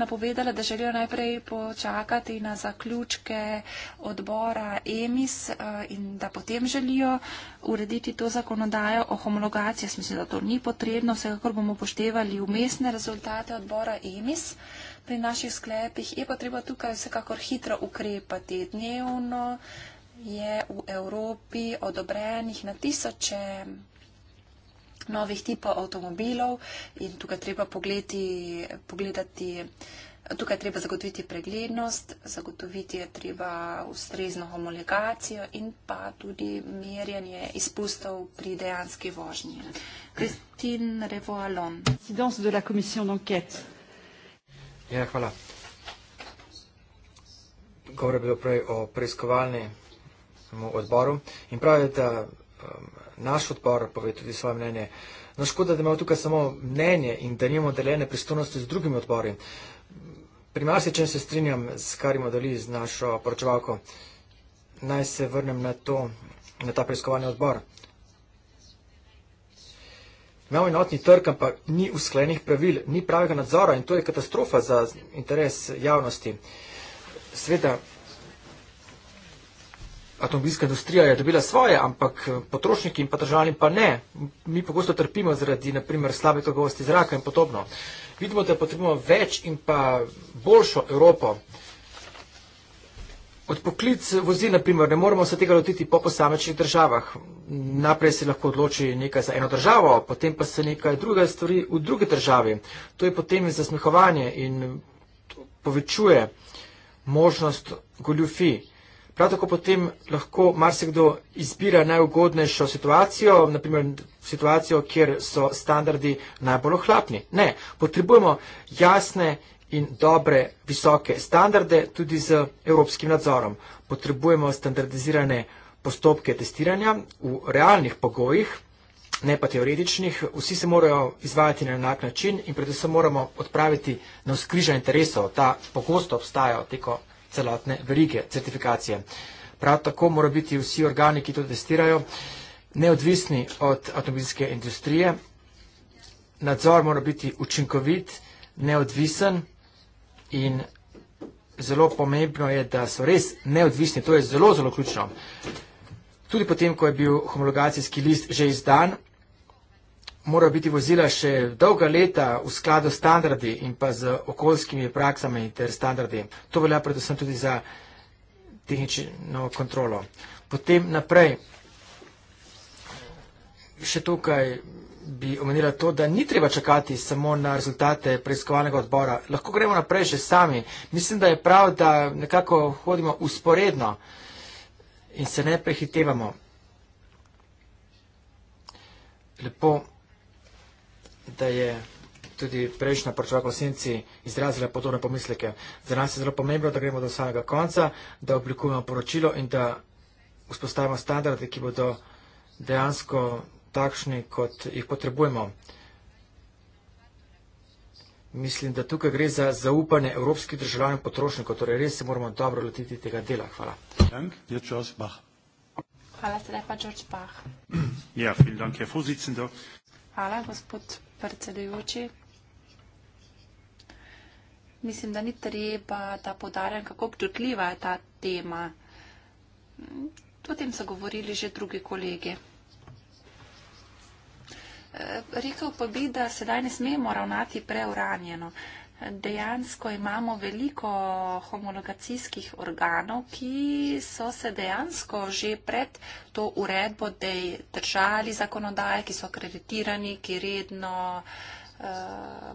napovedali, da želijo najprej počakati na zaključke odbora EMIS eh, in da potem želijo urediti to zakonodajo o homologacijah. Mislim, da to ni potrebno, vsekakor bomo poštevali umestne rezultate odbora EMIS. Pri naših sklepih je pa treba tukaj vsekakor hitro ukrepati. Dnevno je v Evropi odobrenih na tisoče novih tipov avtomobilov in tukaj treba pogledati, pogledati tukaj treba zagotoviti preglednost, zagotoviti je treba ustrezno homologacijo in pa tudi merjanje izpustov pri dejanski vožnji. Kristin Revoalon. Presidence de la Commission d'enquête. Ja, hvala. Govor je bilo prej o preiskovalnem odboru in pravi, da um, naš odbor pove tudi svoje mnenje. No, škoda, da imamo tukaj samo mnenje in da nimamo deljene pristojnosti z drugimi odbori. Pri marsičem se strinjam s Karimo Dali, z našo poročevalko. Naj se vrnem na, to, na ta preiskovalni odbor. Imamo enotni trg, ampak ni usklenih pravil, ni pravega nadzora in to je katastrofa za interes javnosti. Sveda, Atomobilska industrija je dobila svoje, ampak eh, potrošniki in pa državljani pa ne. Mi pogosto trpimo zaradi, naprimer, slabe kakovosti zraka in podobno. Vidimo, da potrebujemo več in pa boljšo Evropo. Od poklic vozil, naprimer, ne moremo se tega lotiti po posamečnih državah. Naprej se lahko odloči nekaj za eno državo, potem pa se nekaj druge stvari v druge državi. To je potem zasmehovanje in povečuje možnost goljufi. Prav tako potem lahko marsikdo izbira najugodnejšo situacijo, naprimer situacijo, kjer so standardi najbolj ohlapni. Ne, potrebujemo jasne in dobre, visoke standarde tudi z evropskim nadzorom. Potrebujemo standardizirane postopke testiranja v realnih pogojih, ne pa teoretičnih. Vsi se morajo izvajati na enak način in predvsem moramo odpraviti na skriža interesov, ta pogosto obstaja teko celotne verige certifikacije. Prav tako morajo biti vsi organi, ki to testirajo, neodvisni od avtomobilske industrije. Nadzor mora biti učinkovit, neodvisen in zelo pomembno je, da so res neodvisni. To je zelo, zelo ključno. Tudi potem, ko je bil homologacijski list že izdan, morajo biti vozila še dolga leta v skladu s standardi in pa z okoljskimi praksami ter standardi. To velja predvsem tudi za tehnično kontrolo. Potem naprej, še tukaj bi omenila to, da ni treba čakati samo na rezultate preiskovalnega odbora. Lahko gremo naprej že sami. Mislim, da je prav, da nekako hodimo usporedno in se ne prehitevamo. Lepo da je tudi prejšnja poročila Kosinci izrazila podobne pomisleke. Za nas je zelo pomembno, da gremo do samega konca, da oblikujemo poročilo in da vzpostavimo standarde, ki bodo dejansko takšni, kot jih potrebujemo. Mislim, da tukaj gre za zaupanje evropskih državljanov in potrošnikov, torej res se moramo dobro lotiti tega dela. Hvala. Dank, je čas, bah. Hvala, sedaj pa George Bach. Ja, vielen Dank, Herr Vorsitzender. Hvala, gospod predsedujoči. Mislim, da ni treba, da podarjam, kako občutljiva je ta tema. O tem so govorili že drugi kolegi. Rekel pa bi, da sedaj ne smemo ravnati preuranjeno dejansko imamo veliko homologacijskih organov, ki so se dejansko že pred to uredbo dej držali zakonodaje, ki so akreditirani, ki redno uh,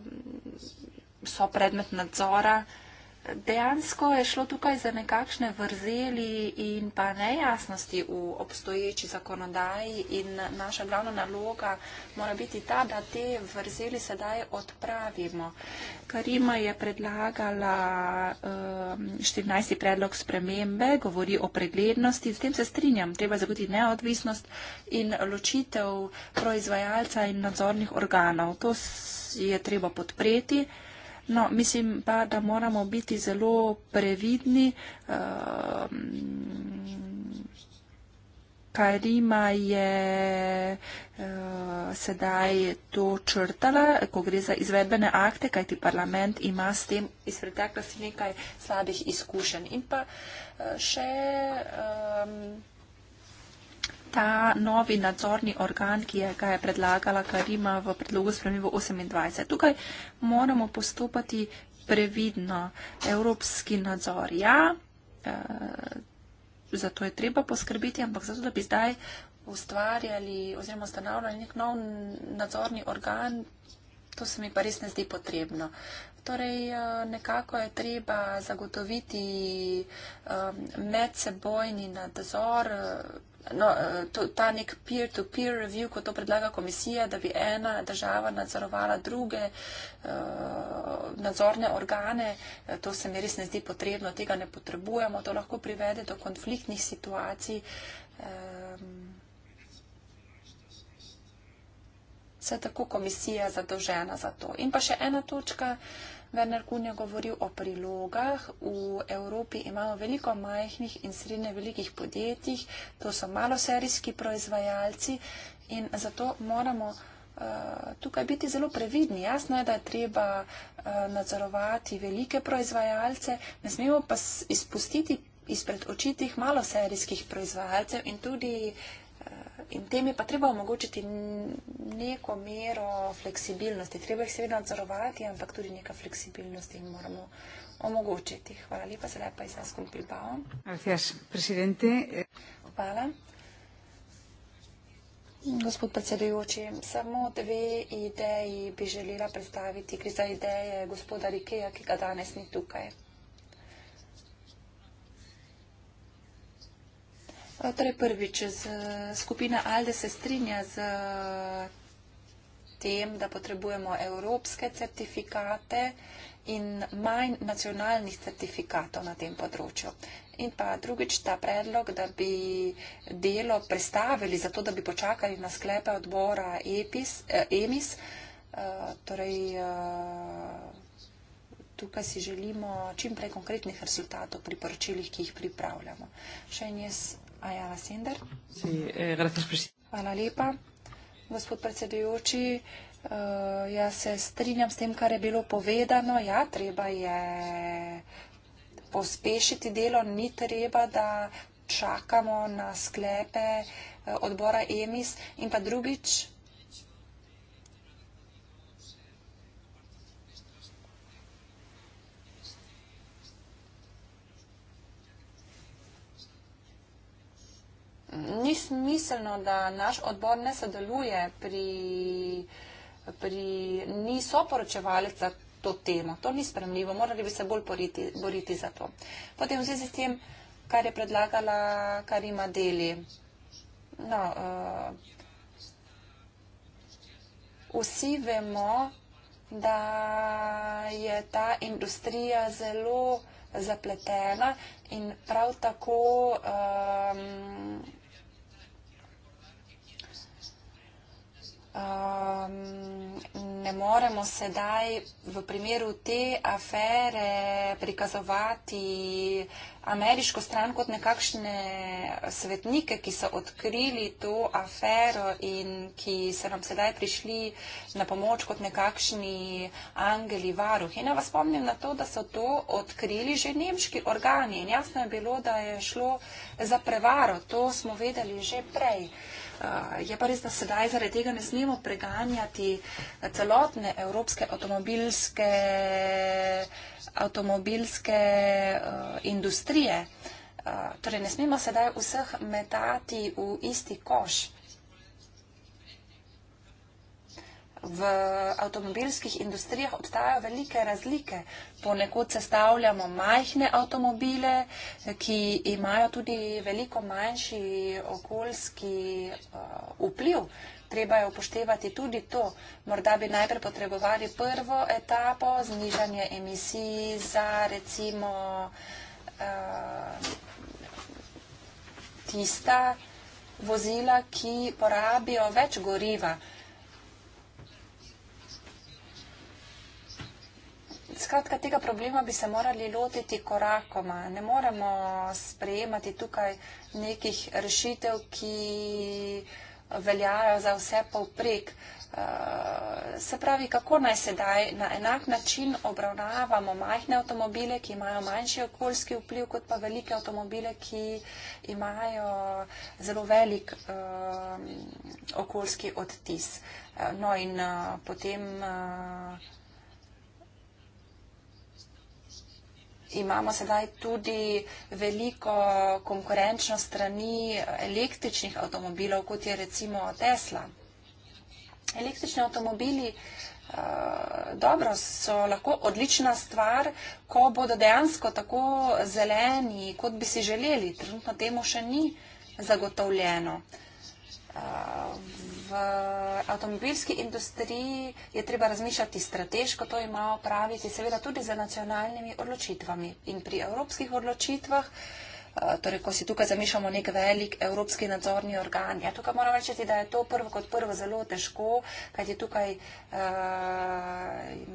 so predmet nadzora. Uh, Dejansko je šlo tukaj za nekakšne vrzeli in pa nejasnosti v obstoječi zakonodaji in naša glavna naloga mora biti ta, da te vrzeli sedaj odpravimo. Karima je predlagala 14. Um, predlog spremembe, govori o preglednosti, s tem se strinjam, treba zagotiti neodvisnost in ločitev proizvajalca in nadzornih organov. To je treba podpreti. No, mislim pa, da moramo biti zelo previdni. Ehm, Karima je eh, sedaj to črtala, ko gre za izvedbene akte, kajti parlament ima s tem iz preteklosti nekaj slabih izkušenj. In pa eh, še. Um, ta novi nadzorni organ, ki je, ga je predlagala Karima v predlogu spremljivo 28. Tukaj moramo postopati previdno. Evropski nadzor, ja, eh, zato je treba poskrbiti, ampak zato, da bi zdaj ustvarjali oziroma ustanavljali nek nov nadzorni organ, to se mi pa res ne zdi potrebno. Torej, eh, nekako je treba zagotoviti eh, medsebojni nadzor, eh, no, eh, to, ta nek peer-to-peer -peer review, kot to predlaga komisija, da bi ena država nadzorovala druge eh, nadzorne organe, eh, to se mi res ne zdi potrebno, tega ne potrebujemo, to lahko privede do konfliktnih situacij. Vse ehm, tako komisija zadolžena za to. In pa še ena točka. Werner Kuhn je govoril o prilogah. V Evropi imamo veliko majhnih in srednje velikih podjetij, to so maloserijski proizvajalci in zato moramo uh, tukaj biti zelo previdni. Jasno je, da je treba uh, nadzorovati velike proizvajalce, ne smemo pa izpustiti izpred očitih maloserijskih proizvajalcev in tudi uh, In tem je pa treba omogočiti neko mero fleksibilnosti. Treba jih seveda nadzorovati, ampak tudi neka fleksibilnost jim moramo omogočiti. Hvala lepa, sedaj pa izraz skupaj Bilbao. Gracias, presidente. Hvala. Gospod predsedujoči, samo dve ideji bi želela predstaviti, gre za ideje gospoda Rikeja, ki ga danes ni tukaj. Eh, torej prvič, eh, z, skupina ALDE se strinja z tem, da potrebujemo evropske certifikate in manj nacionalnih certifikatov na tem področju. In pa drugič ta predlog, da bi delo prestavili, zato da bi počakali na sklepe odbora EPIS, eh, EMIS. Eh, torej, eh, tukaj si želimo čim prej konkretnih rezultatov pri poročilih, ki jih pripravljamo. Še en jaz Ajala Sender. Sí, eh, Hvala lepa. Gospod predsedujoči, uh, jaz se strinjam s tem, kar je bilo povedano. Ja, treba je pospešiti delo, ni treba, da čakamo na sklepe eh, odbora EMIS in pa drugič ni smiselno, da naš odbor ne sodeluje pri, pri ni soporočevalec za to temo. To ni spremljivo, morali bi se bolj boriti, boriti za to. Potem v zvezi s tem, kar je predlagala Karima Deli. No, uh, vsi vemo, da je ta industrija zelo zapletena in prav tako um, Ehm, ne moremo sedaj v primeru te afere prikazovati ameriško stran kot nekakšne svetnike, ki so odkrili to afero in ki so nam sedaj prišli na pomoč kot nekakšni angeli varuh. In ja vas spomnim na to, da so to odkrili že nemški organi in jasno je bilo, da je šlo za prevaro. To smo vedeli že prej. Uh, Eh, je pa res, da sedaj zaradi tega ne smemo preganjati celotne evropske avtomobilske, avtomobilske eh, industrije. Eh, torej ne smemo sedaj vseh metati v isti koš. v avtomobilskih industrijah obstajajo velike razlike. Ponekod sestavljamo majhne avtomobile, ki imajo tudi veliko manjši okoljski eh, vpliv. Treba je upoštevati tudi to, morda bi najprej potrebovali prvo etapo znižanje emisij za recimo eh, tista vozila, ki porabijo več goriva. Skratka, tega problema bi se morali lotiti korakoma. Ne moremo sprejemati tukaj nekih rešitev, ki veljajo za vse povprek. Eh, se pravi, kako naj sedaj na enak način obravnavamo majhne avtomobile, ki imajo manjši okoljski vpliv, kot pa velike avtomobile, ki imajo zelo velik eh, okoljski odtis. Eh, no in potem imamo sedaj tudi veliko konkurenčno strani električnih avtomobilov, kot je recimo Tesla. Električni avtomobili eh, dobro, so lahko odlična stvar, ko bodo dejansko tako zeleni, kot bi si želeli. Trenutno temu še ni zagotovljeno. Uh, v avtomobilski industriji je treba razmišljati strateško, to ima opraviti seveda tudi za nacionalnimi odločitvami. In pri evropskih odločitvah, eh, torej ko si tukaj zamišljamo nek velik evropski nadzorni organ, ja tukaj moram rečeti, da je to prvo kot prvo zelo težko, kajti tukaj uh,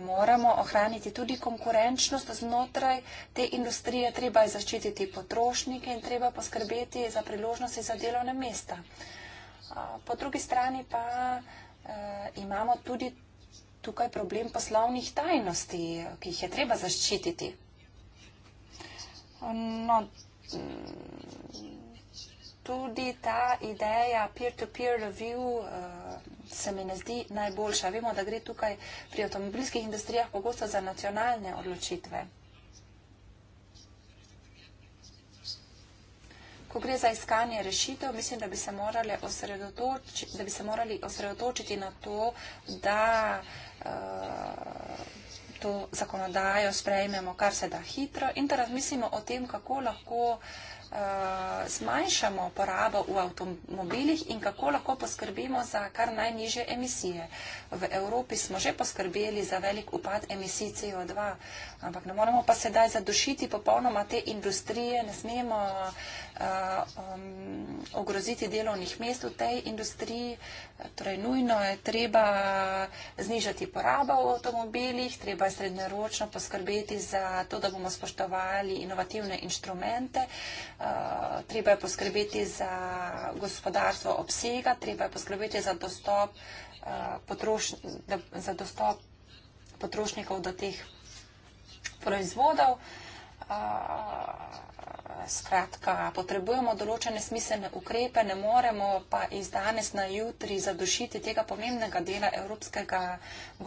moramo ohraniti tudi konkurenčnost znotraj te industrije, treba je zaščititi potrošnike in treba poskrbeti za priložnosti za delovne mesta. Uh, Po drugi strani pa e, imamo tudi tukaj problem poslovnih tajnosti, ki jih je treba zaščititi. No, tudi ta ideja peer-to-peer -peer review e, se mi ne zdi najboljša. Vemo, da gre tukaj pri avtomobilskih industrijah pogosto za nacionalne odločitve. ko gre za iskanje rešitev, mislim, da bi se morali osredotočiti, da bi se morali osredotočiti na to, da uh, to zakonodajo sprejmemo kar se da hitro in da razmislimo o tem, kako lahko eh, zmanjšamo porabo v avtomobilih in kako lahko poskrbimo za kar najnižje emisije. V Evropi smo že poskrbeli za velik upad emisij CO2, ampak ne moremo pa sedaj zadušiti popolnoma te industrije, ne smemo uh, Eh, um, ogroziti delovnih mest v tej industriji. Torej, nujno je treba znižati porabo v avtomobilih, treba je srednjeročno poskrbeti za to, da bomo spoštovali inovativne inštrumente, uh, treba je poskrbeti za gospodarstvo obsega, treba je poskrbeti za dostop, uh, potroš, da, za dostop potrošnikov do teh proizvodov. Uh, Skratka, potrebujemo določene smiselne ukrepe, ne moremo pa iz danes na jutri zadušiti tega pomembnega dela evropskega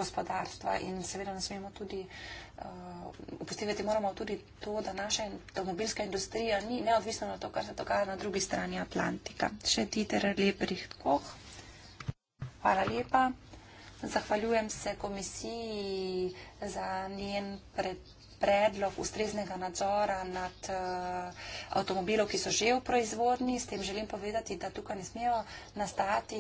gospodarstva in seveda ne smemo tudi uh, upoštevati, moramo tudi to, da naša avtomobilska industrija ni neodvisna na to, kar se dogaja na drugi strani Atlantika. Še Dieter Leprih Koh. Hvala lepa. Zahvaljujem se komisiji za njen pred predlog ustreznega nadzora nad uh, eh, avtomobilov, ki so že v proizvodni. S tem želim povedati, da tukaj ne smejo nastati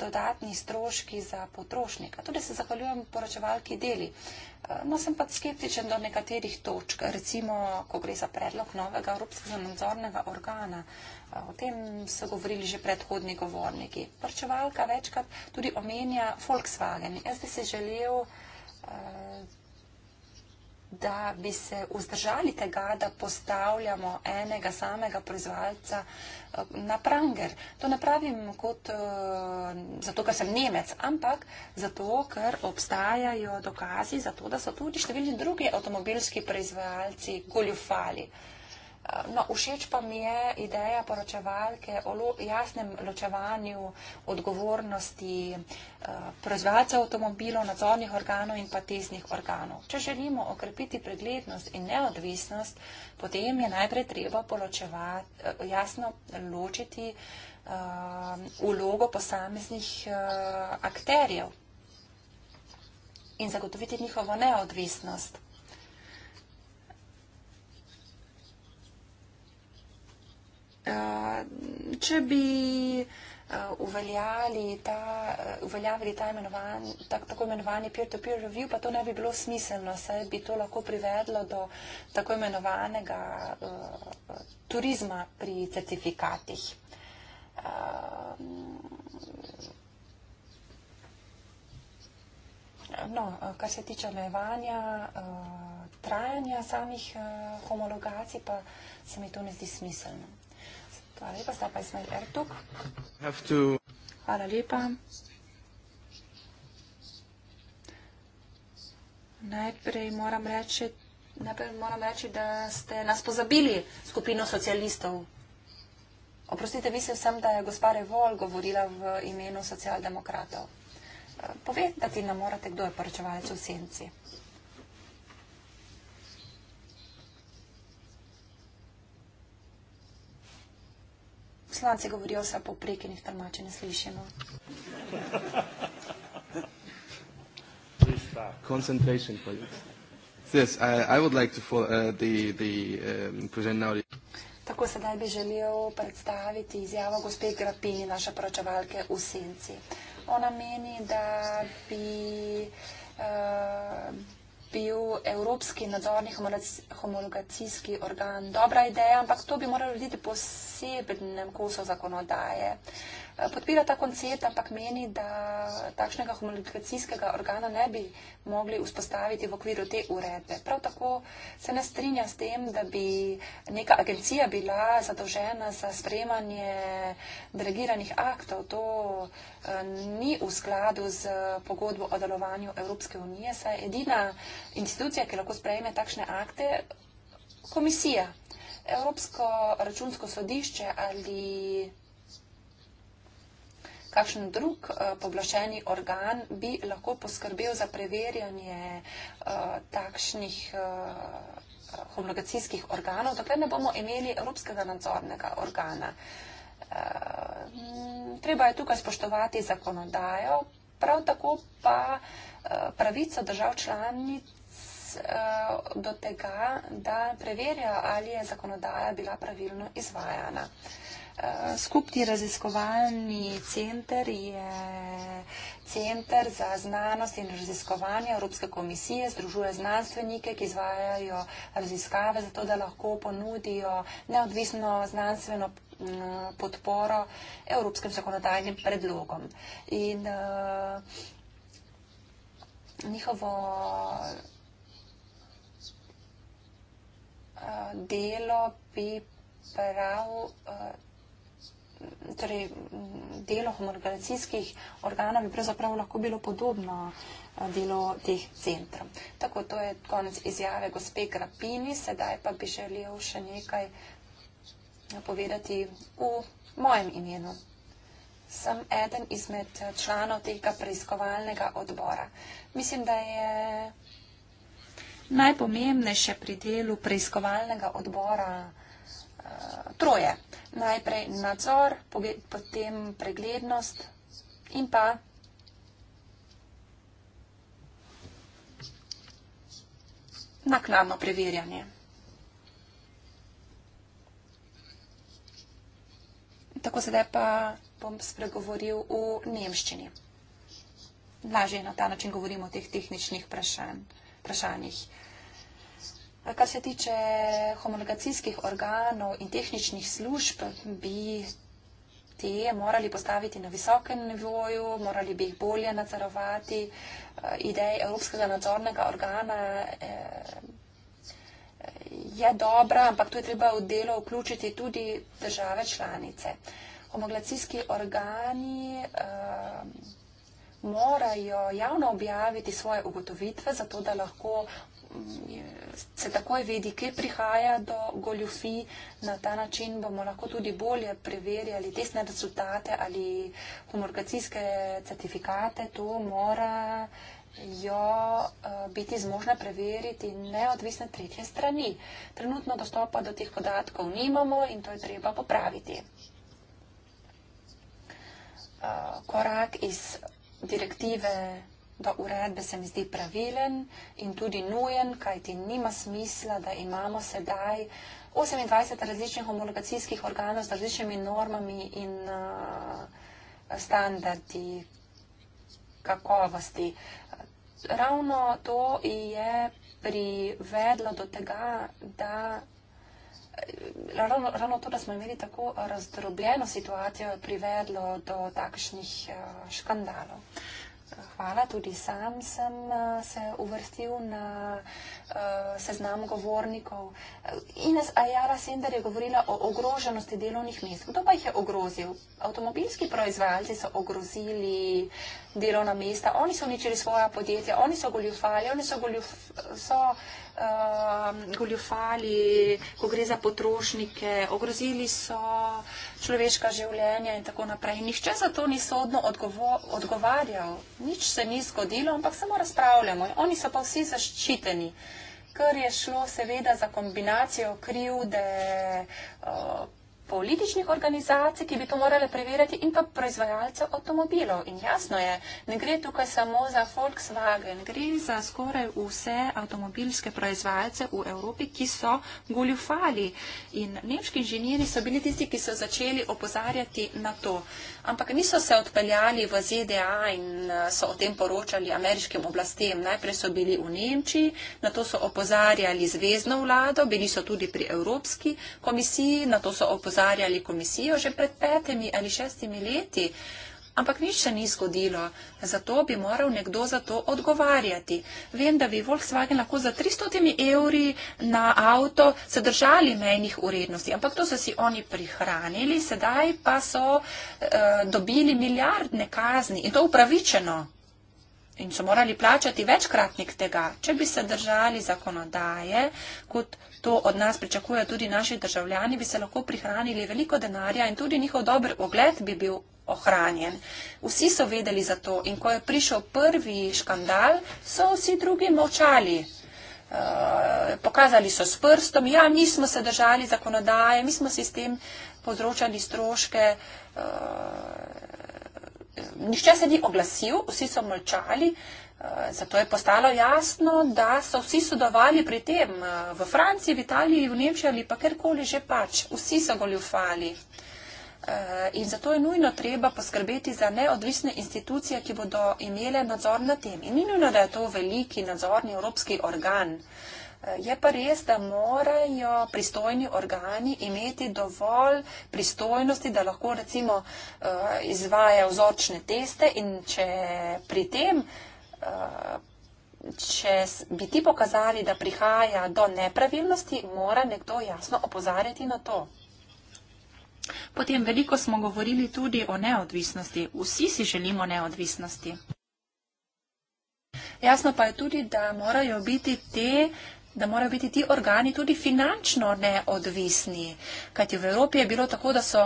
dodatni stroški za potrošnika. Tudi se zahvaljujem poročevalki deli. Eh, no, sem pa skeptičen do nekaterih točk. Recimo, ko gre za predlog novega Evropskega nadzornega organa. Eh, o tem so govorili že predhodni govorniki. Poročevalka večkrat tudi omenja Volkswagen. Jaz bi si želel. Uh, da bi se vzdržali tega, da postavljamo enega samega proizvajalca eh, na pranger. To ne pravim kot eh, zato, ker sem Nemec, ampak zato, ker obstajajo dokazi za to, da so tudi številni drugi avtomobilski proizvajalci goljufali. No, všeč pa mi je ideja poročevalke o lo, jasnem ločevanju odgovornosti eh, proizvajalcev avtomobilov, nadzornih organov in pa testnih organov. Če želimo okrepiti preglednost in neodvisnost, potem je najprej treba poločevat, eh, jasno ločiti eh, vlogo posameznih eh, akterjev in zagotoviti njihovo neodvisnost. Eh, če bi eh, eh, uveljavili ta, ta imenovan, tak, tako imenovani peer-to-peer review, pa to ne bi bilo smiselno, saj bi to lahko privedlo do tako imenovanega uh, turizma pri certifikatih. Uh, no, kar se tiče omejevanja, uh, trajanja samih uh, homologacij, pa se mi to ne zdi smiselno. Hvala lepa, zdaj pa Ismail Ertug. To... Hvala lepa. Najprej moram, reči, najprej moram reči, da ste nas pozabili, skupino socialistov. Oprostite, mislim sem, da je gospa Revol govorila v imenu socialdemokratov. Povedati nam morate, kdo je poročevalec v senci. Poslanci govorijo vse po prekinih trmače, ne slišimo. Koncentration, Yes, I, I would like to follow uh, the, the um, present now. Tako sedaj bi želel predstaviti izjavo gospe Grapini, naše poročevalke v Senci. Ona meni, da bi uh, bil Evropski nadzorni homologacijski organ dobra ideja, ampak to bi moralo biti posebnem kosu zakonodaje podpira ta koncept, ampak meni, da takšnega homologacijskega organa ne bi mogli vzpostaviti v okviru te uredbe. Prav tako se ne strinja s tem, da bi neka agencija bila zadolžena za sprejemanje delegiranih aktov. To eh, ni v skladu z pogodbo o delovanju Evropske unije. Saj je edina institucija, ki lahko sprejme takšne akte, komisija. Evropsko računsko sodišče ali kakšen drug uh, eh, poblašeni organ bi lahko poskrbel za preverjanje uh, takšnih. Uh, homologacijskih organov, dokler ne bomo imeli Evropskega nadzornega organa. E, treba je tukaj spoštovati zakonodajo, prav tako pa e, pravico držav članic e, do tega, da preverja, ali je zakonodaja bila pravilno izvajana. E, skupni raziskovalni center je center za znanost in raziskovanje Evropske komisije, združuje znanstvenike, ki izvajajo raziskave, zato da lahko ponudijo neodvisno znanstveno mm, podporo evropskim zakonodajnim predlogom. In uh, njihovo uh, delo bi prav uh, torej, delo homologacijskih organov bi pravzaprav lahko bilo podobno eh, delo teh centrov. Tako, to je konec izjave gospe Grapini, sedaj pa bi želel še nekaj eh, povedati v mojem imenu. Sem eden izmed eh, članov tega preiskovalnega odbora. Mislim, da je najpomembnejše pri delu preiskovalnega odbora troje. Najprej nadzor, potem preglednost in pa naknadno preverjanje. Tako sedaj pa bom spregovoril v nemščini. Lažje na ta način govorimo o teh tehničnih vprašanjih. Vprašanj. Kar se tiče homologacijskih organov in tehničnih služb, bi te morali postaviti na visokem nivoju, morali bi jih bolje nadzorovati. Ideja Evropskega nadzornega organa eh, je dobra, ampak tu je treba v delo vključiti tudi države članice. Homologacijski organi eh, morajo javno objaviti svoje ugotovitve, zato da lahko se takoj vidi, kje prihaja do goljufij. Na ta način bomo lahko tudi bolje preverjali tesne rezultate ali homologacijske certifikate. To mora jo eh, biti zmožna preveriti neodvisne tretje strani. Trenutno dostopa do teh podatkov nimamo in to je treba popraviti. Eh, korak iz direktive do uredbe se mi zdi pravilen in tudi nujen, kajti nima smisla, da imamo sedaj 28 različnih homologacijskih organov z različnimi normami in uh, standardi kakovosti. Ravno to je privedlo do tega, da eh, ravno, ravno to, da smo imeli tako razdrobljeno situacijo, je privedlo do takšnih uh, škandalov. Hvala. Tudi sam sem eh, se uvrstil na eh, seznam govornikov. Eh, Ines Ajara Sender je govorila o ogroženosti delovnih mest. Kdo pa jih je ogrozil? Avtomobilski proizvajalci so ogrozili delovna mesta, oni so uničili svoja podjetja, oni so goljufali, oni so goljufali uh, goljufali, ko gre za potrošnike, ogrozili so človeška življenja in tako naprej. Nihče za to ni sodno odgovo, odgovarjal, nič se ni zgodilo, ampak samo razpravljamo. Oni so pa vsi zaščiteni, ker je šlo seveda za kombinacijo krivde. Uh, političnih organizacij, ki bi to morale preverjati in pa proizvajalcev avtomobilov. In jasno je, ne gre tukaj samo za Volkswagen, gre za skoraj vse avtomobilske proizvajalce v Evropi, ki so goljufali. In nemški inženiri so bili tisti, ki so začeli opozarjati na to. Ampak niso se odpeljali v ZDA in eh, so o tem poročali ameriškim oblastem. Najprej so bili v Nemčiji, na to so opozarjali zvezdno vlado, bili so tudi pri Evropski komisiji, na to so opozarjali opozarjali komisijo že pred petimi ali šestimi leti. Ampak nič se ni zgodilo. Zato bi moral nekdo za to odgovarjati. Vem, da bi Volkswagen lahko za 300 evri na avto zadržali mejnih urednosti. Ampak to so si oni prihranili, sedaj pa so uh, dobili milijardne kazni in to upravičeno in so morali plačati večkratnik tega, če bi se držali zakonodaje, kot to od nas pričakuje tudi naši državljani, bi se lahko prihranili veliko denarja in tudi njihov dober ogled bi bil ohranjen. Vsi so vedeli za to in ko je prišel prvi škandal, so vsi drugi močali. Uh, eh, pokazali so s prstom, ja, mi smo se držali zakonodaje, mi smo si s tem povzročali stroške. Uh, nišče se ni oglasil, vsi so molčali. Eh, zato je postalo jasno, da so vsi sodelovali pri tem eh, v Franciji, v Italiji, v Nemčiji ali pa kjerkoli že pač. Vsi so goljufali. Eh, in zato je nujno treba poskrbeti za neodvisne institucije, ki bodo imele nadzor nad tem. In ni nujno, da je to veliki nadzorni evropski organ. Je pa res, da morajo pristojni organi imeti dovolj pristojnosti, da lahko recimo eh, izvaja vzorčne teste in če pri tem, eh, če bi ti pokazali, da prihaja do nepravilnosti, mora nekdo jasno opozarjati na to. Potem veliko smo govorili tudi o neodvisnosti. Vsi si želimo neodvisnosti. Jasno pa je tudi, da morajo biti te uh, da morajo biti ti organi tudi finančno neodvisni. Kajti v Evropi je bilo tako, da so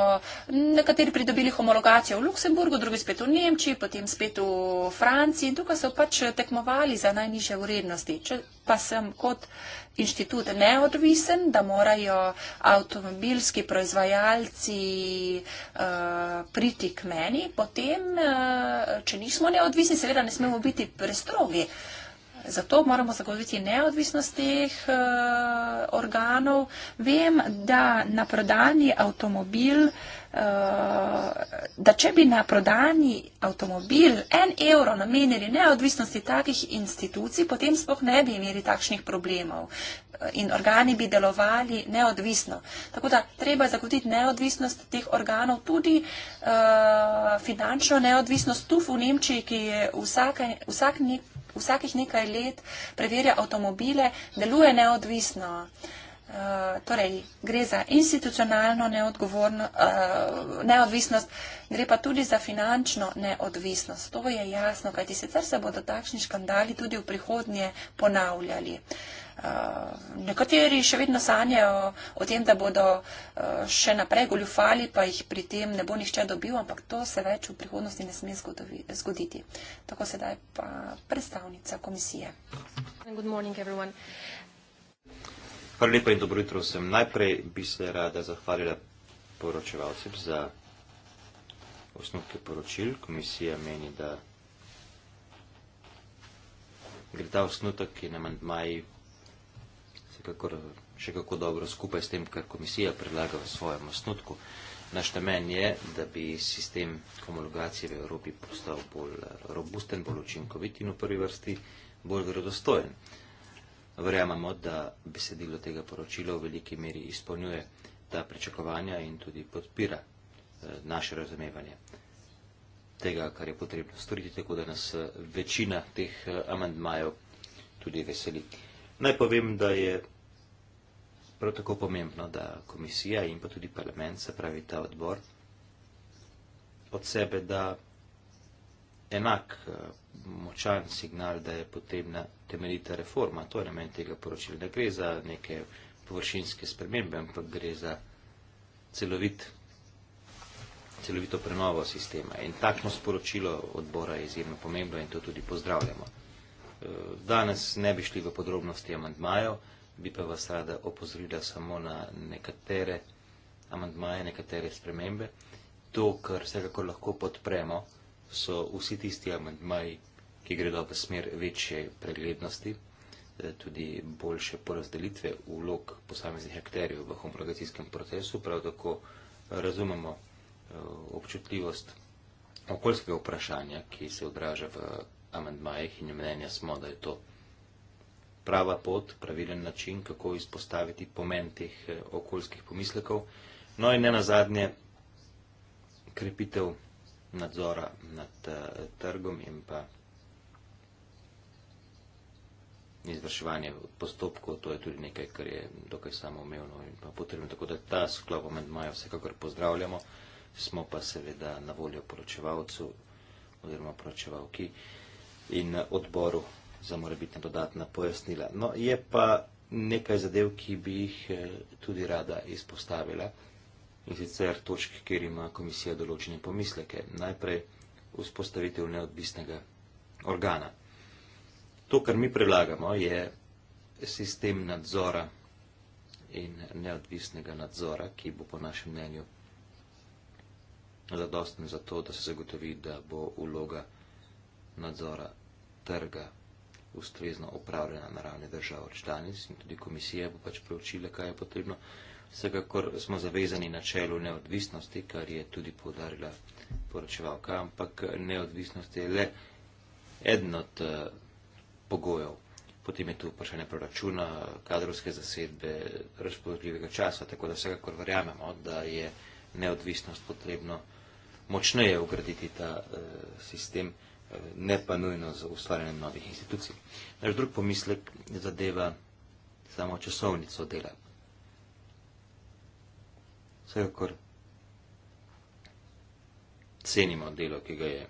nekateri pridobili homologacijo v Luksemburgu, drugi spet v Nemčiji, potem spet v Franciji in tukaj so pač tekmovali za najnižje vrednosti. Če pa sem kot inštitut neodvisen, da morajo avtomobilski proizvajalci uh, priti k meni, potem, uh, če nismo neodvisni, seveda ne smemo biti prestrogi. Uh, Zato moramo zagotoviti neodvisnost teh uh, organov. Vem, da na prodani avtomobil uh, uh, da če bi na prodani avtomobil en evro namenili neodvisnosti takih institucij, potem spoh ne bi imeli takšnih problemov in organi bi delovali neodvisno. Tako da treba je zagotiti neodvisnost teh organov, tudi uh, finančno neodvisnost tu v Nemčiji, ki je vsake, vsak ne, vsakih nekaj let preverja avtomobile, deluje neodvisno. Uh, Eh, torej gre za institucionalno uh, neodvisnost, gre pa tudi za finančno neodvisnost. To je jasno, kajti sicer se bodo takšni škandali tudi v prihodnje ponavljali. Uh, nekateri še vedno sanjajo o tem, da bodo uh, še naprej goljufali, pa jih pri tem ne bo nihče dobil, ampak to se več v prihodnosti ne sme zgodovi, zgoditi. Tako sedaj pa predstavnica komisije. Good morning, everyone. Hvala lepa in dobro jutro vsem. Najprej bi se rada zahvalila poročevalcem za osnovke poročil. Komisija meni, da gre ta osnutek in amandmaji se kako, še kako dobro skupaj s tem, kar komisija predlaga v svojem osnutku. Naš namen je, da bi sistem homologacije v Evropi postal bolj robusten, bolj učinkovit in v prvi vrsti bolj verodostojen. Verjamemo, da besedilo tega poročila v veliki meri izpolnjuje ta pričakovanja in tudi podpira eh, naše razumevanje tega, kar je potrebno storiti, tako da nas eh, večina teh eh, amendmajev tudi veseli. Naj povem, da je prav tako pomembno, da komisija in pa tudi parlament, se pravi ta odbor, od sebe da enak eh, močan signal, da je potrebna temeljita reforma. To je namen tega poročila. Ne gre za neke površinske spremembe, ampak gre za celovit, celovito prenovo sistema. In takšno sporočilo odbora je izjemno pomembno in to tudi pozdravljamo. Eh, danes ne bi šli v podrobnosti amandmajo, bi pa vas rada opozorila samo na nekatere amandmaje, nekatere spremembe. To, kar vsekakor lahko podpremo, so vsi tisti amantmaji, ki gredo v smer večje preglednosti, eh, tudi boljše porazdelitve vlog posameznih akterjev v homologacijskem procesu, prav tako razumemo eh, občutljivost okoljskega vprašanja, ki se odraža v amantmajih in mnenja smo, da je to prava pot, pravilen način, kako izpostaviti pomen teh eh, okoljskih pomislekov. No in ne na zadnje krepitev vprašanja, nadzora nad eh, trgom in pa izvrševanje postopkov, to je tudi nekaj, kar je dokaj samoumevno in pa potrebno. Tako da ta sklop med majo vsekakor pozdravljamo, smo pa seveda na voljo poročevalcu oziroma poročevalki in odboru za morebitna dodatna pojasnila. No, je pa nekaj zadev, ki bi jih eh, tudi rada izpostavila in sicer točk, kjer ima komisija določene pomisleke. Najprej vzpostavitev neodvisnega organa. To, kar mi predlagamo, je sistem nadzora in neodvisnega nadzora, ki bo po našem mnenju zadosten za to, da se zagotovi, da bo vloga nadzora trga ustrezno upravljena na ravni držav članic in tudi komisija bo pač preučila, kaj je potrebno vsekakor smo zavezani na čelu neodvisnosti, kar je tudi povdarila poročevalka, ampak neodvisnost je le eden od uh, pogojev. Potem je tu vprašanje proračuna, kadrovske zasedbe, razpoložljivega časa, tako da vsekakor verjamemo, da je neodvisnost potrebno močneje ugraditi ta uh, sistem, uh, ne pa nujno z ustvarjanjem novih institucij. Naš drug pomislek zadeva samo časovnico dela vsekakor cenimo delo, ki ga je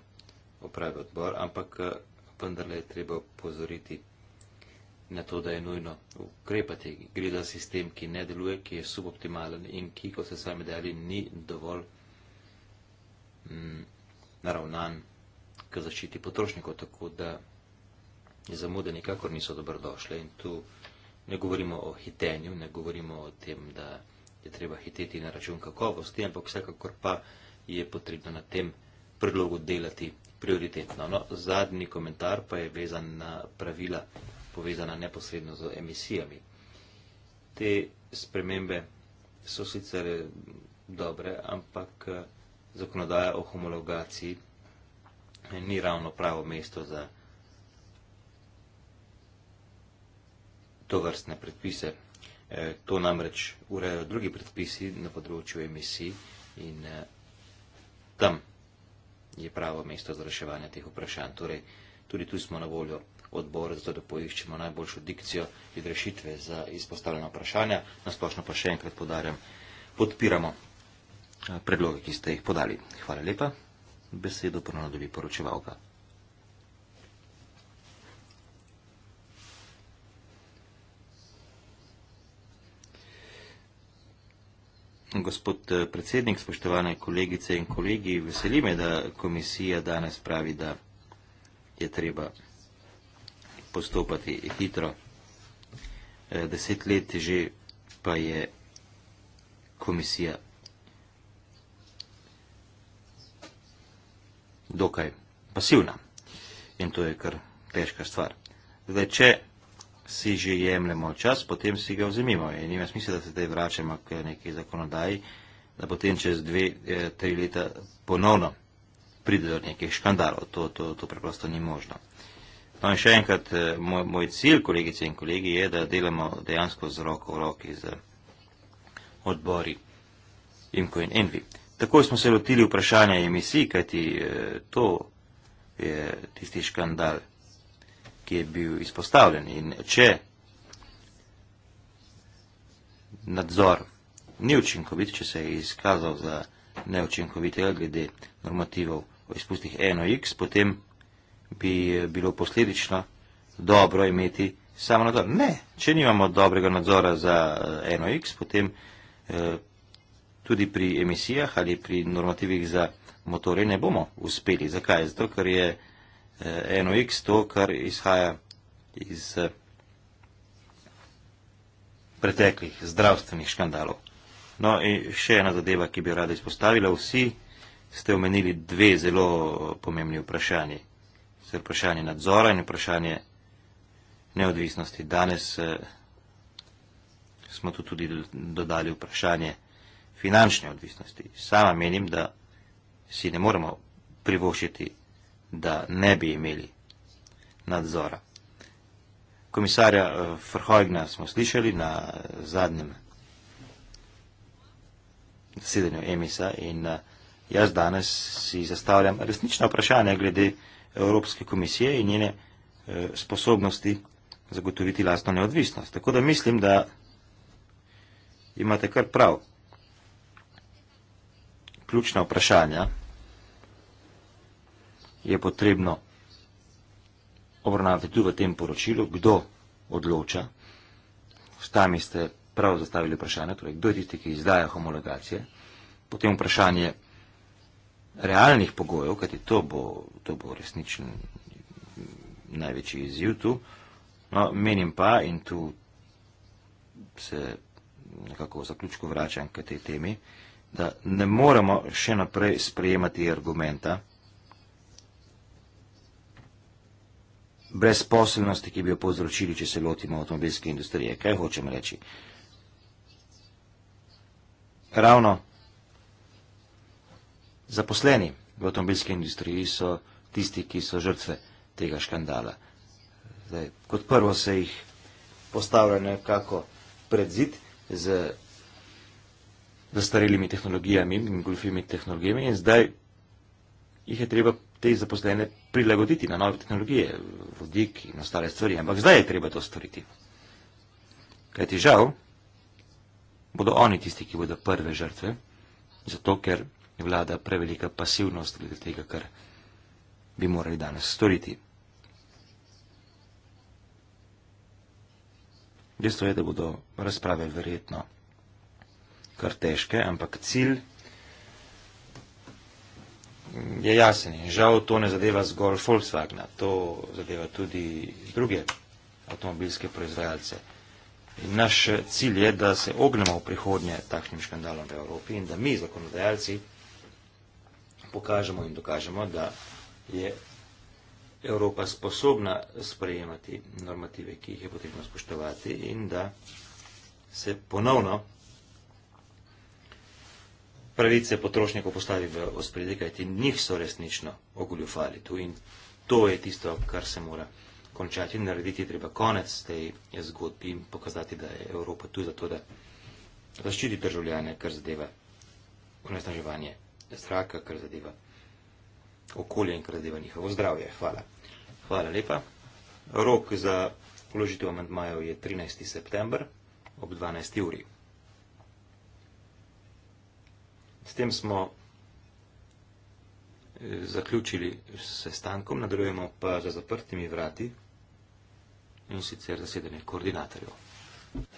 opravil odbor, ampak eh, vendarle je treba pozoriti na to, da je nujno ukrepati. Gre za sistem, ki ne deluje, ki je suboptimalen in ki, kot se sami dali, ni dovolj m, mm, naravnan k zaščiti potrošnikov, tako da zamude nikakor niso dobrodošle in tu ne govorimo o hitenju, ne govorimo o tem, da je treba hiteti na račun kakovosti, ampak vsekakor pa je potrebno na tem predlogu delati prioritetno. No, zadnji komentar pa je vezan na pravila povezana neposredno z emisijami. Te spremembe so sicer eh, dobre, ampak eh, zakonodaja o homologaciji eh, ni ravno pravo mesto za to vrstne predpise. Eh, to namreč urejajo drugi predpisi na področju emisij in eh, tam je pravo mesto za reševanje teh vprašanj. Torej, tudi tu smo na voljo odbor, zato da poiščemo najboljšo dikcijo in rešitve za izpostavljena vprašanja. Nasplošno pa še enkrat podarjam, podpiramo eh, predloge, ki ste jih podali. Hvala lepa. Besedo ponovno dobi poročevalka. Gospod eh, predsednik, spoštovane kolegice in kolegi, veseli me, da komisija danes pravi, da je treba postopati hitro. Eh, deset let že pa je komisija dokaj pasivna in to je kar težka stvar. Zdaj, če si že jemljemo čas, potem si ga vzemimo. In nima smisla, da se zdaj vračamo k neki zakonodaji, da potem čez dve, eh, tri leta ponovno pride do nekih škandalov. To, to, to preprosto ni možno. No in še enkrat, eh, moj, moj cilj, kolegice in kolegi, je, da delamo dejansko z roko v roki z odbori IMCO in ENVI. Tako smo se lotili vprašanja emisij, kajti eh, to je tisti škandal, ki je bil izpostavljen. In če nadzor ni učinkovit, če se je izkazal za neučinkovitega glede normativov o izpustih 1x, potem bi bilo posledično dobro imeti samo nadzor. Ne, če nimamo dobrega nadzora za 1x, eh, potem eh, tudi pri emisijah ali pri normativih za motore ne bomo uspeli. Zakaj? Zato, ker je Eh, eno x, to, kar izhaja iz eh, preteklih zdravstvenih škandalov. No in še ena zadeva, ki bi jo rada izpostavila. Vsi ste omenili dve zelo pomembni vprašanji. Se vprašanje nadzora in vprašanje neodvisnosti. Danes eh, smo tu tudi dodali vprašanje finančne odvisnosti. Sama menim, da si ne moremo privošiti da ne bi imeli nadzora. Komisarja Frhojgna eh, smo slišali na eh, zadnjem zasedanju Emisa in eh, jaz danes si zastavljam resnično vprašanje glede Evropske komisije in njene sposobnosti zagotoviti lastno neodvisnost. Tako da mislim, da imate kar prav ključna vprašanja je potrebno obravnavati tudi v tem poročilu, kdo odloča. S tami ste prav zastavili vprašanje, torej kdo je tisti, ki izdaja homologacije. Potem vprašanje realnih pogojev, kajti to bo, to bo resničen največji izziv tu. No, menim pa, in tu se nekako v zaključku vračam k tej temi, da ne moremo še naprej sprejemati argumenta, brezposelnosti, ki bi jo povzročili, če se lotimo avtomobilske industrije. Kaj hočem reči? Ravno zaposleni v avtomobilske industriji so tisti, ki so žrtve tega škandala. Zdaj, kot prvo se jih postavlja nekako pred zid z zastarelimi tehnologijami in goljfimi tehnologijami in zdaj jih je treba te zaposlene prilagoditi na nove tehnologije, vodik in ostale stvari, ampak zdaj je treba to storiti. Kaj ti žal, bodo oni tisti, ki bodo prve žrtve, zato ker vlada prevelika pasivnost glede tega, kar bi morali danes storiti. Dejstvo je, da bodo razprave verjetno kar težke, ampak cilj je jasen in žal to ne zadeva zgolj Volkswagen, to zadeva tudi druge avtomobilske proizvajalce. In naš cilj je, da se ognemo v prihodnje takšnim škandalom v Evropi in da mi, zakonodajalci, pokažemo in dokažemo, da je Evropa sposobna sprejemati normative, ki jih je potrebno spoštovati in da se ponovno pravice potrošnikov postavi v ospredje, kajti njih so resnično ogoljufali tu in to je tisto, kar se mora končati in narediti treba konec tej zgodbi in pokazati, da je Evropa tu zato, da zaščiti državljane, kar zadeva onesnaževanje zraka, kar zadeva okolje in kar zadeva njihovo zdravje. Hvala. Hvala lepa. Rok za položitev amantmajev je 13. september ob 12. uri. S tem smo eh, zaključili sestankom, nadaljujemo pa za zaprtimi vrati in sicer zasedanje koordinatorjev.